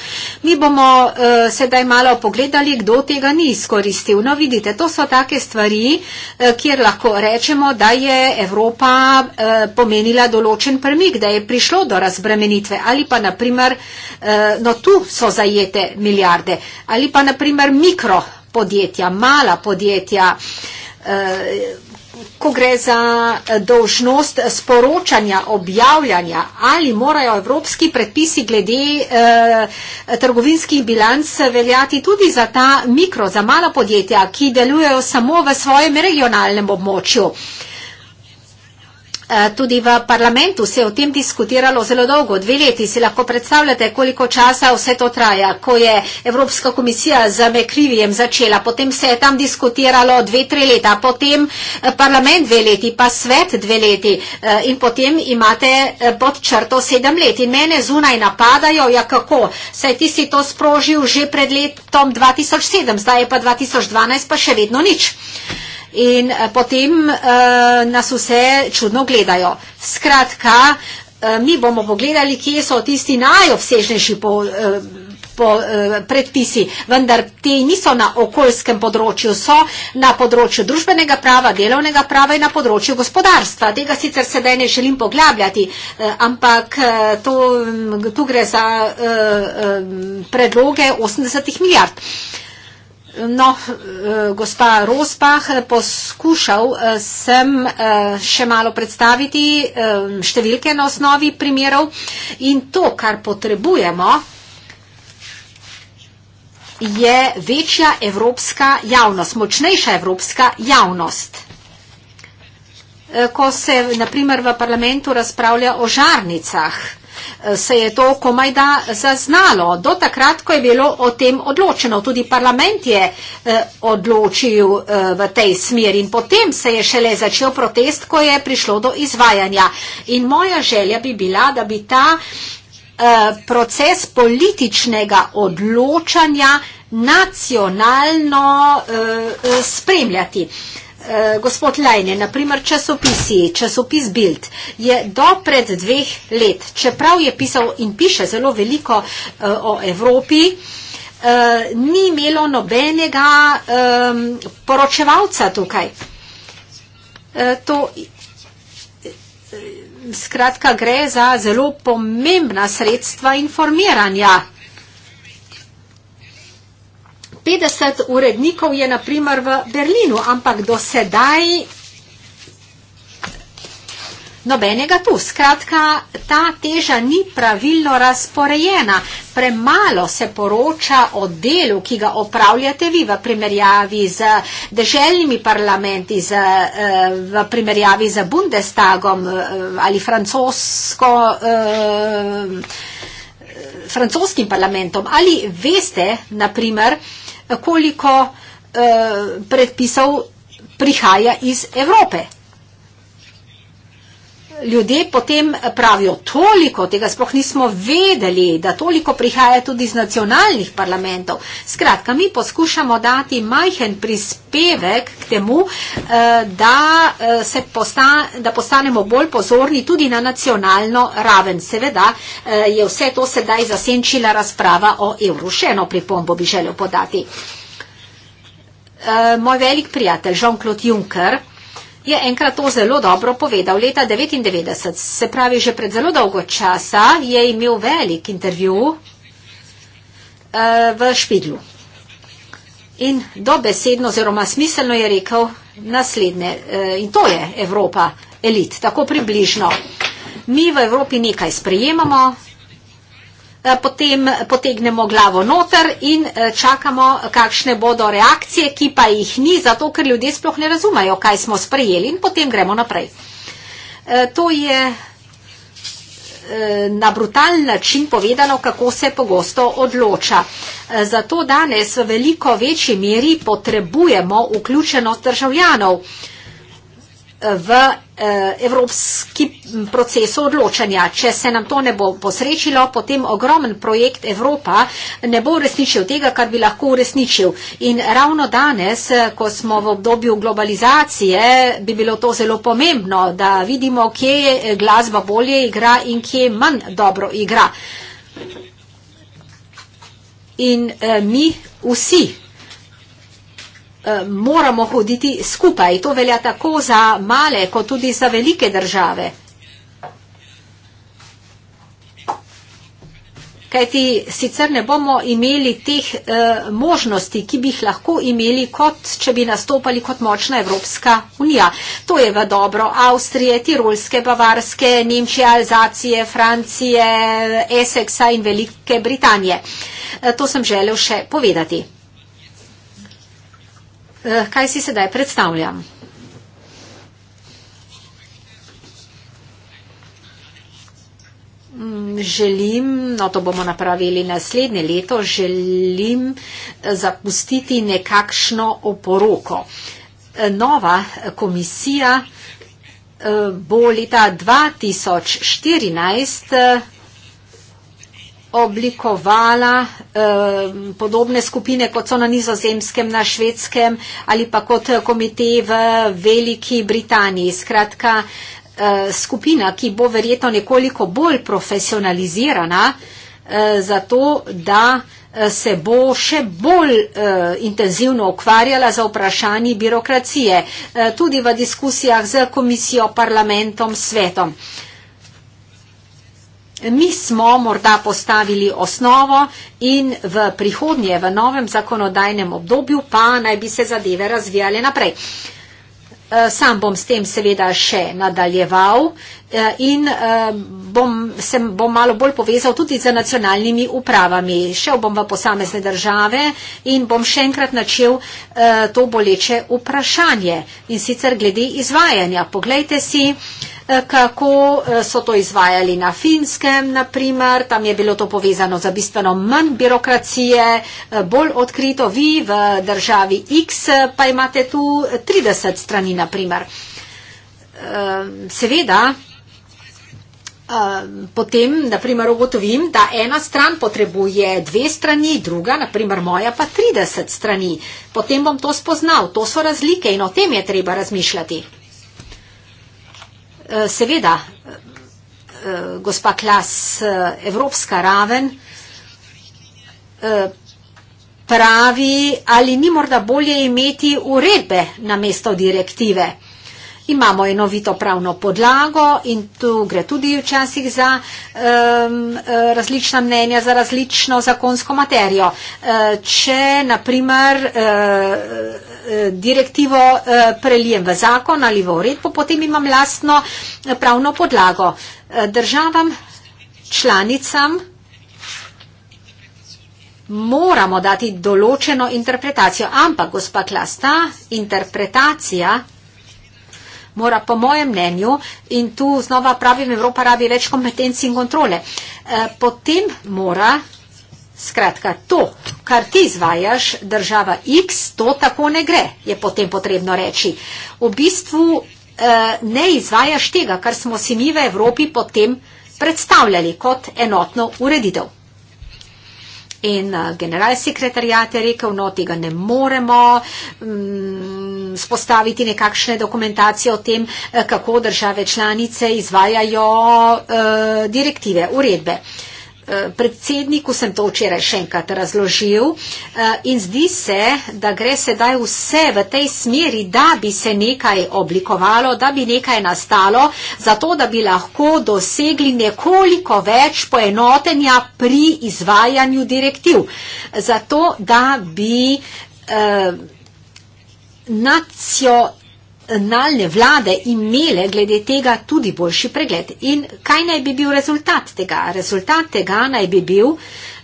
Mi bomo uh, sedaj malo pogledali, kdo tega ni izkoristil. No, vidite, to so take stvari, uh, kjer lahko rečemo, da je Evropa uh, pomenila določen premik, da je prišlo do razbremenitve. Ali pa naprimer, uh, no tu so zajete milijarde. Ali pa naprimer mikropodjetja, mala podjetja. Uh, Eh, ko gre za eh, dožnost sporočanja, objavljanja, ali morajo evropski predpisi glede eh, trgovinskih bilanc veljati tudi za ta mikro, za mala podjetja, ki delujejo samo v svojem regionalnem območju. Eh, Eh, tudi v parlamentu se je o tem diskutiralo zelo dolgo, dve leti, si lahko predstavljate, koliko časa vse to traja, ko je Evropska komisija z Mekrivijem začela, potem se je tam diskutiralo dve, tri leta, potem eh, parlament dve leti, pa svet dve leti eh, in potem imate pod črto sedem let in mene zunaj napadajo, ja kako, saj ti si to sprožil že pred letom 2007, zdaj je pa 2012, pa še vedno nič in eh, potem eh, nas vse čudno gledajo. Skratka, eh, mi bomo pogledali, kje so tisti najobsežnejši po, po predpisi, vendar ti niso na okoljskem področju, so na področju družbenega prava, delovnega prava in na področju gospodarstva. Tega sicer sedaj ne želim poglabljati, ampak to, mm, tu gre za predloge 80 milijard. No, eh, gospa Rospah, poskušal eh, sem eh, še malo predstaviti številke na osnovi primerov in to, kar potrebujemo, je večja evropska javnost, močnejša evropska javnost. Ko se, naprimer, v parlamentu razpravlja o žarnicah, se je to komaj da zaznalo. Do takrat, ko je bilo o tem odločeno, tudi parlament je eh, odločil eh, v tej smeri in potem se je šele začel protest, ko je prišlo do izvajanja. In moja želja bi bila, da bi ta eh, proces političnega odločanja nacionalno spremljati. Eh, gospod Lajne, naprimer časopisi, časopis Bild je do pred dveh let, čeprav je pisal in piše zelo veliko uh, o Evropi, uh, ni imelo nobenega um, poročevalca tukaj. Uh, to, skratka, gre za zelo pomembna sredstva informiranja. 50 urednikov je na primer v Berlinu, ampak do sedaj nobenega tu. Skratka, ta teža ni pravilno razporejena. Premalo se poroča o delu, ki ga opravljate vi v primerjavi z deželjnimi parlamenti, z, eh, v primerjavi z Bundestagom eh, ali francosko. Eh, francoskim parlamentom ali veste, naprimer, koliko eh, predpisov prihaja iz Evrope ljudje potem pravijo, toliko tega sploh nismo vedeli, da toliko prihaja tudi iz nacionalnih parlamentov. Skratka, mi poskušamo dati majhen prispevek k temu, eh, da, eh, se posta, da postanemo bolj pozorni tudi na nacionalno raven. Seveda eh, je vse to sedaj zasenčila razprava o evru. Še eno pripombo bi želel podati. Moj velik prijatelj Jean-Claude Juncker, je enkrat to zelo dobro povedal. Leta 1999, se pravi že pred zelo dolgo časa, je imel velik intervju eh, v Špidlu. In dobesedno oziroma smiselno je rekel naslednje. Eh, in to je Evropa, elit, tako približno. Mi v Evropi nekaj sprejemamo, Eh, potem potegnemo glavo noter in eh, čakamo, kakšne bodo reakcije, ki pa jih ni, zato ker ljudje sploh ne razumajo, kaj smo sprejeli in potem gremo naprej. Eh, to je na brutalen način povedano, kako se pogosto odloča. Zato danes v veliko večji meri potrebujemo vključenost državljanov v eh, evropski procesu odločanja. Če se nam to ne bo posrečilo, potem ogromen projekt Evropa ne bo uresničil tega, kar bi lahko uresničil. In ravno danes, eh, ko smo v obdobju globalizacije, bi bilo to zelo pomembno, da vidimo, kje eh, glasba bolje igra in kje manj dobro igra. In eh, mi vsi Eh, moramo hoditi skupaj. To velja tako za male, kot tudi za velike države. Kajti sicer ne bomo imeli teh eh, možnosti, ki bi jih lahko imeli, kot če bi nastopali kot močna Evropska unija. To je v dobro Avstrije, Tirolske, Bavarske, Nemčije, Alzacije, Francije, Essexa in Velike Britanije. Eh, to sem želel še povedati. Eh, kaj si sedaj predstavljam? Mm, želim, no to bomo napravili naslednje leto, želim eh, zapustiti nekakšno oporoko. Eh, nova komisija bo leta 2014 oblikovala um, podobne skupine, kot so na nizozemskem, na švedskem ali pa kot eh, komite v Veliki Britaniji. Skratka, uh, skupina, ki bo verjetno nekoliko bolj profesionalizirana, uh, zato da se bo še bolj uh, intenzivno ukvarjala za vprašanji birokracije, uh, tudi v diskusijah z komisijo, parlamentom, svetom. Uh, mi smo morda postavili osnovo in v prihodnje, v novem zakonodajnem obdobju pa naj bi se zadeve razvijale naprej. E, sam bom s tem seveda še nadaljeval e, in e, bom, sem, bom malo bolj povezal tudi z nacionalnimi upravami. Šel bom v posamezne države in bom še enkrat načel to boleče vprašanje in sicer glede izvajanja. Poglejte si, Eh, kako eh, so to izvajali na finskem, naprimer, tam je bilo to povezano za bistveno manj birokracije, eh, bolj odkrito vi v državi X pa imate tu 30 strani, naprimer. Seveda, potem, naprimer, ugotovim, da ena stran potrebuje dve strani, druga, naprimer moja, pa 30 strani. Potem bom to spoznal. To so razlike in o tem je treba razmišljati. Eh, seveda, eh, eh, gospa Klas, evropska raven pravi, ali ni morda bolje imeti uredbe namesto direktive imamo enovito pravno podlago in tu gre tudi včasih za um, različna mnenja, za različno zakonsko materijo. E, če naprimer e, e, direktivo prelijem v zakon ali v uredbo, potem imam lastno pravno podlago. Državam članicam moramo dati določeno interpretacijo, ampak gospa Klasta, interpretacija mora po mojem mnenju in tu znova pravim, Evropa rabi več kompetenci in kontrole. Eh, potem mora skratka to, kar ti izvajaš, država X, to tako ne gre, je potem potrebno reči. V bistvu eh, ne izvajaš tega, kar smo si mi v Evropi potem predstavljali kot enotno ureditev. In eh, general sekretarjat je rekel, no tega ne moremo um, mm, spostaviti nekakšne dokumentacije o tem, eh, kako države članice izvajajo uh, direktive, uredbe. Uh, predsedniku sem to včeraj še enkrat razložil eh, in zdi se, da gre sedaj vse v tej smeri, da bi se nekaj oblikovalo, da bi nekaj nastalo, zato da bi lahko dosegli nekoliko več poenotenja pri izvajanju direktiv. Zato da bi eh, nacionalno nacionalne vlade imele glede tega tudi boljši pregled. In kaj naj bi bil rezultat tega? Rezultat tega naj bi bil,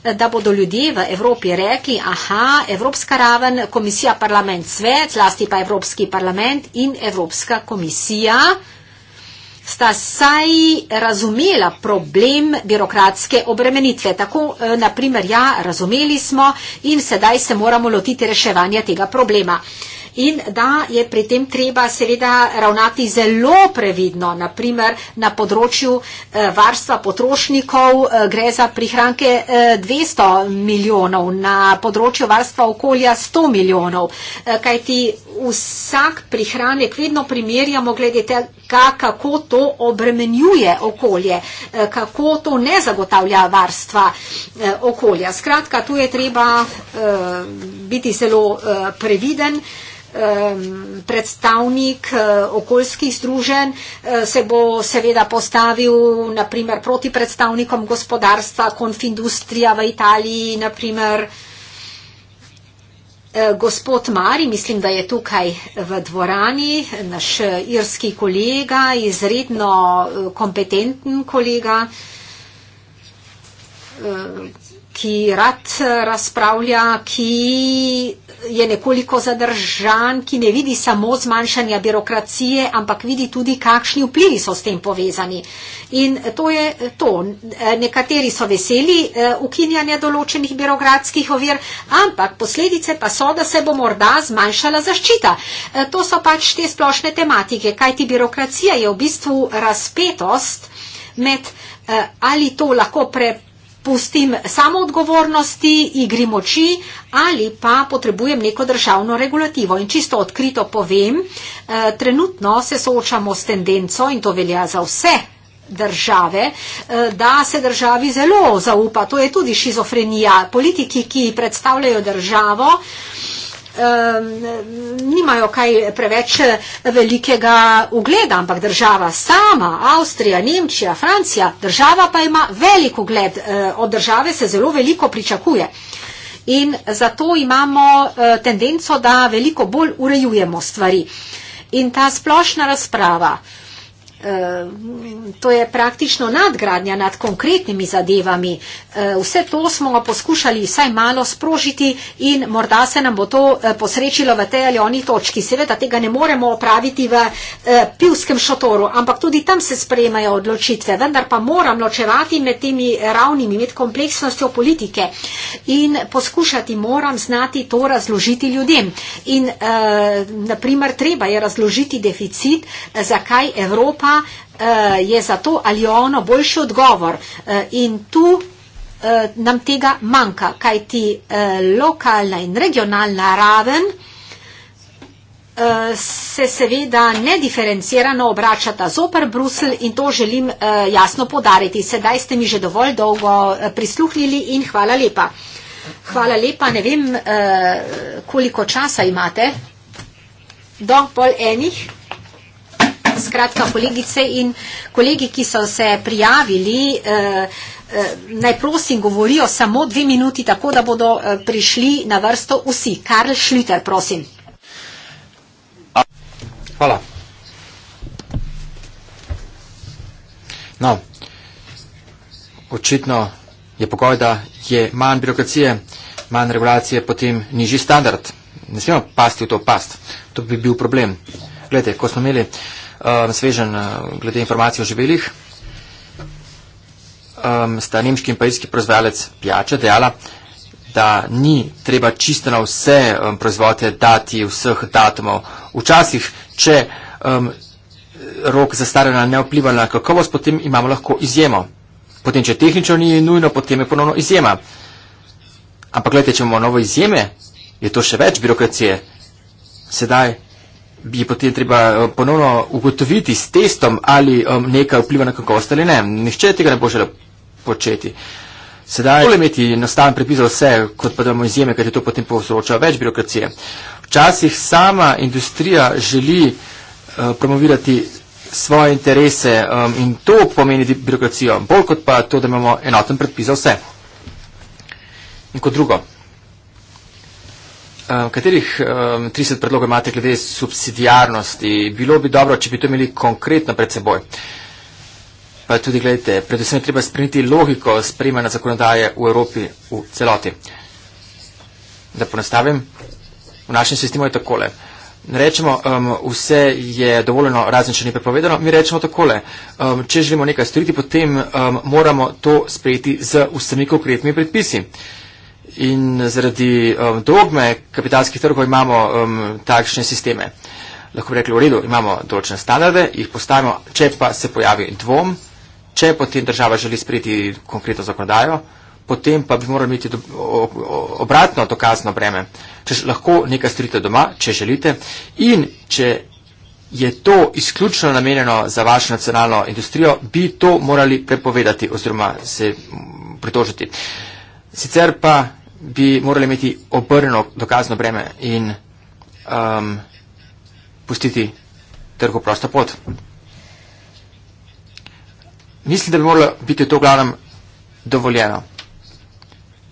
da bodo ljudje v Evropi rekli, aha, Evropska raven, komisija, parlament, svet, zlasti pa Evropski parlament in Evropska komisija sta saj razumela problem birokratske obremenitve. Tako, eh, naprimer, ja, razumeli smo in sedaj se moramo lotiti reševanja tega problema. Uh, in da je pri tem treba seveda ravnati zelo previdno, naprimer na področju eh, varstva potrošnikov eh, gre za prihranke 200 eh, milijonov, na področju varstva okolja 100 milijonov, kajti vsak prihranek vedno primerjamo glede tega, kako to obremenjuje okolje, kako to ne zagotavlja varstva okolja. Skratka, tu je treba biti zelo previden predstavnik eh, okoljskih združen eh, se bo seveda postavil naprimer proti predstavnikom gospodarstva, konfindustrija v Italiji, naprimer eh, gospod Mari, mislim, da je tukaj v dvorani, naš irski kolega, izredno kompetenten kolega, ki rad razpravlja, ki je nekoliko zadržan, ki ne vidi samo zmanjšanja birokracije, ampak vidi tudi, kakšni vplivi so s tem povezani. In to je to. Nekateri so veseli eh, ukinjanja določenih birokratskih ovir, ampak posledice pa so, da se bo morda zmanjšala zaščita. Eh, to so pač te splošne tematike, kajti birokracija je v bistvu razpetost med eh, ali to lahko preprosto pustim samo odgovornosti, igri moči ali pa potrebujem neko državno regulativo. In čisto odkrito povem, eh, trenutno se soočamo s tendenco in to velja za vse države, eh, da se državi zelo zaupa. To je tudi šizofrenija. Politiki, ki predstavljajo državo, nimajo kaj preveč velikega ugleda, ampak država sama, Avstrija, Nemčija, Francija, država pa ima velik ugled, eh, od države se zelo veliko pričakuje. In zato imamo eh, tendenco, da veliko bolj urejujemo stvari. In ta splošna razprava, Eh, to je praktično nadgradnja nad konkretnimi zadevami. Eh, vse to smo poskušali vsaj malo sprožiti in morda se nam bo to eh, posrečilo v tej ali oni točki. Seveda tega ne moremo opraviti v pivskem šotoru, ampak tudi tam se sprejmajo odločitve. Vendar pa moram ločevati med temi ravnimi, med kompleksnostjo politike in poskušati moram znati to razložiti ljudem. In, naprimer, treba je razložiti deficit, zakaj Evropa uh, je za to ali ono boljši odgovor. Uh, in tu uh, nam tega manjka, kaj ti uh, lokalna in regionalna raven se seveda nediferencirano obračata zoper Brusel in to želim jasno podariti. Sedaj ste mi že dovolj dolgo prisluhnili in hvala lepa. Hvala lepa, ne vem, koliko časa imate. Do pol enih skratka kolegice in kolegi, ki so se prijavili, eh, eh, naj prosim govorijo samo dve minuti, tako da bodo eh, prišli na vrsto vsi. Karl Šliter, prosim. Hvala. No, očitno je pokoj, da je manj birokracije, manj regulacije, potem nižji standard. Ne smemo pasti v to past. To bi bil problem. Glede, ko smo imeli uh, um, svežen uh, glede informacij o živilih, um, sta nemški in pajski proizvajalec pijače dejala, da ni treba čisto na vse um, proizvode dati vseh datumov. Včasih, če um, rok zastaranja ne vpliva na kakovost, potem imamo lahko izjemo. Potem, če tehnično ni nujno, potem je ponovno izjema. Ampak gledajte, če imamo novo izjeme, je to še več birokracije. Sedaj je potem treba eh, ponovno ugotoviti s testom, ali um, nekaj vpliva na kakovost ali ne. Nihče tega ne bo želel početi. Sedaj je bolje imeti enostaven prepis za vse, kot pa da imamo izjeme, ker je to potem povzroča več birokracije. Včasih sama industrija želi uh, promovirati svoje interese um, in to pomeni birokracijo, bolj kot pa to, da imamo enoten predpis za vse. In kot drugo, Eh, katerih 30 ehm, predlogov imate glede subsidijarnosti? Bilo bi dobro, če bi to imeli konkretno pred seboj. Pa tudi gledajte, predvsem je treba spremeniti logiko sprejmanja zakonodaje v Evropi v celoti. Da ponastavim, v našem sistemu je takole. Rečemo, um, vse je dovoljeno, razen če ni prepovedano, mi rečemo takole. Um, če želimo nekaj storiti, potem um, moramo to sprejeti z vsemi konkretnimi predpisi in zaradi um, dogme kapitalskih trgov imamo um, takšne sisteme. Lahko bi rekli, v redu, imamo določene standarde, jih postavimo, če pa se pojavi dvom, če potem država želi sprejeti konkretno zakonodajo, potem pa bi morali imeti obratno dokazno breme, če lahko nekaj storite doma, če želite in če je to izključno namenjeno za vašo nacionalno industrijo, bi to morali prepovedati oziroma se pritožiti. Sicer pa bi morali imeti obrnjeno dokazno breme in um, pustiti trgu prosto pot. Mislim, da bi moralo biti to v glavnem dovoljeno.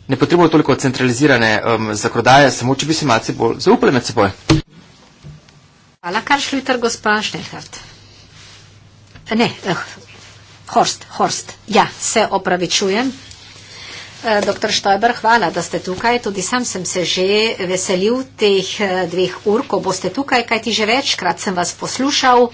Ne potrebujemo toliko centralizirane um, zakonodaje, samo če bi se malce bolj zaupali med seboj. Hvala, kar šli trg, gospa Šnehart. Ne, eh, Horst, Horst, ja, se opravičujem. Eh, doktor Štojber, hvala, da ste tukaj. Tudi sam sem se že veselil teh eh, dveh ur, ko boste tukaj, kajti že večkrat sem vas poslušal. Uh,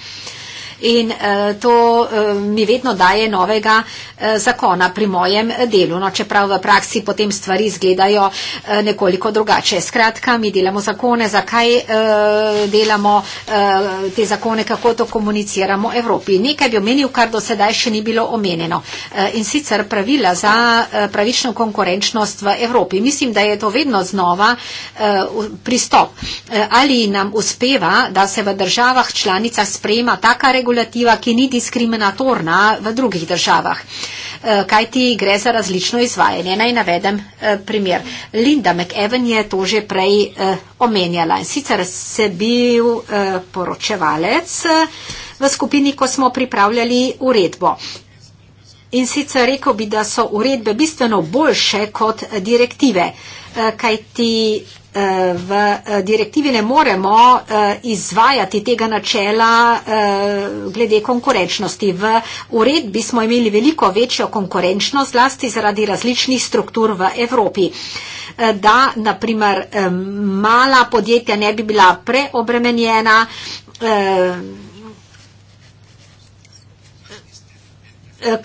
in uh, to uh, mi vedno daje novega uh, zakona pri mojem delu. No, čeprav v praksi potem stvari izgledajo uh, nekoliko drugače. Skratka, mi delamo zakone, zakaj uh, delamo uh, te zakone, kako to komuniciramo Evropi. Nekaj bi omenil, kar do sedaj še ni bilo omenjeno. Uh, in sicer pravila za uh, pravično konkurenčnost v Evropi. Mislim, da je to vedno znova uh, pristop. Uh, ali nam uspeva, da se v državah članicah sprejema taka regulacija, regulativa, ki ni diskriminatorna v drugih državah. Eh, kaj ti gre za različno izvajanje? Naj navedem eh, primer. Linda McEwen je to že prej eh, omenjala. Sicer se bil poročevalec v skupini, ko smo pripravljali uredbo. In sicer rekel bi, da so uredbe bistveno boljše kot direktive, kaj ti Eh, v eh, direktivi ne moremo eh, izvajati tega načela glede konkurenčnosti. V uredbi smo imeli veliko večjo konkurenčnost, zlasti zaradi različnih struktur v Evropi da naprimer mala podjetja ne bi bila preobremenjena,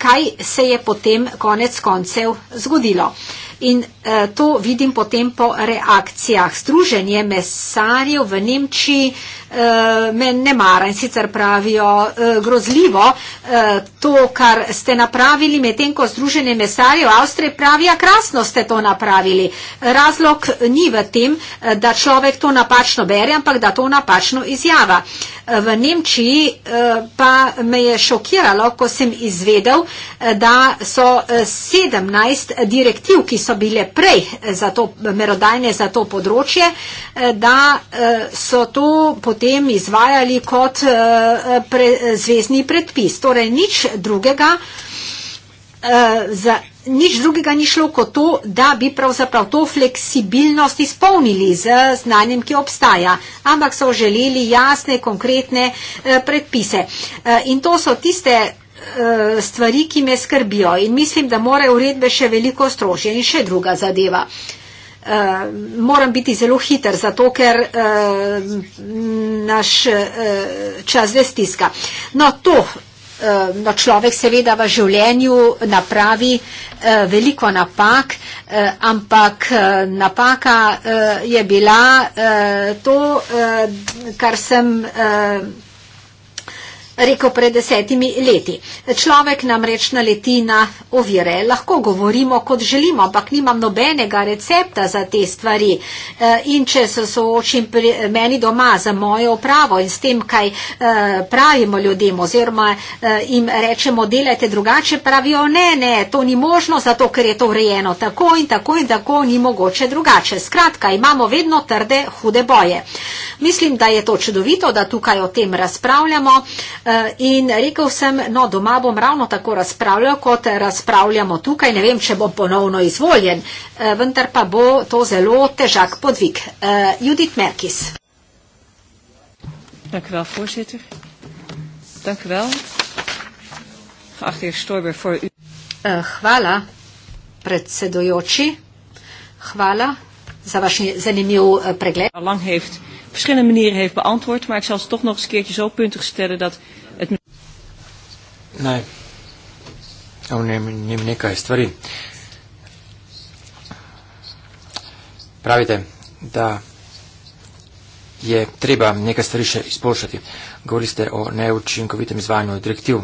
kaj se je potem konec koncev zgodilo in eh, to vidim potem po reakcijah. Združenje mesarjev v Nemčiji eh, Eh, me ne mara in sicer pravijo eh, grozljivo eh, to, kar ste napravili med tem, ko Združenje mesarjev Avstrije pravi, a ja, krasno ste to napravili. Razlog ni v tem, da človek to napačno bere, ampak da to napačno izjava. V Nemčiji pa me je šokiralo, ko sem izvedel, da so 17 direktiv, ki so bile prej za to, merodajne za to področje, da so to potrebno potem izvajali kot eh, pre, zvezdni predpis. Torej, nič drugega, eh, za, nič drugega ni šlo kot to, da bi pravzaprav to fleksibilnost izpolnili z znanjem, ki obstaja, ampak so želeli jasne, konkretne eh, predpise. In to so tiste stvari, ki me skrbijo in mislim, da morajo uredbe še veliko strožje in še druga zadeva. Uh, moram biti zelo hiter, zato ker uh, naš uh, čas zdaj stiska. No, to, uh, no, človek seveda v življenju napravi uh, veliko napak, uh, ampak uh, napaka uh, je bila uh, to, uh, kar sem. Uh, rekel pred desetimi leti. Človek namreč naleti na ovire. Lahko govorimo, kot želimo, ampak nimam nobenega recepta za te stvari. E, in če se soočim pri meni doma za mojo upravo in s tem, kaj e, pravimo ljudem oziroma e, jim rečemo, delajte drugače, pravijo, ne, ne, to ni možno, zato ker je to urejeno tako in tako in tako ni mogoče drugače. Skratka, imamo vedno trde, hude boje. Mislim, da je to čudovito, da tukaj o tem razpravljamo. Eh, in rekel sem, no, doma bom ravno tako razpravljal, kot razpravljamo tukaj, ne vem, če bom ponovno izvoljen, eh, vendar pa bo to zelo težak podvig. Eh, Judith Merkis. Dank u wel, voorzitter. Dank u wel. Graag de heer Stoiber voor u. Uh, hvala, predsedujoči. Hvala za vaš zanimiv pregled. Lang heeft u verschillende manieren heeft beantwoord. Maar ik zal ze toch nog eens een keertje zo puntig stellen dat het... Nee. Oh, nee, nee, meneer Kajstvari. Pravite, da je treba nekaj stvari še izboljšati. Govorili ste o neučinkovitem izvajanju direktiv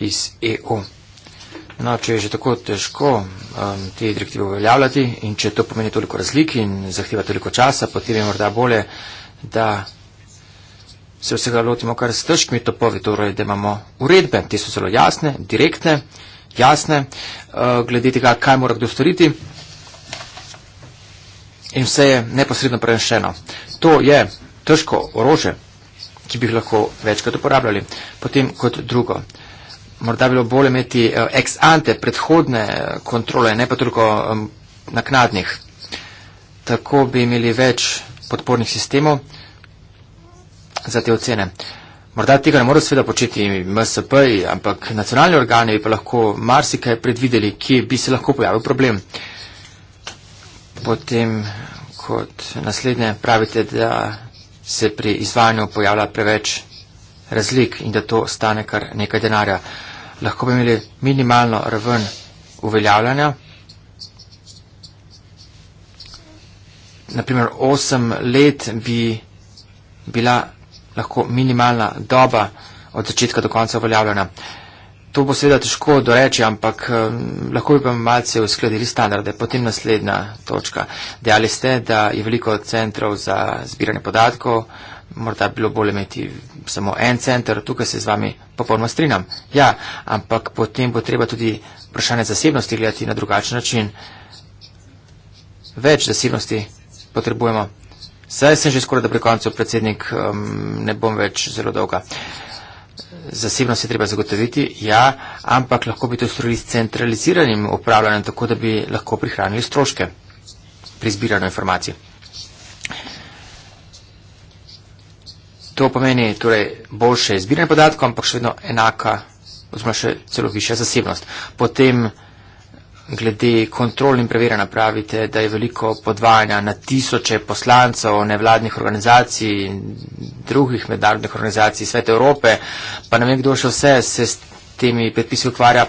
iz EU. No, če je že tako težko um, te direktive uveljavljati in če to pomeni toliko razlik in zahteva toliko časa, potem je morda bolje, da se vsega lotimo kar s težkimi topovi, torej da imamo uredbe, te so zelo jasne, direktne, jasne, uh, glede tega, kaj mora kdo storiti. In vse je neposredno prenešeno. To je težko orože, ki bi lahko večkrat uporabljali, potem kot drugo morda bilo bolje imeti eh, ex ante, predhodne eh, kontrole, ne pa toliko naknadnih. Tako bi imeli več podpornih sistemov za te ocene. Morda tega ne morajo sveda početi MSP, ampak nacionalni organi bi pa lahko marsikaj predvideli, kje bi se lahko pojavil problem. Potem kot naslednje pravite, da se pri izvajanju pojavlja preveč razlik in da to stane kar nekaj denarja lahko bi imeli minimalno raven uveljavljanja. Naprimer, 8 let bi bila lahko minimalna doba od začetka do konca uveljavljanja. To bo seveda težko doreči, ampak eh, lahko bi pa malce uskladili standarde. Potem naslednja točka. Dejali ste, da je veliko centrov za zbiranje podatkov, morda bilo bolje imeti samo en center, tukaj se z vami popolnoma strinjam. Ja, ampak potem bo treba tudi vprašanje zasebnosti gledati na drugačen način. Več zasebnosti potrebujemo. Zdaj sem že skoraj da pri koncu predsednik, um, ne bom več zelo dolga. Zasebnost je treba zagotoviti, ja, ampak lahko bi to storili s centraliziranim upravljanjem, tako da bi lahko prihranili stroške pri zbiranju informacij. To pomeni torej boljše izbiranje podatkov, ampak še vedno enaka, oziroma še celo višja zasebnost. Potem glede kontrol in preverjanja pravite, da je veliko podvajanja na tisoče poslancev nevladnih organizacij in drugih mednarodnih organizacij Svete Evrope, pa ne vem, kdo še vse se s temi predpisi ukvarja,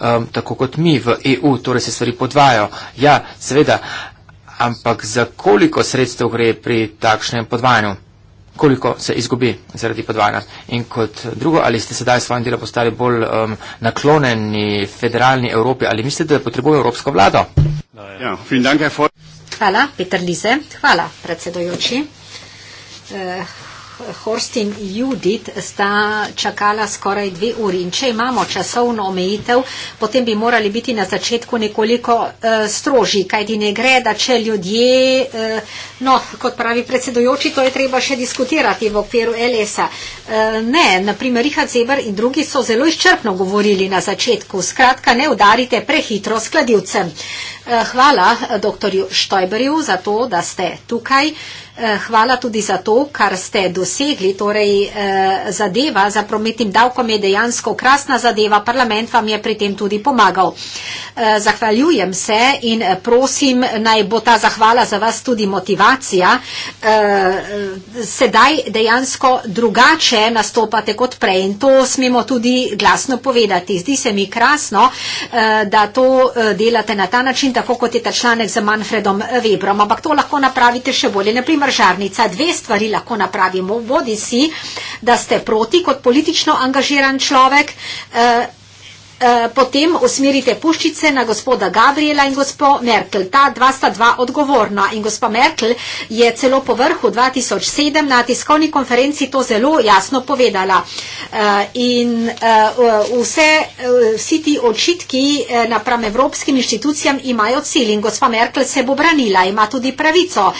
um, tako kot mi v EU, torej se stvari podvajajo. Ja, seveda, ampak za koliko sredstev gre pri takšnem podvajanju? koliko se izgubi zaradi podvajanja. In kot drugo, ali ste sedaj svojem delu postali bolj um, nakloneni federalni Evropi, ali mislite, da potrebuje Evropsko vlado? Ja, Hvala, Peter Lise. Hvala, predsedojoči. Uh, eh, Horst in Judit sta čakala skoraj dve uri in če imamo časovno omejitev, potem bi morali biti na začetku nekoliko uh, strožji, kajti ne gre, da če ljudje, uh, no, kot pravi predsedojoči, to je treba še diskutirati v okviru LS-a. Uh, eh, ne, naprimer, Richard Zeber in drugi so zelo izčrpno govorili na začetku. Skratka, ne udarite prehitro skladivcem. Uh, Eh, hvala eh, dr. Štojberju za to, da ste tukaj. Eh, hvala tudi za to, kar ste dosegli. Torej, zadeva za prometnim davkom je dejansko krasna zadeva. Parlament vam je pri tem tudi pomagal. Zahvaljujem se in prosim, naj bo ta zahvala za vas tudi motivacija. Sedaj dejansko drugače nastopate kot prej in to smemo tudi glasno povedati. Zdi se mi krasno, da to delate na ta način tako kot je ta članek z Manfredom Vebrom, ampak to lahko napravite še bolje. Naprimer, žarnica, dve stvari lahko napravimo. Vodi si, da ste proti kot politično angažiran človek. Eh, Eh, potem usmerite puščice na gospoda Gabriela in gospo Merkel. Ta dva sta dva odgovorna in gospa Merkel je celo po vrhu 2007 na tiskovni konferenci to zelo jasno povedala. Eh, in eh, vse, vsi ti očitki napram evropskim inštitucijam imajo cilj in gospa Merkel se bo branila, ima tudi pravico,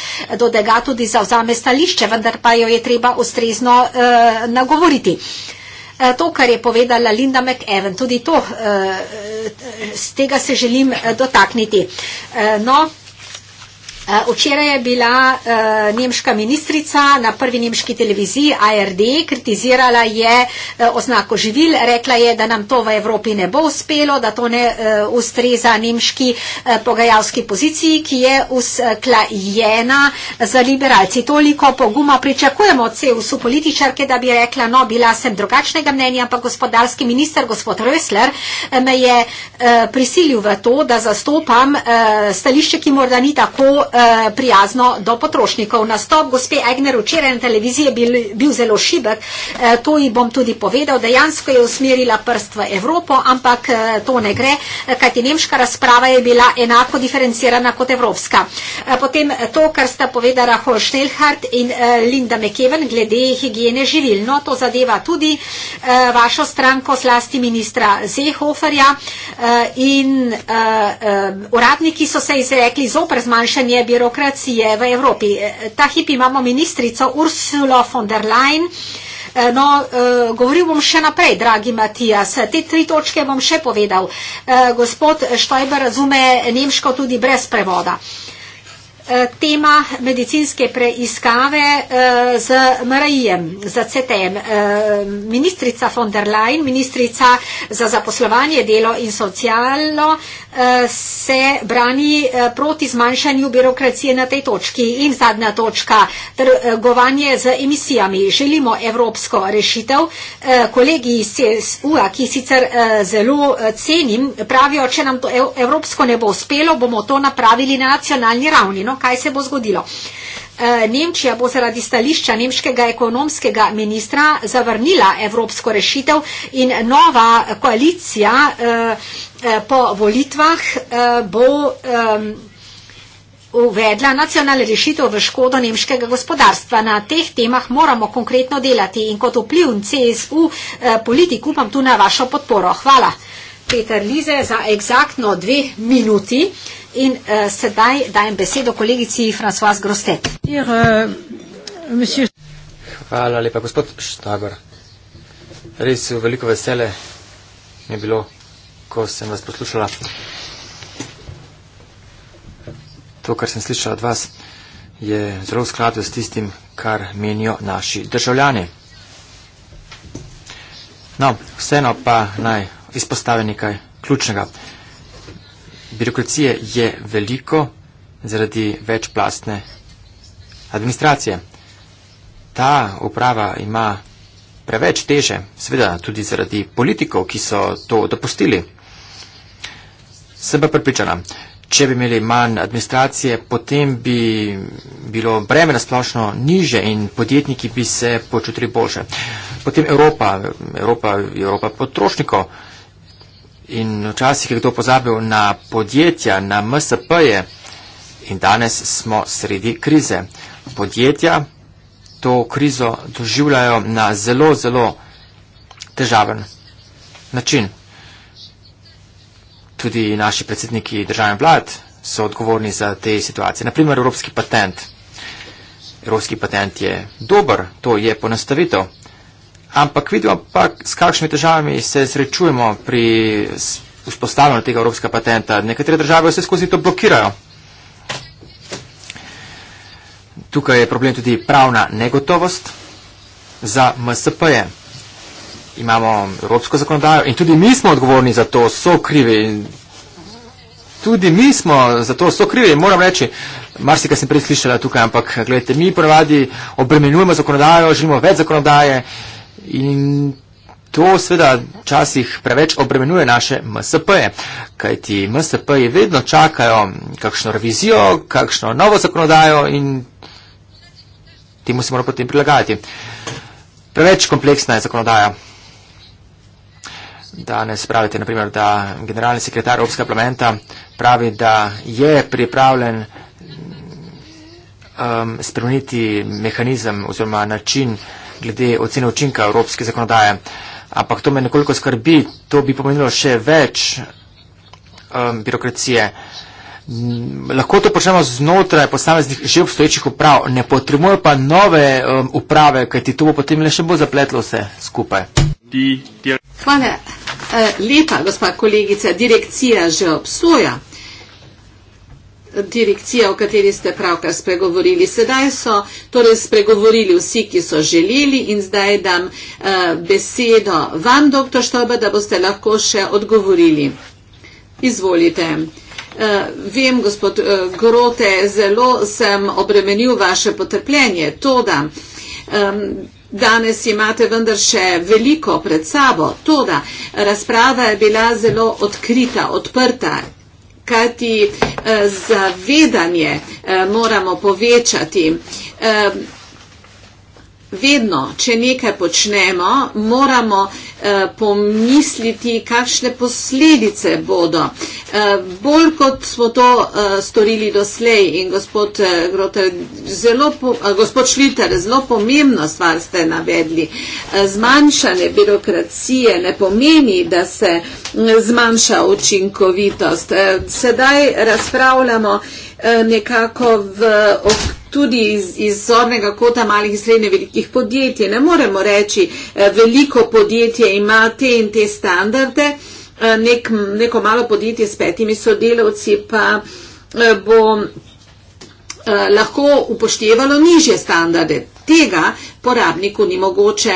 do tega tudi zauzame stališče, vendar pa jo je treba ustrezno nagovoriti. Eh, to, kar je povedala Linda McEwen, tudi to, z eh, eh, tega se želim dotakniti. No, Eh, včeraj je bila eh, nemška ministrica na prvi nemški televiziji ARD, kritizirala je eh, oznako živil, rekla je, da nam to v Evropi ne bo uspelo, da to ne ustreza nemški pogajalski poziciji, ki je usklajena za liberalci. Toliko poguma pričakujemo od CEUS-u političarke, da bi rekla, no, bila sem drugačnega mnenja, ampak gospodarski minister, gospod Rösler, me je prisilil v to, da zastopam stališče, ki morda ni tako Eh, prijazno do potrošnikov. Nastop gospe Egner včeraj na televiziji je bil, bil zelo šibek, eh, to ji bom tudi povedal, dejansko je usmerila prst v Evropo, ampak eh, to ne gre, kajti nemška razprava je bila enako diferencirana kot evropska. Potem to, kar sta povedala Holšnelhardt in Linda McKeven glede higiene živilno, to zadeva tudi vašo stranko slasti ministra Zehoferja in uradniki so se izrekli zopr zmanjšanje birokracije v Evropi. E, ta hip imamo ministrico Ursula von der Leyen. E, no, e, govoril bom še naprej, dragi Matijas, te tri točke bom še povedal. Gospod Štajber razume nemško tudi brez prevoda. Eh, tema medicinske preiskave eh, z MRI-jem, z CT-jem. Eh, ministrica von der Leyen, ministrica za zaposlovanje, delo in socialno, eh, se brani eh, proti zmanjšanju birokracije na tej točki. In zadnja točka, trgovanje z emisijami. Želimo evropsko rešitev. Eh, kolegi iz CSU-a, ki sicer eh, zelo eh, cenim, pravijo, če nam to evropsko ne bo uspelo, bomo to napravili na nacionalni ravni. No, kaj se bo zgodilo. E, Nemčija bo zaradi stališča nemškega ekonomskega ministra zavrnila evropsko rešitev in nova koalicija e, e, po volitvah bo uvedla nacionalne rešitev v škodo nemškega gospodarstva. Na teh temah moramo konkretno delati in kot vpliv CSU politik upam tu na vašo podporo. Hvala. Peter Lize za egzaktno dve minuti in uh, sedaj dajem besedo kolegici François Grostet. Eh, Hvala lepa, gospod Štagor. Res veliko vesele mi je bilo, ko sem vas poslušala. To, kar sem slišala od vas, je zelo v skladu s tistim, kar menijo naši državljani. No, vseeno pa naj izpostavi nekaj ključnega. Birokracije je veliko zaradi večplastne administracije. Ta uprava ima preveč teže, seveda tudi zaradi politikov, ki so to dopustili. Seba pripričana, če bi imeli manj administracije, potem bi bilo breme nasplošno niže in podjetniki bi se počutili bolje. Potem Evropa, Evropa, Evropa potrošnikov. In včasih je kdo pozabil na podjetja, na MSP-je. In danes smo sredi krize. Podjetja to krizo doživljajo na zelo, zelo težaven način. Tudi naši predsedniki državnih vlad so odgovorni za te situacije. Naprimer, evropski patent. Evropski patent je dober, to je ponastavitev. Ampak vidimo pa, s kakšnimi težavami se srečujemo pri vzpostavljanju tega evropskega patenta. Nekatere države vse skozi to blokirajo. Tukaj je problem tudi pravna negotovost za MSP-je. Imamo evropsko zakonodajo in tudi mi smo odgovorni za to, so krivi. Tudi mi smo za to, so krivi, moram reči. Marsika sem prej slišala tukaj, ampak gledajte, mi ponavadi obremenjujemo zakonodajo, želimo več zakonodaje. In to seveda včasih preveč obremenuje naše MSP-je, kajti MSP-ji vedno čakajo kakšno revizijo, kakšno novo zakonodajo in temu se mora potem prilagajati. Preveč kompleksna je zakonodaja. Danes pravite, naprimer, da generalni sekretar Evropskega parlamenta pravi, da je pripravljen um, spremeniti mehanizem oziroma način glede ocene učinka evropske zakonodaje. Ampak to me nekoliko skrbi, to bi pomenilo še več um, birokracije. Lahko to počnemo znotraj posameznih že obstoječih uprav, ne potrebujemo pa nove um, uprave, kajti to bo potem le še bolj zapletlo vse skupaj. Hvala eh, lepa, gospa kolegica. Direkcija že obsoja direkcije, o kateri ste pravkar spregovorili. Sedaj so torej spregovorili vsi, ki so želeli in zdaj dam eh, besedo vam, doktor Štobe, da boste lahko še odgovorili. Izvolite. Eh, vem, gospod eh, Grote, zelo sem obremenil vaše potrpljenje. Toda, danes imate vendar še veliko pred sabo. Toda, razprava je bila zelo odkrita, odprta kajti eh, zavedanje eh, moramo povečati. Eh, vedno, če nekaj počnemo, moramo eh, pomisliti, kakšne posledice bodo. Eh, bolj kot smo to eh, storili doslej in gospod, eh, Groter, zelo po, eh, gospod Šliter, zelo pomembno stvar ste navedli. Eh, zmanjšanje birokracije ne pomeni, da se mm, zmanjša učinkovitost. Eh, sedaj razpravljamo eh, nekako v oktobru tudi iz, iz zornega kota malih in srednje velikih podjetij. Ne moremo reči, eh, veliko podjetje ima te in te standarde, eh, Nek, neko malo podjetje s petimi sodelavci pa eh, bo lahko upoštevalo nižje standarde. Tega porabniku ni mogoče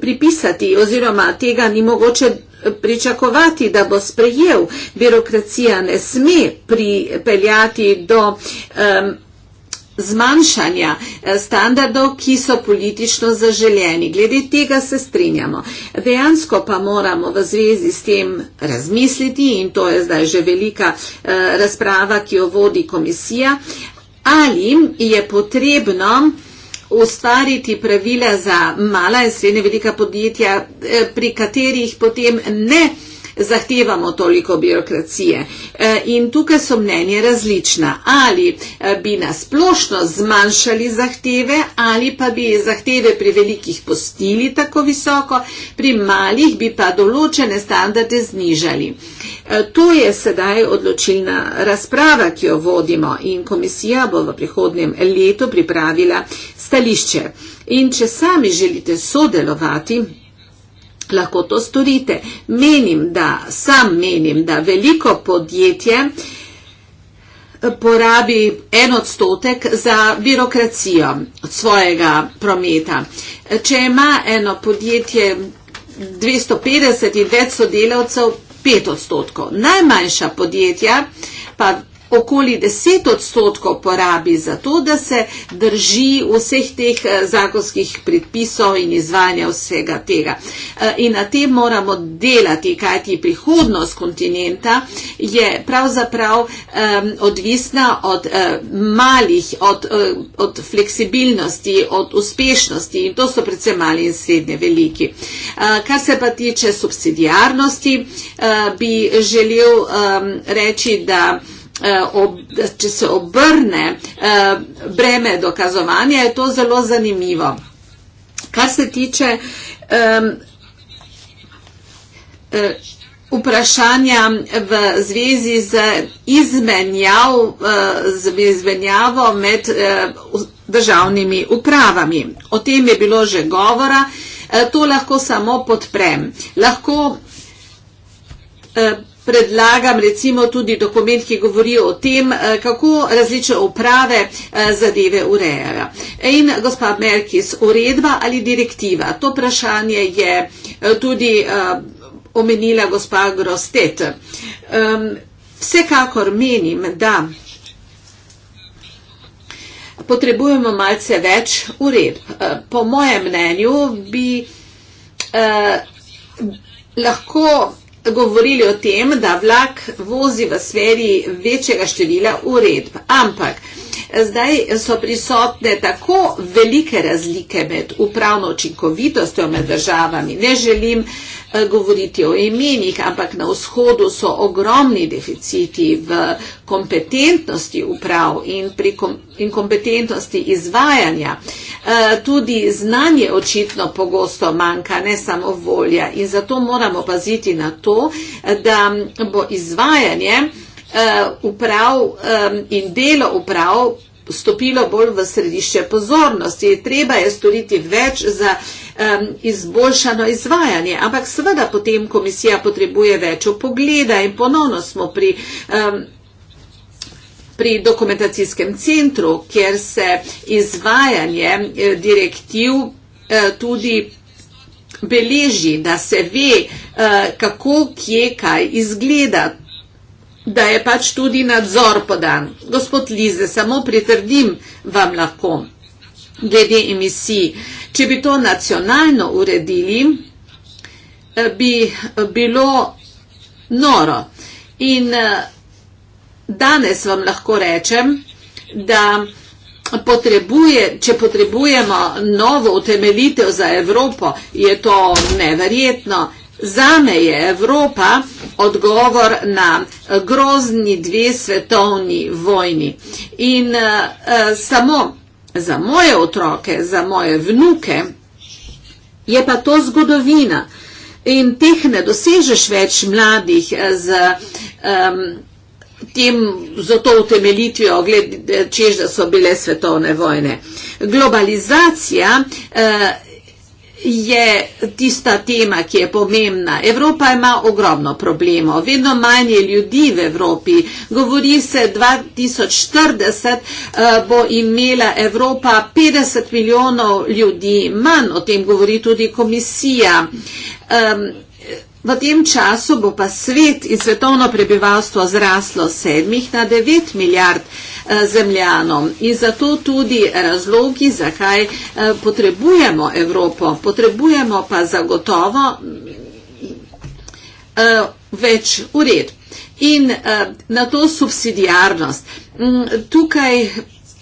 pripisati oziroma tega ni mogoče pričakovati, da bo sprejel. Birokracija ne sme pripeljati do um, zmanjšanja eh, standardov, ki so politično zaželjeni. Glede tega se strinjamo. Dejansko pa moramo v zvezi s tem razmisliti in to je zdaj že velika eh, razprava, ki jo vodi komisija, ali je potrebno ustvariti pravila za mala in srednje velika podjetja, eh, pri katerih potem ne zahtevamo toliko birokracije. E, in tukaj so mnenje različna. Ali e, bi nasplošno zmanjšali zahteve, ali pa bi zahteve pri velikih postili tako visoko, pri malih bi pa določene standarde znižali. E, to je sedaj odločilna razprava, ki jo vodimo in komisija bo v prihodnem letu pripravila stališče. In če sami želite sodelovati, lahko to storite. Menim, da, sam menim, da veliko podjetje eh, porabi en odstotek za birokracijo svojega prometa. Eh, če ima eno podjetje 250 in več sodelavcev, 5 odstotkov. Najmanjša podjetja pa okoli 10 odstotkov porabi za to, da se drži vseh teh eh, zakonskih predpisov in izvajanja vsega tega. Eh, in na tem moramo delati, kajti prihodnost kontinenta je pravzaprav um, odvisna od um, malih, od, um, od fleksibilnosti, od uspešnosti in to so predvsem mali in srednje veliki. Uh, kar se pa tiče subsidijarnosti, uh, bi želel um, reči, da Eh, ob, če se obrne eh, breme dokazovanja, je to zelo zanimivo. Kar se tiče um, vprašanja v zvezi z izmenjav, z izmenjavo med državnimi upravami. O tem je bilo že govora. To lahko samo podprem. Lahko predlagam recimo tudi dokument, ki govori o tem, eh, kako različne uprave eh, zadeve urejajo. In gospa Merkis, uredba ali direktiva? To vprašanje je eh, tudi omenila gospa Grostet. Vsekakor menim, da potrebujemo malce več ured. Po mojem mnenju bi eh, lahko govorili o tem, da vlak vozi v sferi večjega števila uredb. Ampak Zdaj so prisotne tako velike razlike med upravno očinkovitostjo med državami. Ne želim eh, govoriti o imenih, ampak na vzhodu so ogromni deficiti v kompetentnosti uprav in, kom in kompetentnosti izvajanja. Eh, tudi znanje očitno pogosto manjka, ne samo volja. In zato moramo paziti na to, da bo izvajanje uh, uprav um, in delo uprav stopilo bolj v središče pozornosti. Treba je storiti več za um, izboljšano izvajanje, ampak seveda potem komisija potrebuje več opogleda in ponovno smo pri. Um, pri dokumentacijskem centru, kjer se izvajanje eh, direktiv eh, tudi beleži, da se ve, kako, kje, kaj izgleda da je pač tudi nadzor podan. Gospod Lize, samo pritrdim vam lahko glede emisij. Če bi to nacionalno uredili, eh, bi bilo noro. In eh, danes vam lahko rečem, da potrebuje, če potrebujemo novo utemeljitev za Evropo, je to neverjetno, Zame je Evropa odgovor na eh, grozni dve svetovni vojni. In uh, samo za moje otroke, za moje vnuke je pa to zgodovina. In teh ne dosežeš več mladih z, um, tem, z to utemelitvijo, glede, češ, da so bile svetovne vojne. Globalizacija uh, je tista tema, ki je pomembna. Evropa ima ogromno problemov, vedno manj je ljudi v Evropi. Govori se, 2040 eh, bo imela Evropa 50 milijonov ljudi manj, o tem govori tudi komisija. V tem času bo pa svet in svetovno prebivalstvo zraslo sedmih na devet milijard. Eh, zemljanom. In zato tudi razlogi, zakaj eh, potrebujemo Evropo. Potrebujemo pa zagotovo eh, več ured. In na to subsidijarnost. Mm, tukaj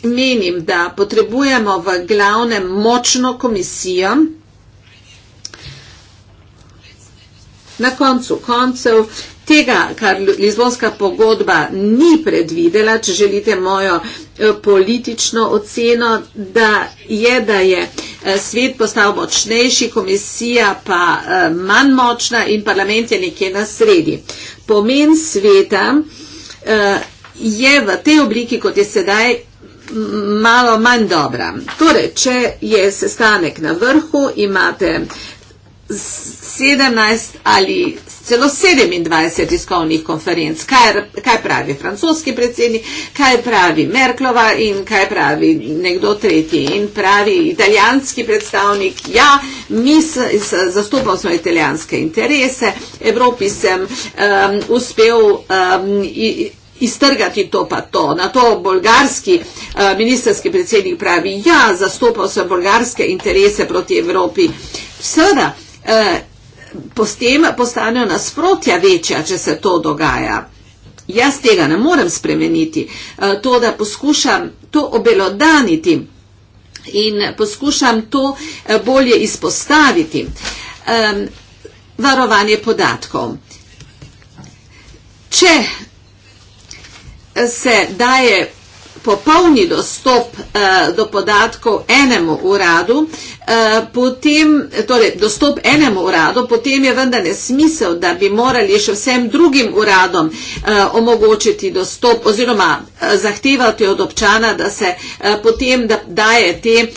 menim, da potrebujemo v glavnem močno komisijo. Na koncu koncev Tega, kar Lizbonska pogodba ni predvidela, če želite mojo eh, politično oceno, da je, da je eh, svet postal močnejši, komisija pa eh, manj močna in parlament je nekje na sredi. Pomen sveta je v tej obliki, kot je sedaj, malo manj dobra. Torej, če je sestanek na vrhu, imate 17 ali celo 27 tiskovnih konferenc, kaj, kaj pravi francoski predsednik, kaj pravi Merklova in kaj pravi nekdo tretji in pravi italijanski predstavnik. Ja, mi zastopamo svoje italijanske interese, Evropi sem um, uspel um, i, iztrgati to pa to. Na to bolgarski ministerski predsednik pravi, ja, zastopal sem bolgarske interese proti Evropi. Seveda, potem postanejo nasprotja večja, če se to dogaja. Jaz tega ne morem spremeniti, eh, to, da poskušam to obelodaniti in poskušam to eh, bolje izpostaviti. Ehm, varovanje podatkov. Če se daje popolni dostop eh, do podatkov enemu uradu, eh, Potem, torej, dostop enemu uradu, potem je vendar nesmisel, da bi morali še vsem drugim uradom eh, omogočiti dostop oziroma eh, zahtevati od občana, da se eh, potem da, daje te eh,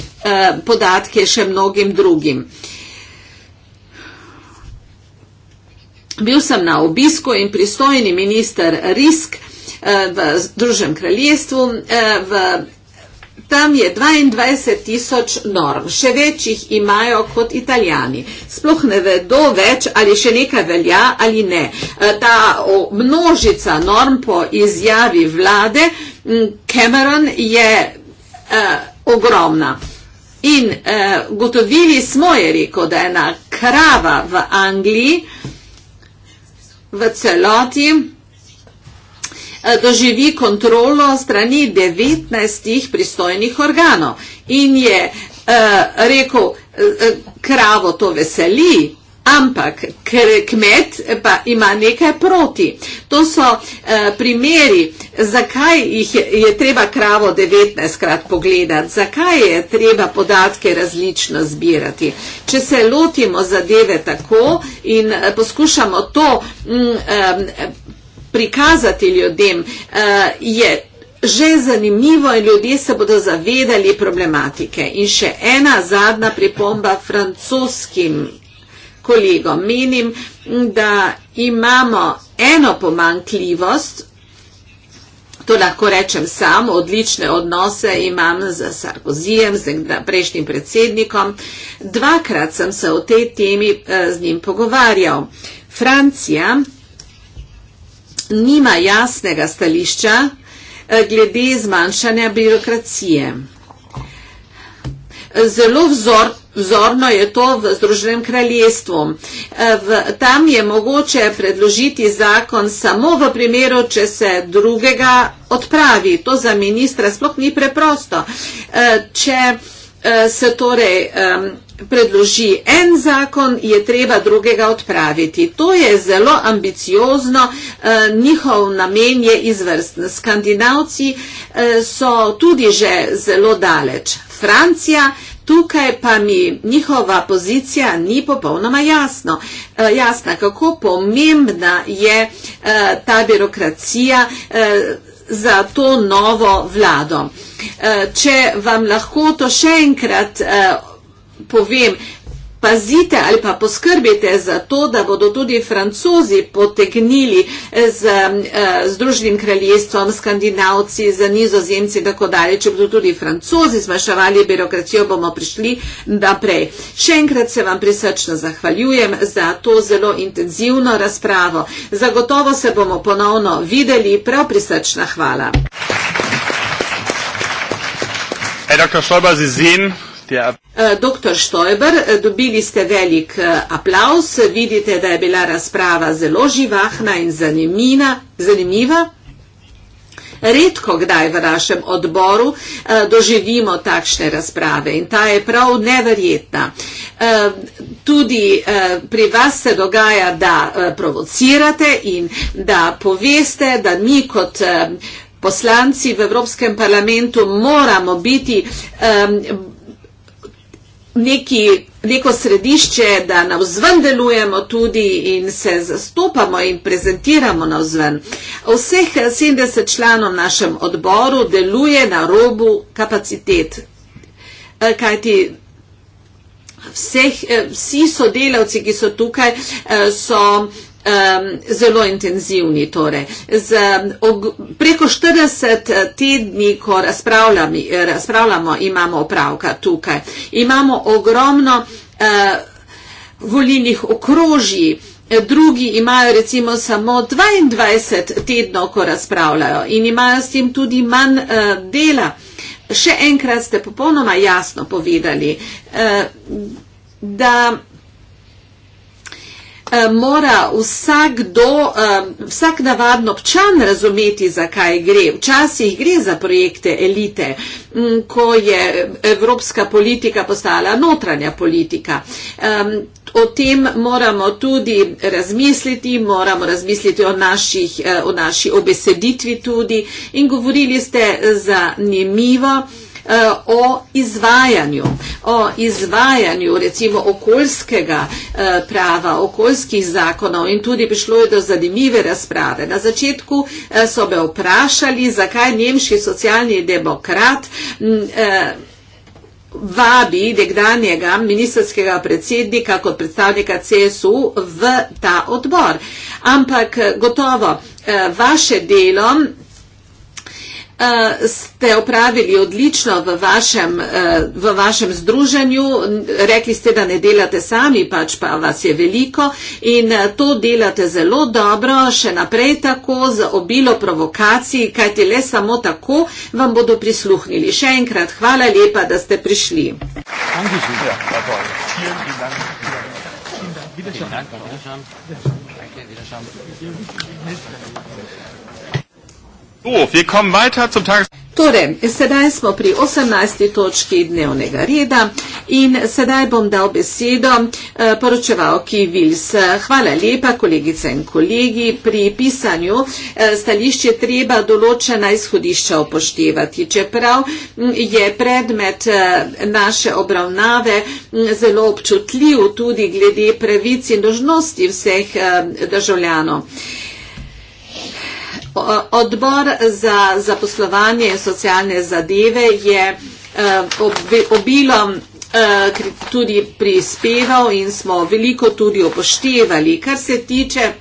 podatke še mnogim drugim. Bil sem na obisku in pristojni minister Risk eh, Eh, v Združenem kraljestvu, eh, v, tam je 22 tisoč norm, še več jih imajo kot italijani. Sploh ne vedo več, ali še nekaj velja ali ne. Eh, ta množica norm po izjavi vlade mm, Cameron je eh, ogromna. In eh, gotovili smo, je rekel, da ena krava v Angliji v celoti doživi kontrolo strani 19 pristojnih organov in je eh, rekel, eh, kravo to veseli, ampak kmet pa ima nekaj proti. To so eh, primeri, zakaj jih je treba kravo 19 krat pogledati, zakaj je treba podatke različno zbirati. Če se lotimo zadeve tako in poskušamo to mm, prikazati ljudem, eh, je že zanimivo in ljudje se bodo zavedali problematike. In še ena zadnja pripomba francoskim kolegom. Menim, da imamo eno pomankljivost, To lahko rečem sam, odlične odnose imam z Sarkozijem, z prejšnjim predsednikom. Dvakrat sem se o tej temi eh, z njim pogovarjal. Francija nima jasnega stališča eh, glede zmanjšanja birokracije. Zelo vzor, vzorno je to v Združenem kraljestvu. Eh, v, tam je mogoče predložiti zakon samo v primeru, če se drugega odpravi. To za ministra sploh ni preprosto. Eh, če se torej predloži en zakon, je treba drugega odpraviti. To je zelo ambiciozno, eh, njihov namen je izvrsten. Skandinavci eh, so tudi že zelo daleč. Francija, tukaj pa mi njihova pozicija ni popolnoma jasno. Eh, jasna, kako pomembna je ta birokracija za to novo vlado. Če vam lahko to še enkrat povem, pazite ali pa poskrbite za to, da bodo tudi francozi potegnili eh, z eh, Združenim kraljestvom, skandinavci, z nizozemci in tako dalje. Če bodo tudi francozi zmaševali birokracijo, bomo prišli naprej. Še enkrat se vam prisrčno zahvaljujem za to zelo intenzivno razpravo. Zagotovo se bomo ponovno videli. Prav prisrčna hvala. Hey, Dr. Stolber, Sie sehen, Ja. Eh, doktor Štojber, eh, dobili ste velik eh, aplaus, vidite, da je bila razprava zelo živahna in zanimina, zanimiva. Redko kdaj v našem odboru doživimo takšne razprave in ta je prav neverjetna. Tudi pri vas se dogaja, da provocirate in da poveste, da mi kot poslanci v Evropskem parlamentu moramo biti neki, neko središče, da na vzven delujemo tudi in se zastopamo in prezentiramo na vzven. Vseh 70 članov našem odboru deluje na robu kapacitet. Eh, kajti vseh, eh, vsi sodelavci, ki so tukaj, eh, so um, zelo intenzivni. Torej. Z, og, preko 40 eh, tedni, ko eh, razpravljamo, imamo opravka tukaj. Imamo ogromno uh, volilnih okrožji. Drugi imajo recimo samo 22 tednov, ko razpravljajo in imajo s tem tudi manj uh, dela. Še enkrat ste popolnoma jasno povedali, uh, da Eh, mora vsak, do, eh, vsak navadno občan razumeti, zakaj gre. Včasih gre za projekte elite, mm, ko je evropska politika postala notranja politika. O tem moramo tudi razmisliti, moramo razmisliti o, naših, eh, o naši obeseditvi tudi. In govorili ste zanimivo uh, o izvajanju, o izvajanju recimo okoljskega uh, prava, okoljskih zakonov in tudi prišlo je do zanimive razprave. Na začetku uh, so me vprašali, zakaj nemški socialni demokrat m, mm, uh, vabi nekdanjega ministerskega predsednika kot predstavnika CSU v ta odbor. Ampak gotovo vaše delo Eh, ste upravili odlično v vašem, uh, v vašem združenju. Rekli ste, da ne delate sami, pač pa vas je veliko in eh, to delate zelo dobro, še naprej tako, z obilo provokacij, kajti le samo tako vam bodo prisluhnili. Še enkrat hvala lepa, da ste prišli. Ja, vielen Dank. Wiederschauen. Vielen Dank. Wiederschauen. Danke, Wiederschauen. Danke, Wiederschauen. Torej, sedaj smo pri 18. točki dnevnega reda in sedaj bom dal besedo eh, poročevalki Vils. Hvala lepa, kolegice in kolegi. Pri pisanju eh, stališče treba določena izhodišča upoštevati, čeprav mm, je predmet eh, naše obravnave mm, zelo občutljiv tudi glede pravic in dožnosti vseh državljanov. Odbor za zaposlovanje in socialne zadeve je eh, obilo eh, tudi prispeval in smo veliko tudi upoštevali. Kar se tiče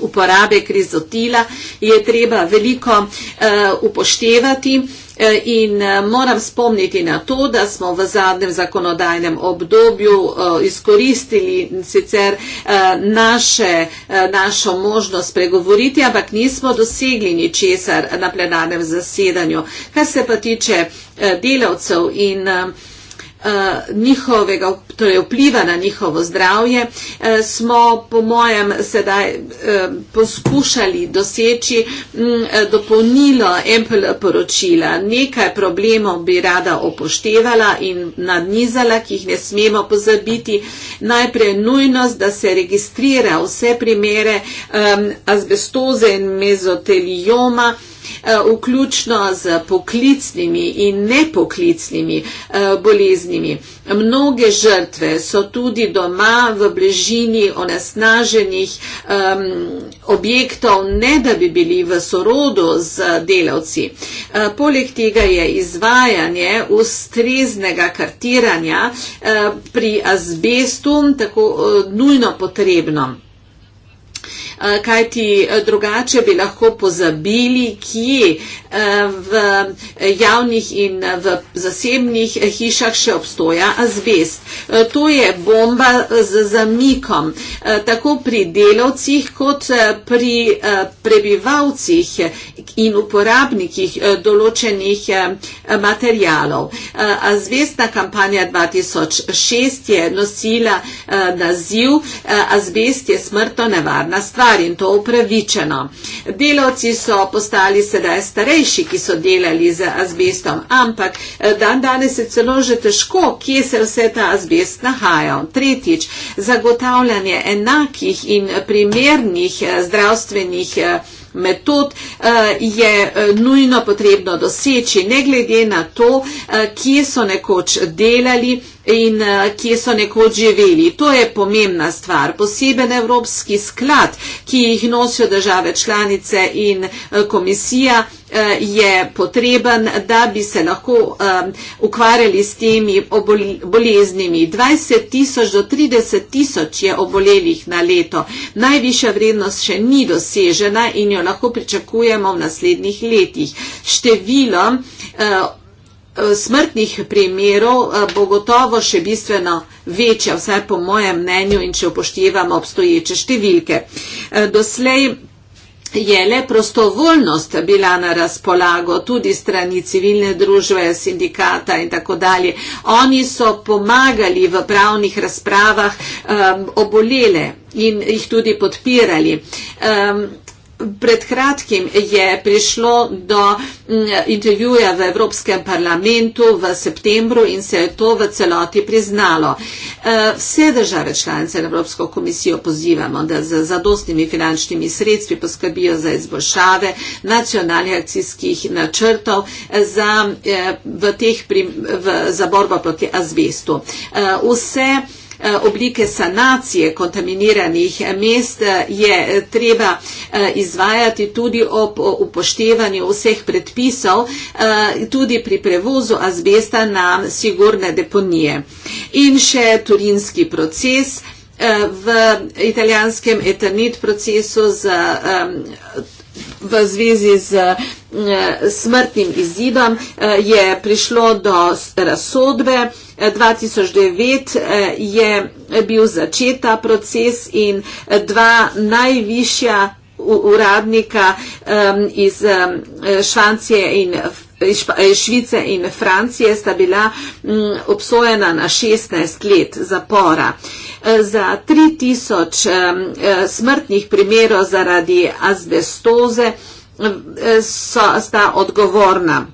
uporabe krizotila je treba veliko eh, upoštevati eh, in eh, moram spomniti na to, da smo v zadnjem zakonodajnem obdobju izkoristili sicer naše, našo možnost pregovoriti, ampak nismo dosegli ničesar na plenarnem zasedanju. Kar se pa tiče delavcev in delavcev, Eh, njihovega, torej vpliva na njihovo zdravje, eh, smo po mojem sedaj eh, poskušali doseči mm, dopolnilo Apple poročila. Nekaj problemov bi rada opoštevala in nadnizala, ki jih ne smemo pozabiti. Najprej nujnost, da se registrira vse primere azbestoze in mezotelioma. Eh, vključno z poklicnimi in nepoklicnimi eh, boleznimi. Mnoge žrtve so tudi doma v bližini onesnaženih um, objektov, ne da bi bili v sorodu z delavci. Uh, poleg tega je izvajanje ustreznega kartiranja uh, pri azbestu tako uh, nujno potrebno. Eh, kajti eh, drugače bi lahko pozabili, kje eh, v javnih in v zasebnih hišah še obstoja azbest. To je bomba z zamikom, tako pri delavcih kot pri prebivalcih in uporabnikih določenih materijalov. Azbestna kampanja 2006 je nosila naziv Azbest je smrto nevarna stvar stvar in to upravičeno. Delavci so postali sedaj starejši, ki so delali z azbestom, ampak eh, dan danes je celo že težko, kje se vse ta azbest nahaja. Tretjič, zagotavljanje enakih in primernih eh, zdravstvenih eh, metod eh, je eh, nujno potrebno doseči, ne glede na to, eh, kje so nekoč delali in kje so nekoč živeli. To je pomembna stvar. Poseben evropski sklad, ki jih nosijo države članice in komisija, Eh, je potreben, da bi se lahko eh, ukvarjali s temi boleznimi. 20 tisoč do 30 tisoč je obolelih na leto. Najvišja vrednost še ni dosežena in jo lahko pričakujemo v naslednjih letih. Število eh, smrtnih primerov bo gotovo še bistveno večja, vsaj po mojem mnenju in če upoštevamo obstoječe številke. Doslej je le prostovoljnost bila na razpolago tudi strani civilne družbe, sindikata in tako dalje. Oni so pomagali v pravnih razpravah um, obolele in jih tudi podpirali. Um, pred kratkim je prišlo do mm, intervjuja v Evropskem parlamentu v septembru in se je to v celoti priznalo. Eh, vse države članice Evropsko komisijo pozivamo, da z zadostnimi finančnimi sredstvi poskrbijo za izboljšave nacionalnih akcijskih načrtov eh, za, eh, v teh, v, za borbo proti azbestu. Vse Eh, oblike sanacije kontaminiranih eh, mest eh, je treba izvajati tudi ob upoštevanju vseh predpisov, tudi pri prevozu azbesta na sigurne deponije. In še turinski proces v italijanskem eternit procesu z um, v zvezi z eh, smrtnim izidom eh, je prišlo do razsodbe. 2009 eh, je bil začeta proces in dva najvišja uradnika um, iz Švancije in Švice in Francije sta bila mm, obsojena na 16 let zapora. E, za 3000 e, smrtnih primerov zaradi azbestoze e, sta odgovorna.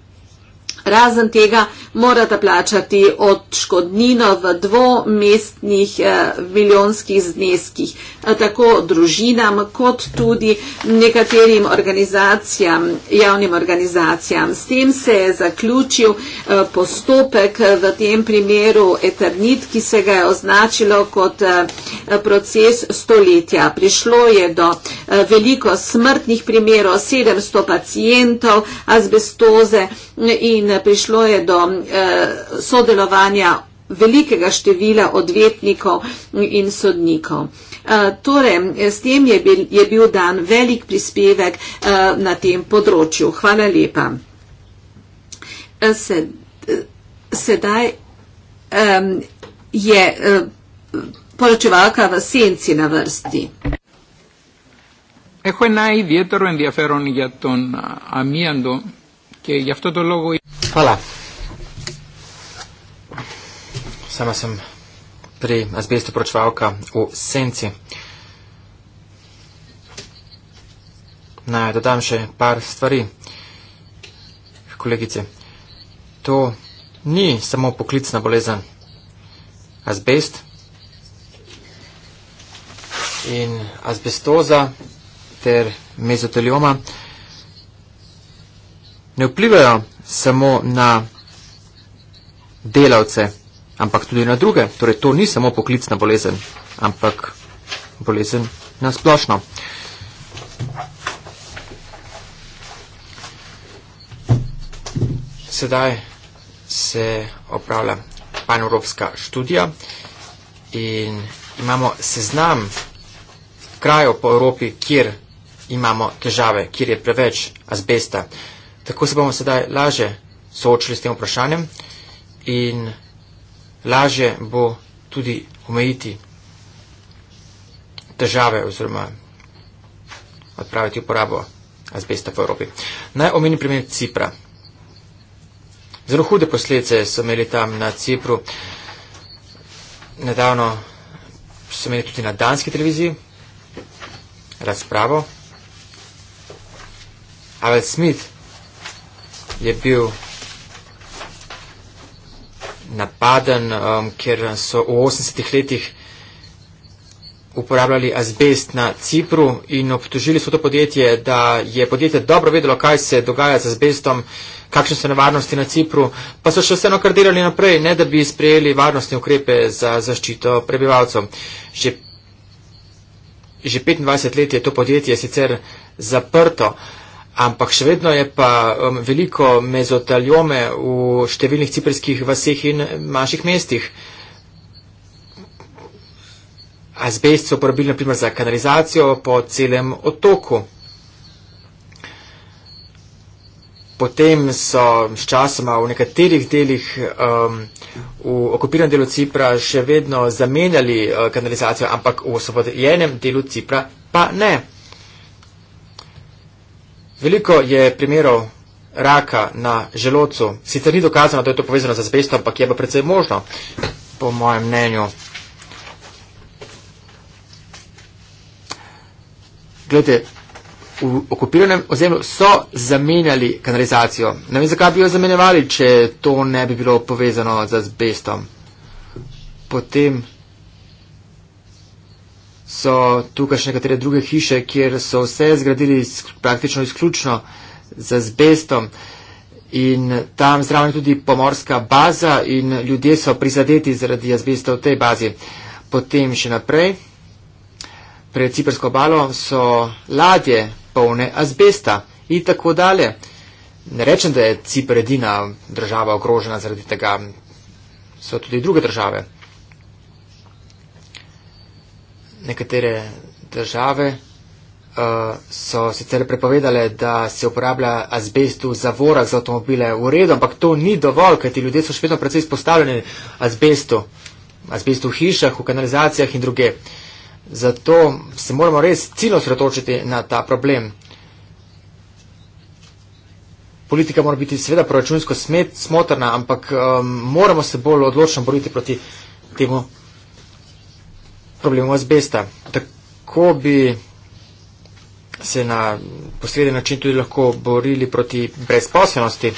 Razen tega morata plačati odškodnino v dvomestnih eh, milijonskih zneskih, eh, tako družinam kot tudi nekaterim organizacijam, javnim organizacijam. S tem se je zaključil eh, postopek v tem primeru Eternit, ki se ga je označilo kot proces stoletja. Prišlo je do veliko smrtnih primerov, 700 pacijentov azbestoze in prišlo je do Eh, sodelovanja velikega števila odvetnikov in sodnikov. Eh, torej, s tem je bil, je bil dan velik prispevek eh, na tem področju. Hvala lepa. Sedaj je poročevalka v senci na vrsti. Ejo enaj vjetro in diaferon jaton amijando, ki je jafto to logo. Hvala. Sama sem pri azbestu pročvalka v senci. Naj dodam še par stvari, kolegice. To ni samo poklicna bolezen. Azbest in azbestoza ter mezotelioma ne vplivajo samo na delavce ampak tudi na druge. Torej, to ni samo poklicna bolezen, ampak bolezen na splošno. Sedaj se opravlja panevropska študija in imamo seznam krajev po Evropi, kjer imamo težave, kjer je preveč azbesta. Tako se bomo sedaj laže soočili s tem vprašanjem in lažje bo tudi omejiti države oziroma odpraviti uporabo azbesta v Evropi. Naj omenim primer Cipra. Zelo hude posledice so imeli tam na Cipru. Nedavno so imeli tudi na danski televiziji razpravo. Avel Smith je bil napaden, um, ker so v 80-ih letih uporabljali azbest na Cipru in obtožili so to podjetje, da je podjetje dobro vedelo, kaj se dogaja z azbestom, kakšne so nevarnosti na Cipru, pa so še vseeno kar delali naprej, ne da bi sprejeli varnostne ukrepe za zaščito prebivalcev. Že, že 25 let je to podjetje sicer zaprto. Ampak še vedno je pa um, veliko mezotaljome v številnih ciprskih vaseh in manjših mestih. Azbest so uporabili naprimer za kanalizacijo po celem otoku. Potem so s časoma v nekaterih delih um, v okupiranem delu Cipra še vedno zamenjali uh, kanalizacijo, ampak v osvobodjenem delu Cipra pa ne. Veliko je primerov raka na želodcu. Sicer ni dokazano, da je to povezano z azbestom, ampak je pa predvsej možno, po mojem mnenju. Glede, v okupiranem ozemlju so zamenjali kanalizacijo. Ne vem, zakaj bi jo zamenjevali, če to ne bi bilo povezano z azbestom. Potem so tukaj še nekatere druge hiše, kjer so vse zgradili praktično izključno z azbestom. In tam zraven je tudi pomorska baza in ljudje so prizadeti zaradi azbesta v tej bazi. Potem še naprej, pred Cipersko balo so ladje polne azbesta in tako dalje. Ne rečem, da je Cipr edina država ogrožena zaradi tega, so tudi druge države nekatere države uh, so sicer prepovedale, da se uporablja azbest v zavorah za avtomobile. V redu, ampak to ni dovolj, kajti ljudje so še vedno precej izpostavljeni azbestu, azbestu v hišah, v kanalizacijah in druge. Zato se moramo res ciljno sredotočiti na ta problem. Politika mora biti seveda proračunsko smet, smotrna, ampak um, moramo se bolj odločno boriti proti temu problemu azbesta. Tako bi se na posreden način tudi lahko borili proti brezposelnosti.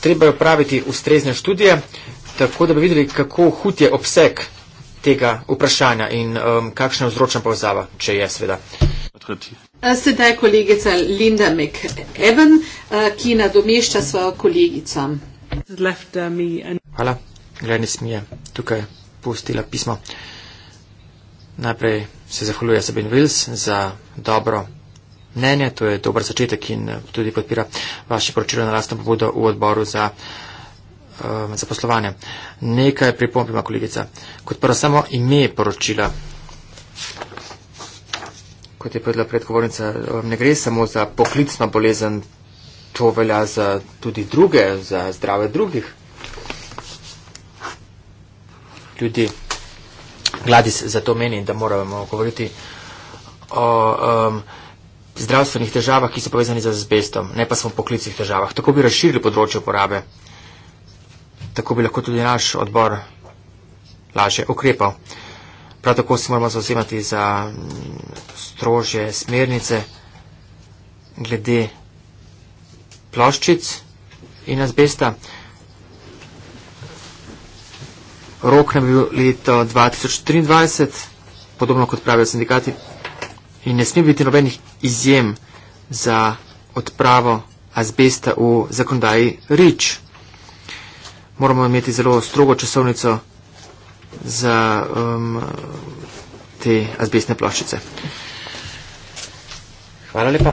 Treba je upraviti ustrezne študije, tako da bi videli, kako hud je obseg tega vprašanja in um, kakšna vzročna povezava, če je sveda. Sedaj kolegica Linda McEwen, uh, ki nadomešča svojo kolegico. Uh, Hvala, gledaj, nismije. Tukaj pustila pismo. Uh, Najprej se zahvaljuje Sabin Wills za dobro mnenje, to je dober začetek in eh, tudi podpira vaše poročilo na lastno pobudo v odboru za um, eh, zaposlovanje. Nekaj pripomb ima kolegica. Kot prvo samo ime poročila, kot je povedala predgovornica, ne gre samo za poklicno bolezen, to velja za tudi druge, za zdrave drugih ljudi. Gladis zato meni, da moramo govoriti o um, zdravstvenih težavah, ki so povezani z azbestom, ne pa samo o poklicnih težavah. Tako bi razširili področje uporabe. Tako bi lahko tudi naš odbor lažje ukrepal. Prav tako se moramo zauzemati za mm, strožje smernice glede ploščic in azbesta rok nam je bil leto 2023, podobno kot pravijo sindikati, in ne sme biti nobenih izjem za odpravo azbesta v zakonodaji REACH. Moramo imeti zelo strogo časovnico za um, te azbestne ploščice. Hvala lepa.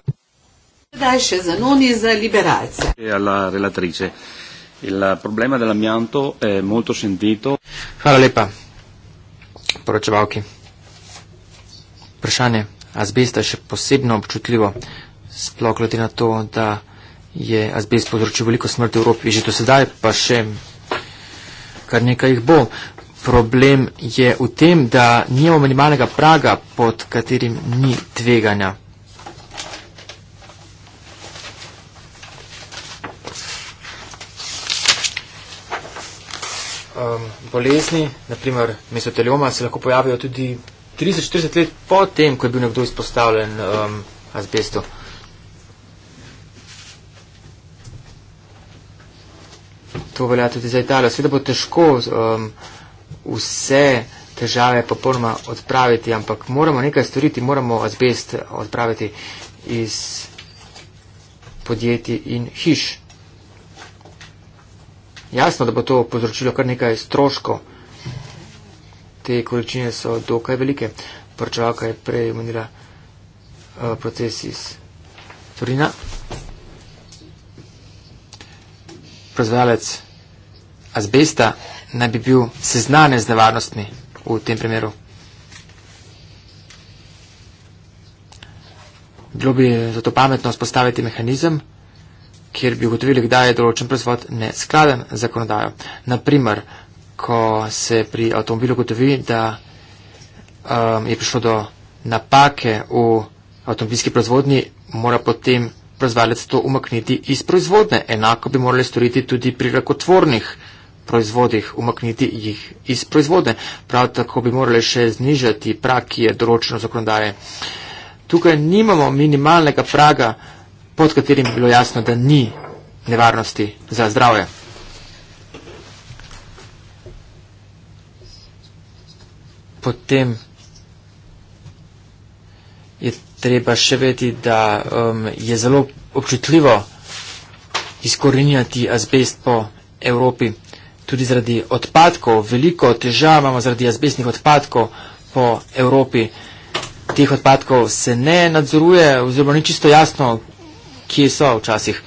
Zdaj še za noni za liberalce. Hvala, e relatrice. Il problema dell'amianto è molto sentito. Hvala lepa, poročevalki. Vprašanje azbesta je še posebno občutljivo, sploh glede na to, da je azbest povzročil veliko smrti v Evropi. Že do sedaj pa še kar nekaj jih bo. Problem je v tem, da nimamo minimalnega praga, pod katerim ni tveganja. um, bolezni, naprimer mesotelioma, se lahko pojavijo tudi 30-40 let po tem, ko je bil nekdo izpostavljen um, azbestu. To velja tudi za Italijo. Sveda bo težko um, vse težave popolnoma odpraviti, ampak moramo nekaj storiti, moramo azbest odpraviti iz podjetij in hiš. Jasno, da bo to povzročilo kar nekaj stroškov. Te količine so dokaj velike. Prčevalka je prej omenila uh, proces iz Turina. Proizvajalec azbesta naj bi bil seznanjen z nevarnostmi v tem primeru. Bilo bi zato pametno vzpostaviti mehanizem, kjer bi ugotovili, kdaj je določen proizvod neskladen z zakonodajo. Naprimer, ko se pri avtomobilu ugotovi, da um, je prišlo do napake v avtomobilski proizvodnji, mora potem proizvajalec to umakniti iz proizvodne. Enako bi morali storiti tudi pri rakotvornih proizvodih, umakniti jih iz proizvodne. Prav tako bi morali še znižati prak, ki je določen v zakonodaje. Tukaj nimamo minimalnega praga, pod katerim bi bilo jasno, da ni nevarnosti za zdravje. Potem je treba še vedeti, da um, je zelo občutljivo izkoreninjati azbest po Evropi. Tudi zaradi odpadkov, veliko težav imamo zaradi azbestnih odpadkov po Evropi. Teh odpadkov se ne nadzoruje oziroma ni čisto jasno, ki so včasih.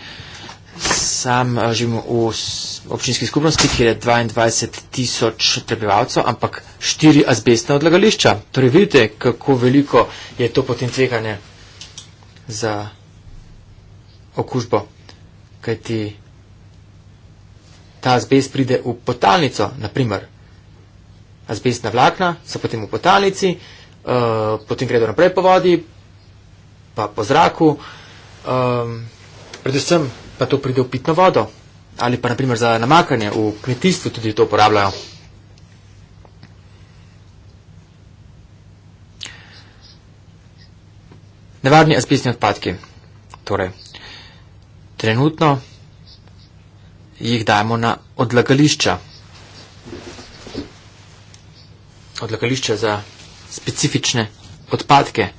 Sam eh, živim v občinski skupnosti, kjer je 22 tisoč prebivalcev, ampak štiri azbestne odlagališča. Torej vidite, kako veliko je to potem tveganje za okužbo, kajti ta azbest pride v potalnico, naprimer. Azbestna vlakna so potem v potalnici, uh, potem gredo naprej po vodi, pa po zraku. Uh, Um, predvsem pa to pride v pitno vodo ali pa naprimer za namakanje v kmetijstvu tudi to uporabljajo. Nevarni azbestni odpadki. Torej, trenutno jih dajemo na odlagališča. Odlagališča za specifične odpadke.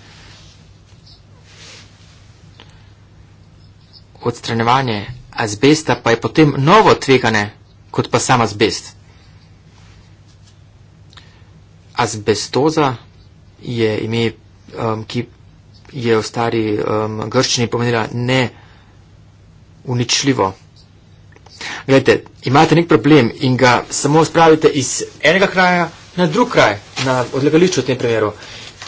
odstranjevanje azbesta pa je potem novo tvegane kot pa sam azbest. Azbestoza je ime, um, ki je v stari um, grščini pomenila ne uničljivo. Glejte, imate nek problem in ga samo spravite iz enega kraja na drug kraj, na odlagališče v tem primeru.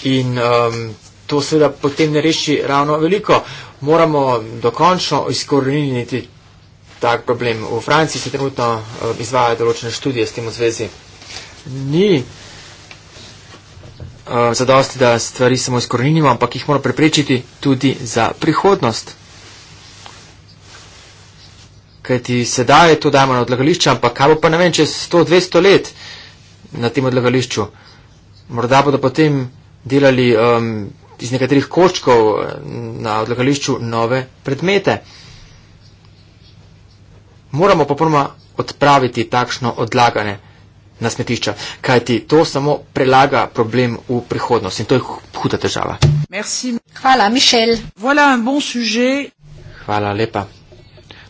In um, to seveda potem ne reši ravno veliko moramo dokončno izkoriniti tak problem. V Franciji se trenutno eh, izvajajo določene študije s tem v zvezi. Ni uh, zadosti, da stvari samo izkorinimo, ampak jih moramo preprečiti tudi za prihodnost. Kaj ti sedaj to dajmo na odlagališče, ampak kaj bo pa ne vem, čez 100-200 let na tem odlagališču. Morda bodo potem delali um, iz nekaterih koščkov eh, na odlagališču nove predmete. Moramo popolnoma odpraviti takšno odlaganje na smetišča, kajti to samo prelaga problem v prihodnost in to je huda težava. Merci. Hvala, Mišel. Voilà bon Hvala lepa.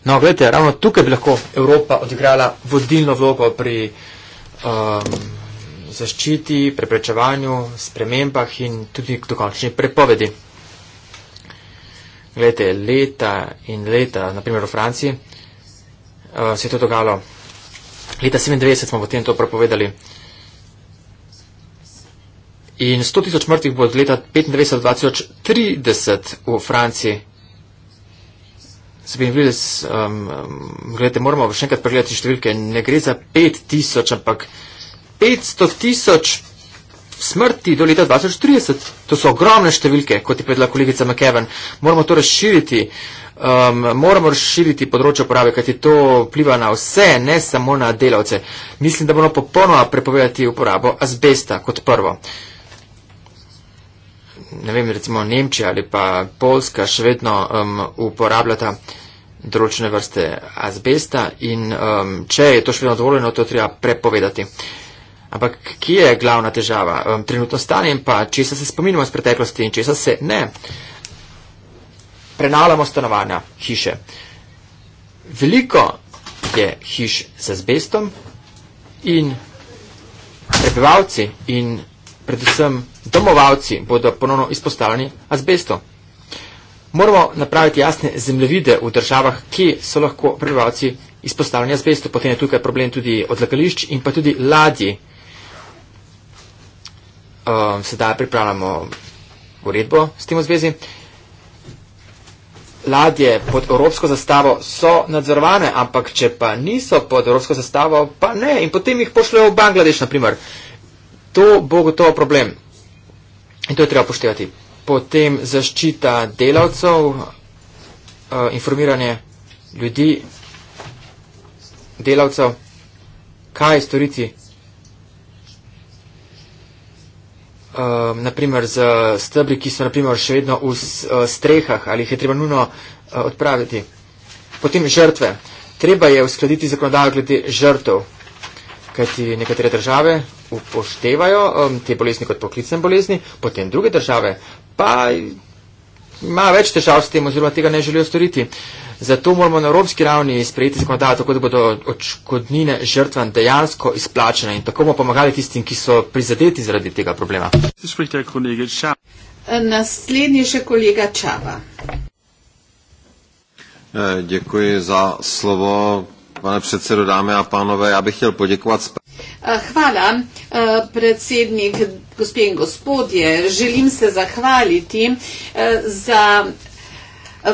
No, gledajte, ravno tukaj bi lahko Evropa odigrala vodilno vlogo pri um, zaščiti, preprečevanju, spremembah in tudi dokončni prepovedi. Glede, leta in leta, naprimer v Franciji, uh, se je to dogalo. Leta 97 smo potem to prepovedali. In 100 tisoč mrtvih bo od leta 95 do 2030 v Franciji. Se bi videli, um, gledajte, moramo še enkrat pregledati številke. Ne gre za 5 tisoč, ampak 500 tisoč smrti do leta 2030. To so ogromne številke, kot je predla kolegica McKeven. Moramo to razširiti. Um, moramo razširiti področje uporabe, kajti to vpliva na vse, ne samo na delavce. Mislim, da bomo popolnoma prepovedati uporabo azbesta kot prvo. Ne vem, recimo Nemčija ali pa Polska še vedno um, uporabljata določene vrste azbesta in um, če je to še vedno dovoljeno, to treba prepovedati. Ampak kje je glavna težava? Um, trenutno stanje in pa česa se spominjamo iz preteklosti in česa se ne. Prenalamo stanovanja, hiše. Veliko je hiš z azbestom in prebivalci in predvsem domovalci bodo ponovno izpostavljeni azbestu. Moramo napraviti jasne zemljevide v državah, ki so lahko prebivalci izpostavljeni azbestu. Potem je tukaj problem tudi odlagališč in pa tudi ladji, um, sedaj pripravljamo uredbo s tem v zvezi. Ladje pod evropsko zastavo so nadzorovane, ampak če pa niso pod evropsko zastavo, pa ne. In potem jih pošljajo v Bangladeš, na primer. To bo gotovo problem. In to je treba poštevati. Potem zaščita delavcev, uh, informiranje ljudi, delavcev, kaj storiti um, ehm, naprimer z stebri, ki so naprimer še vedno v eh, strehah ali jih je treba nujno uh, odpraviti. Potem žrtve. Treba je uskladiti zakonodajo glede žrtev, kajti nekatere države upoštevajo um, te bolezni kot poklicne bolezni, potem druge države pa imajo več težav s tem oziroma tega ne želijo storiti. Zato moramo na evropski ravni sprejeti zakonodajo, tako da bodo očkodnine žrtvam dejansko izplačene in tako bomo pomagali tistim, ki so prizadeti zaradi tega problema. Naslednji še kolega Čava. Eh, Dziękuję za słowo. Pane predsedo, dame a pánové, já bych chtěl poděkovat. Eh, Hvala, eh, predsednik, gospe in gospodje. Želim se zahvaliti eh, za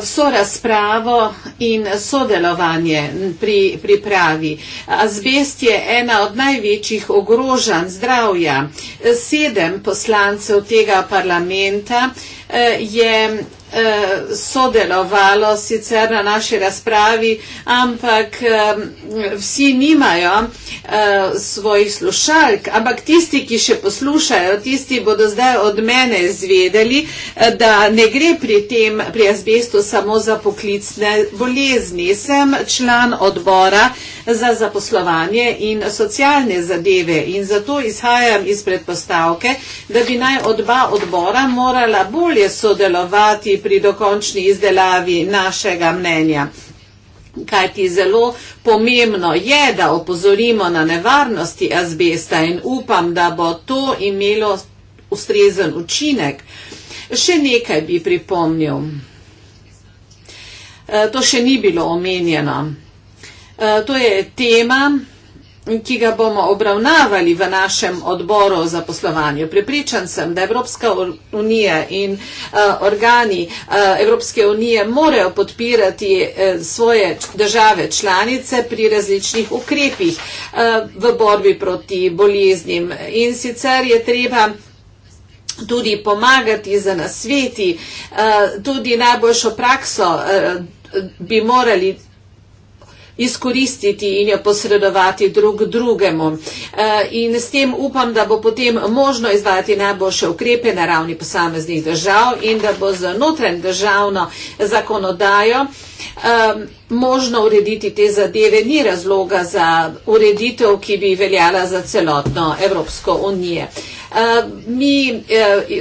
vso razpravo in sodelovanje pri pripravi. Azbest je ena od največjih ogrožanj zdravja. Sedem poslancev tega parlamenta je Eh, sodelovalo sicer na naši razpravi, ampak eh, vsi nimajo eh, svojih slušalk, ampak tisti, ki še poslušajo, tisti bodo zdaj od mene izvedeli, da ne gre pri tem, pri azbestu samo za poklicne bolezni. Sem član odbora za zaposlovanje in socialne zadeve in zato izhajam iz predpostavke, da bi naj odba odbora morala bolje sodelovati pri dokončni izdelavi našega mnenja. Kaj ti zelo pomembno je, da opozorimo na nevarnosti azbesta in upam, da bo to imelo ustrezen učinek. Še nekaj bi pripomnil. E, to še ni bilo omenjeno. E, to je tema ki ga bomo obravnavali v našem odboru za poslovanje. Pripričan sem, da Evropska unija in uh, organi uh, Evropske unije morajo podpirati uh, svoje države članice pri različnih ukrepih uh, v borbi proti boleznim. In sicer je treba tudi pomagati za nasveti, uh, tudi najboljšo prakso uh, bi morali izkoristiti in jo posredovati drug drugemu. E, in s tem upam, da bo potem možno izvajati najboljše ukrepe na ravni posameznih držav in da bo znotraj državno zakonodajo e, možno urediti te zadeve. Ni razloga za ureditev, ki bi veljala za celotno Evropsko unijo. Eh, mi uh,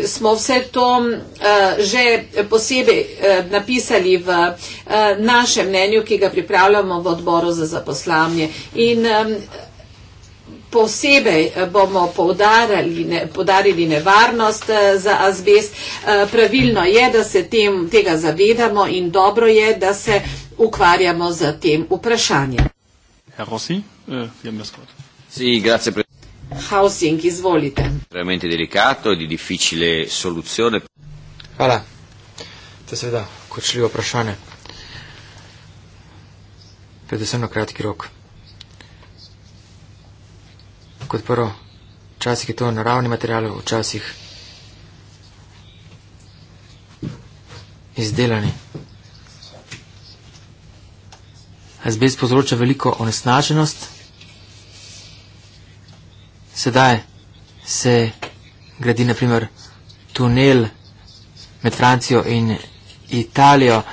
smo vse to uh, že posebej uh, napisali v uh, našem mnenju, ki ga pripravljamo v odboru za zaposlanje. In um, posebej bomo ne, podarili nevarnost uh, za azbest. Uh, pravilno je, da se tem, tega zavedamo in dobro je, da se ukvarjamo z tem vprašanjem. Herr Rossi, uh, Sie, grazie, Housing, izvolite. Realmente delicato e di difficile soluzione. Hvala. To je seveda kočljivo vprašanje. Predvsem na kratki rok. Kot prvo, včasih je to naravni material, včasih izdelani. Azbest povzroča veliko onesnaženost sedaj se gradi naprimer tunel med Francijo in Italijo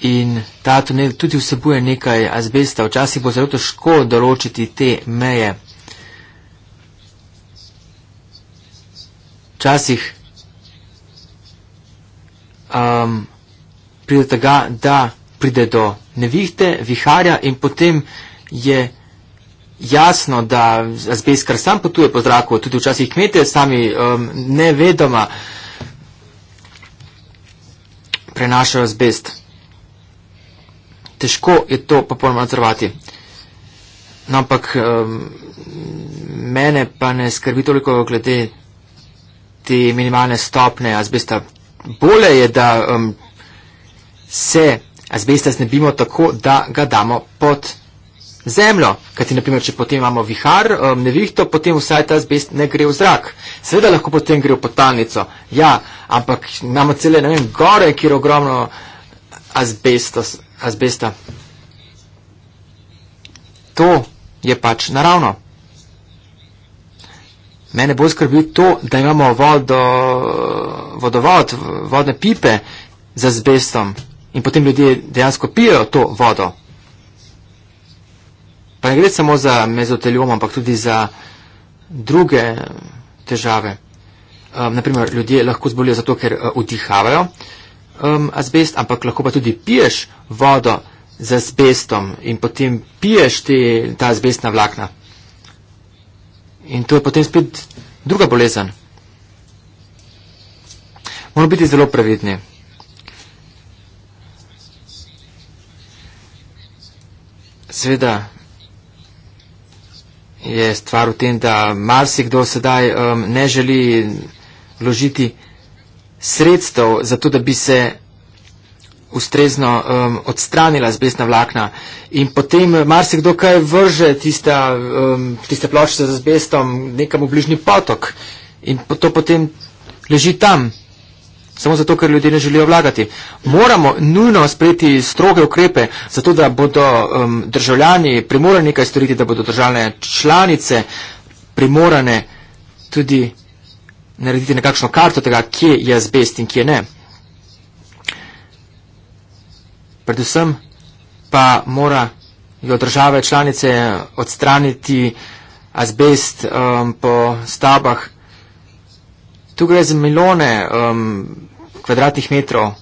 in ta tunel tudi vsebuje nekaj azbesta. Včasih bo zelo težko določiti te meje. Včasih um, pride tega, da pride do nevihte, viharja in potem je jasno, da azbest kar sam potuje po zraku, tudi včasih kmete sami um, nevedoma prenašajo azbest. Težko je to popolnoma nadzorovati. No, ampak um, mene pa ne skrbi toliko glede te minimalne stopne azbesta. Bole je, da um, se azbesta znebimo tako, da ga damo pod zemljo. Kajti, naprimer, če potem imamo vihar, um, nevihto, potem vsaj ta zbest ne gre v zrak. Seveda lahko potem gre v potalnico. Ja, ampak imamo cele, ne vem, gore, kjer je ogromno azbestos, azbesta. To je pač naravno. Mene bolj skrbi to, da imamo vodo, vodovod, vodne pipe za azbestom in potem ljudje dejansko pijejo to vodo pa ne gre samo za mezoteljom, ampak tudi za druge eh, težave. Um, ehm, naprimer, ljudje lahko zbolijo zato, ker vdihavajo eh, um, ehm, azbest, ampak lahko pa tudi piješ vodo z azbestom in potem piješ te, ta azbestna vlakna. In to je potem spet druga bolezen. Moramo biti zelo previdni. Seveda, je stvar v tem, da marsikdo sedaj um, ne želi vložiti sredstev za to, da bi se ustrezno um, odstranila zbesna vlakna in potem marsikdo kaj vrže tista, um, tiste plošče z zbestom nekam v bližnji potok in to potem leži tam samo zato, ker ljudje ne želijo vlagati. Moramo nujno sprejeti stroge ukrepe, zato da bodo um, državljani primorani nekaj storiti, da bodo državne članice primorane tudi narediti nekakšno karto tega, kje je azbest in kje ne. Predvsem pa morajo države članice odstraniti azbest um, po stavbah. Tukaj gre za milijone um, kvadratnih metrov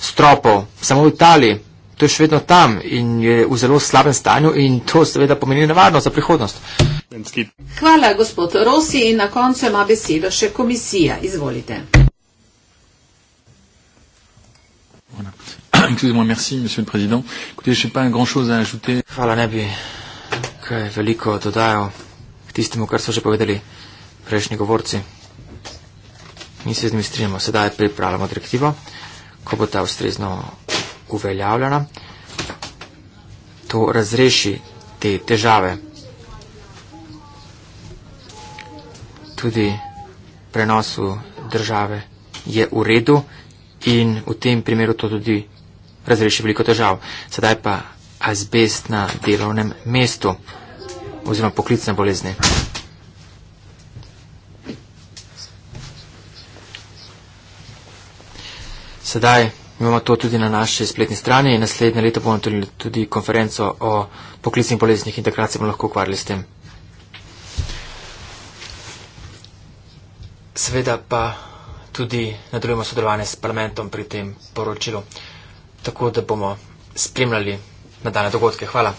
stropov, samo v Italiji. To je še vedno tam in je v zelo slabem stanju in to seveda pomeni nevarnost za prihodnost. Hvala, gospod Rosi. In na koncu ima besedo še komisija. Izvolite. Hvala, ne bi kaj veliko dodajal k tistemu, kar so že povedali prejšnji govorci. Mi se z njim strinjamo. Sedaj pripravljamo direktivo, ko bo ta ustrezno uveljavljena. To razreši te težave. Tudi prenosu države je v redu in v tem primeru to tudi razreši veliko težav. Sedaj pa azbest na delovnem mestu oziroma poklicne bolezni. Sedaj imamo to tudi na naši spletni strani in naslednje leto bomo tudi, tudi konferenco o poklicnih boleznih in takrat se bomo lahko ukvarjali s tem. Seveda pa tudi nadaljujemo sodelovanje s parlamentom pri tem poročilu, tako da bomo spremljali nadaljne dogodke. Hvala.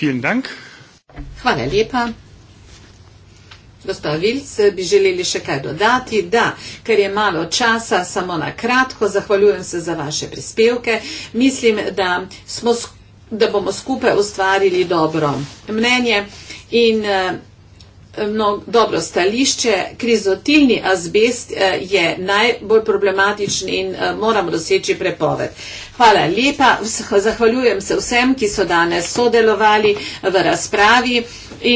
Vielen Dank. Hvala lepa. Prostovoljce bi želeli še kaj dodati, da, ker je malo časa, samo na kratko, zahvaljujem se za vaše prispevke. Mislim, da, smo, da bomo skupaj ustvarili dobro mnenje in uh, no, dobro stališče, krizotilni azbest eh, je najbolj problematičen in eh, moramo doseči prepoved. Hvala lepa, zahvaljujem se vsem, ki so danes sodelovali eh, v razpravi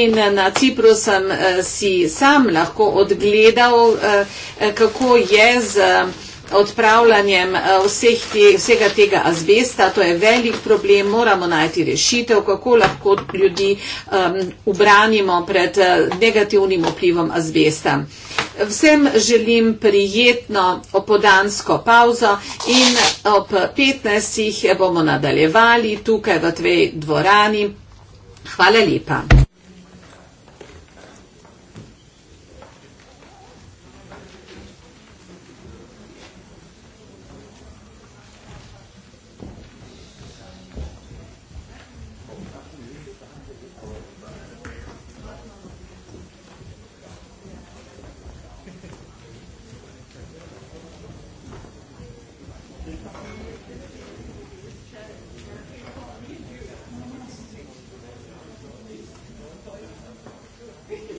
in na Cipru sem si sam lahko odgledal, kako je z odpravljanjem eh, vseh te, vsega tega azbesta. To je velik problem, moramo najti rešitev, kako lahko ljudi um, ubranimo pred eh, negativnim vplivom azbesta. Vsem želim prijetno opodansko pauzo in eh, ob 15. bomo nadaljevali tukaj v tvej dvorani. Hvala lepa.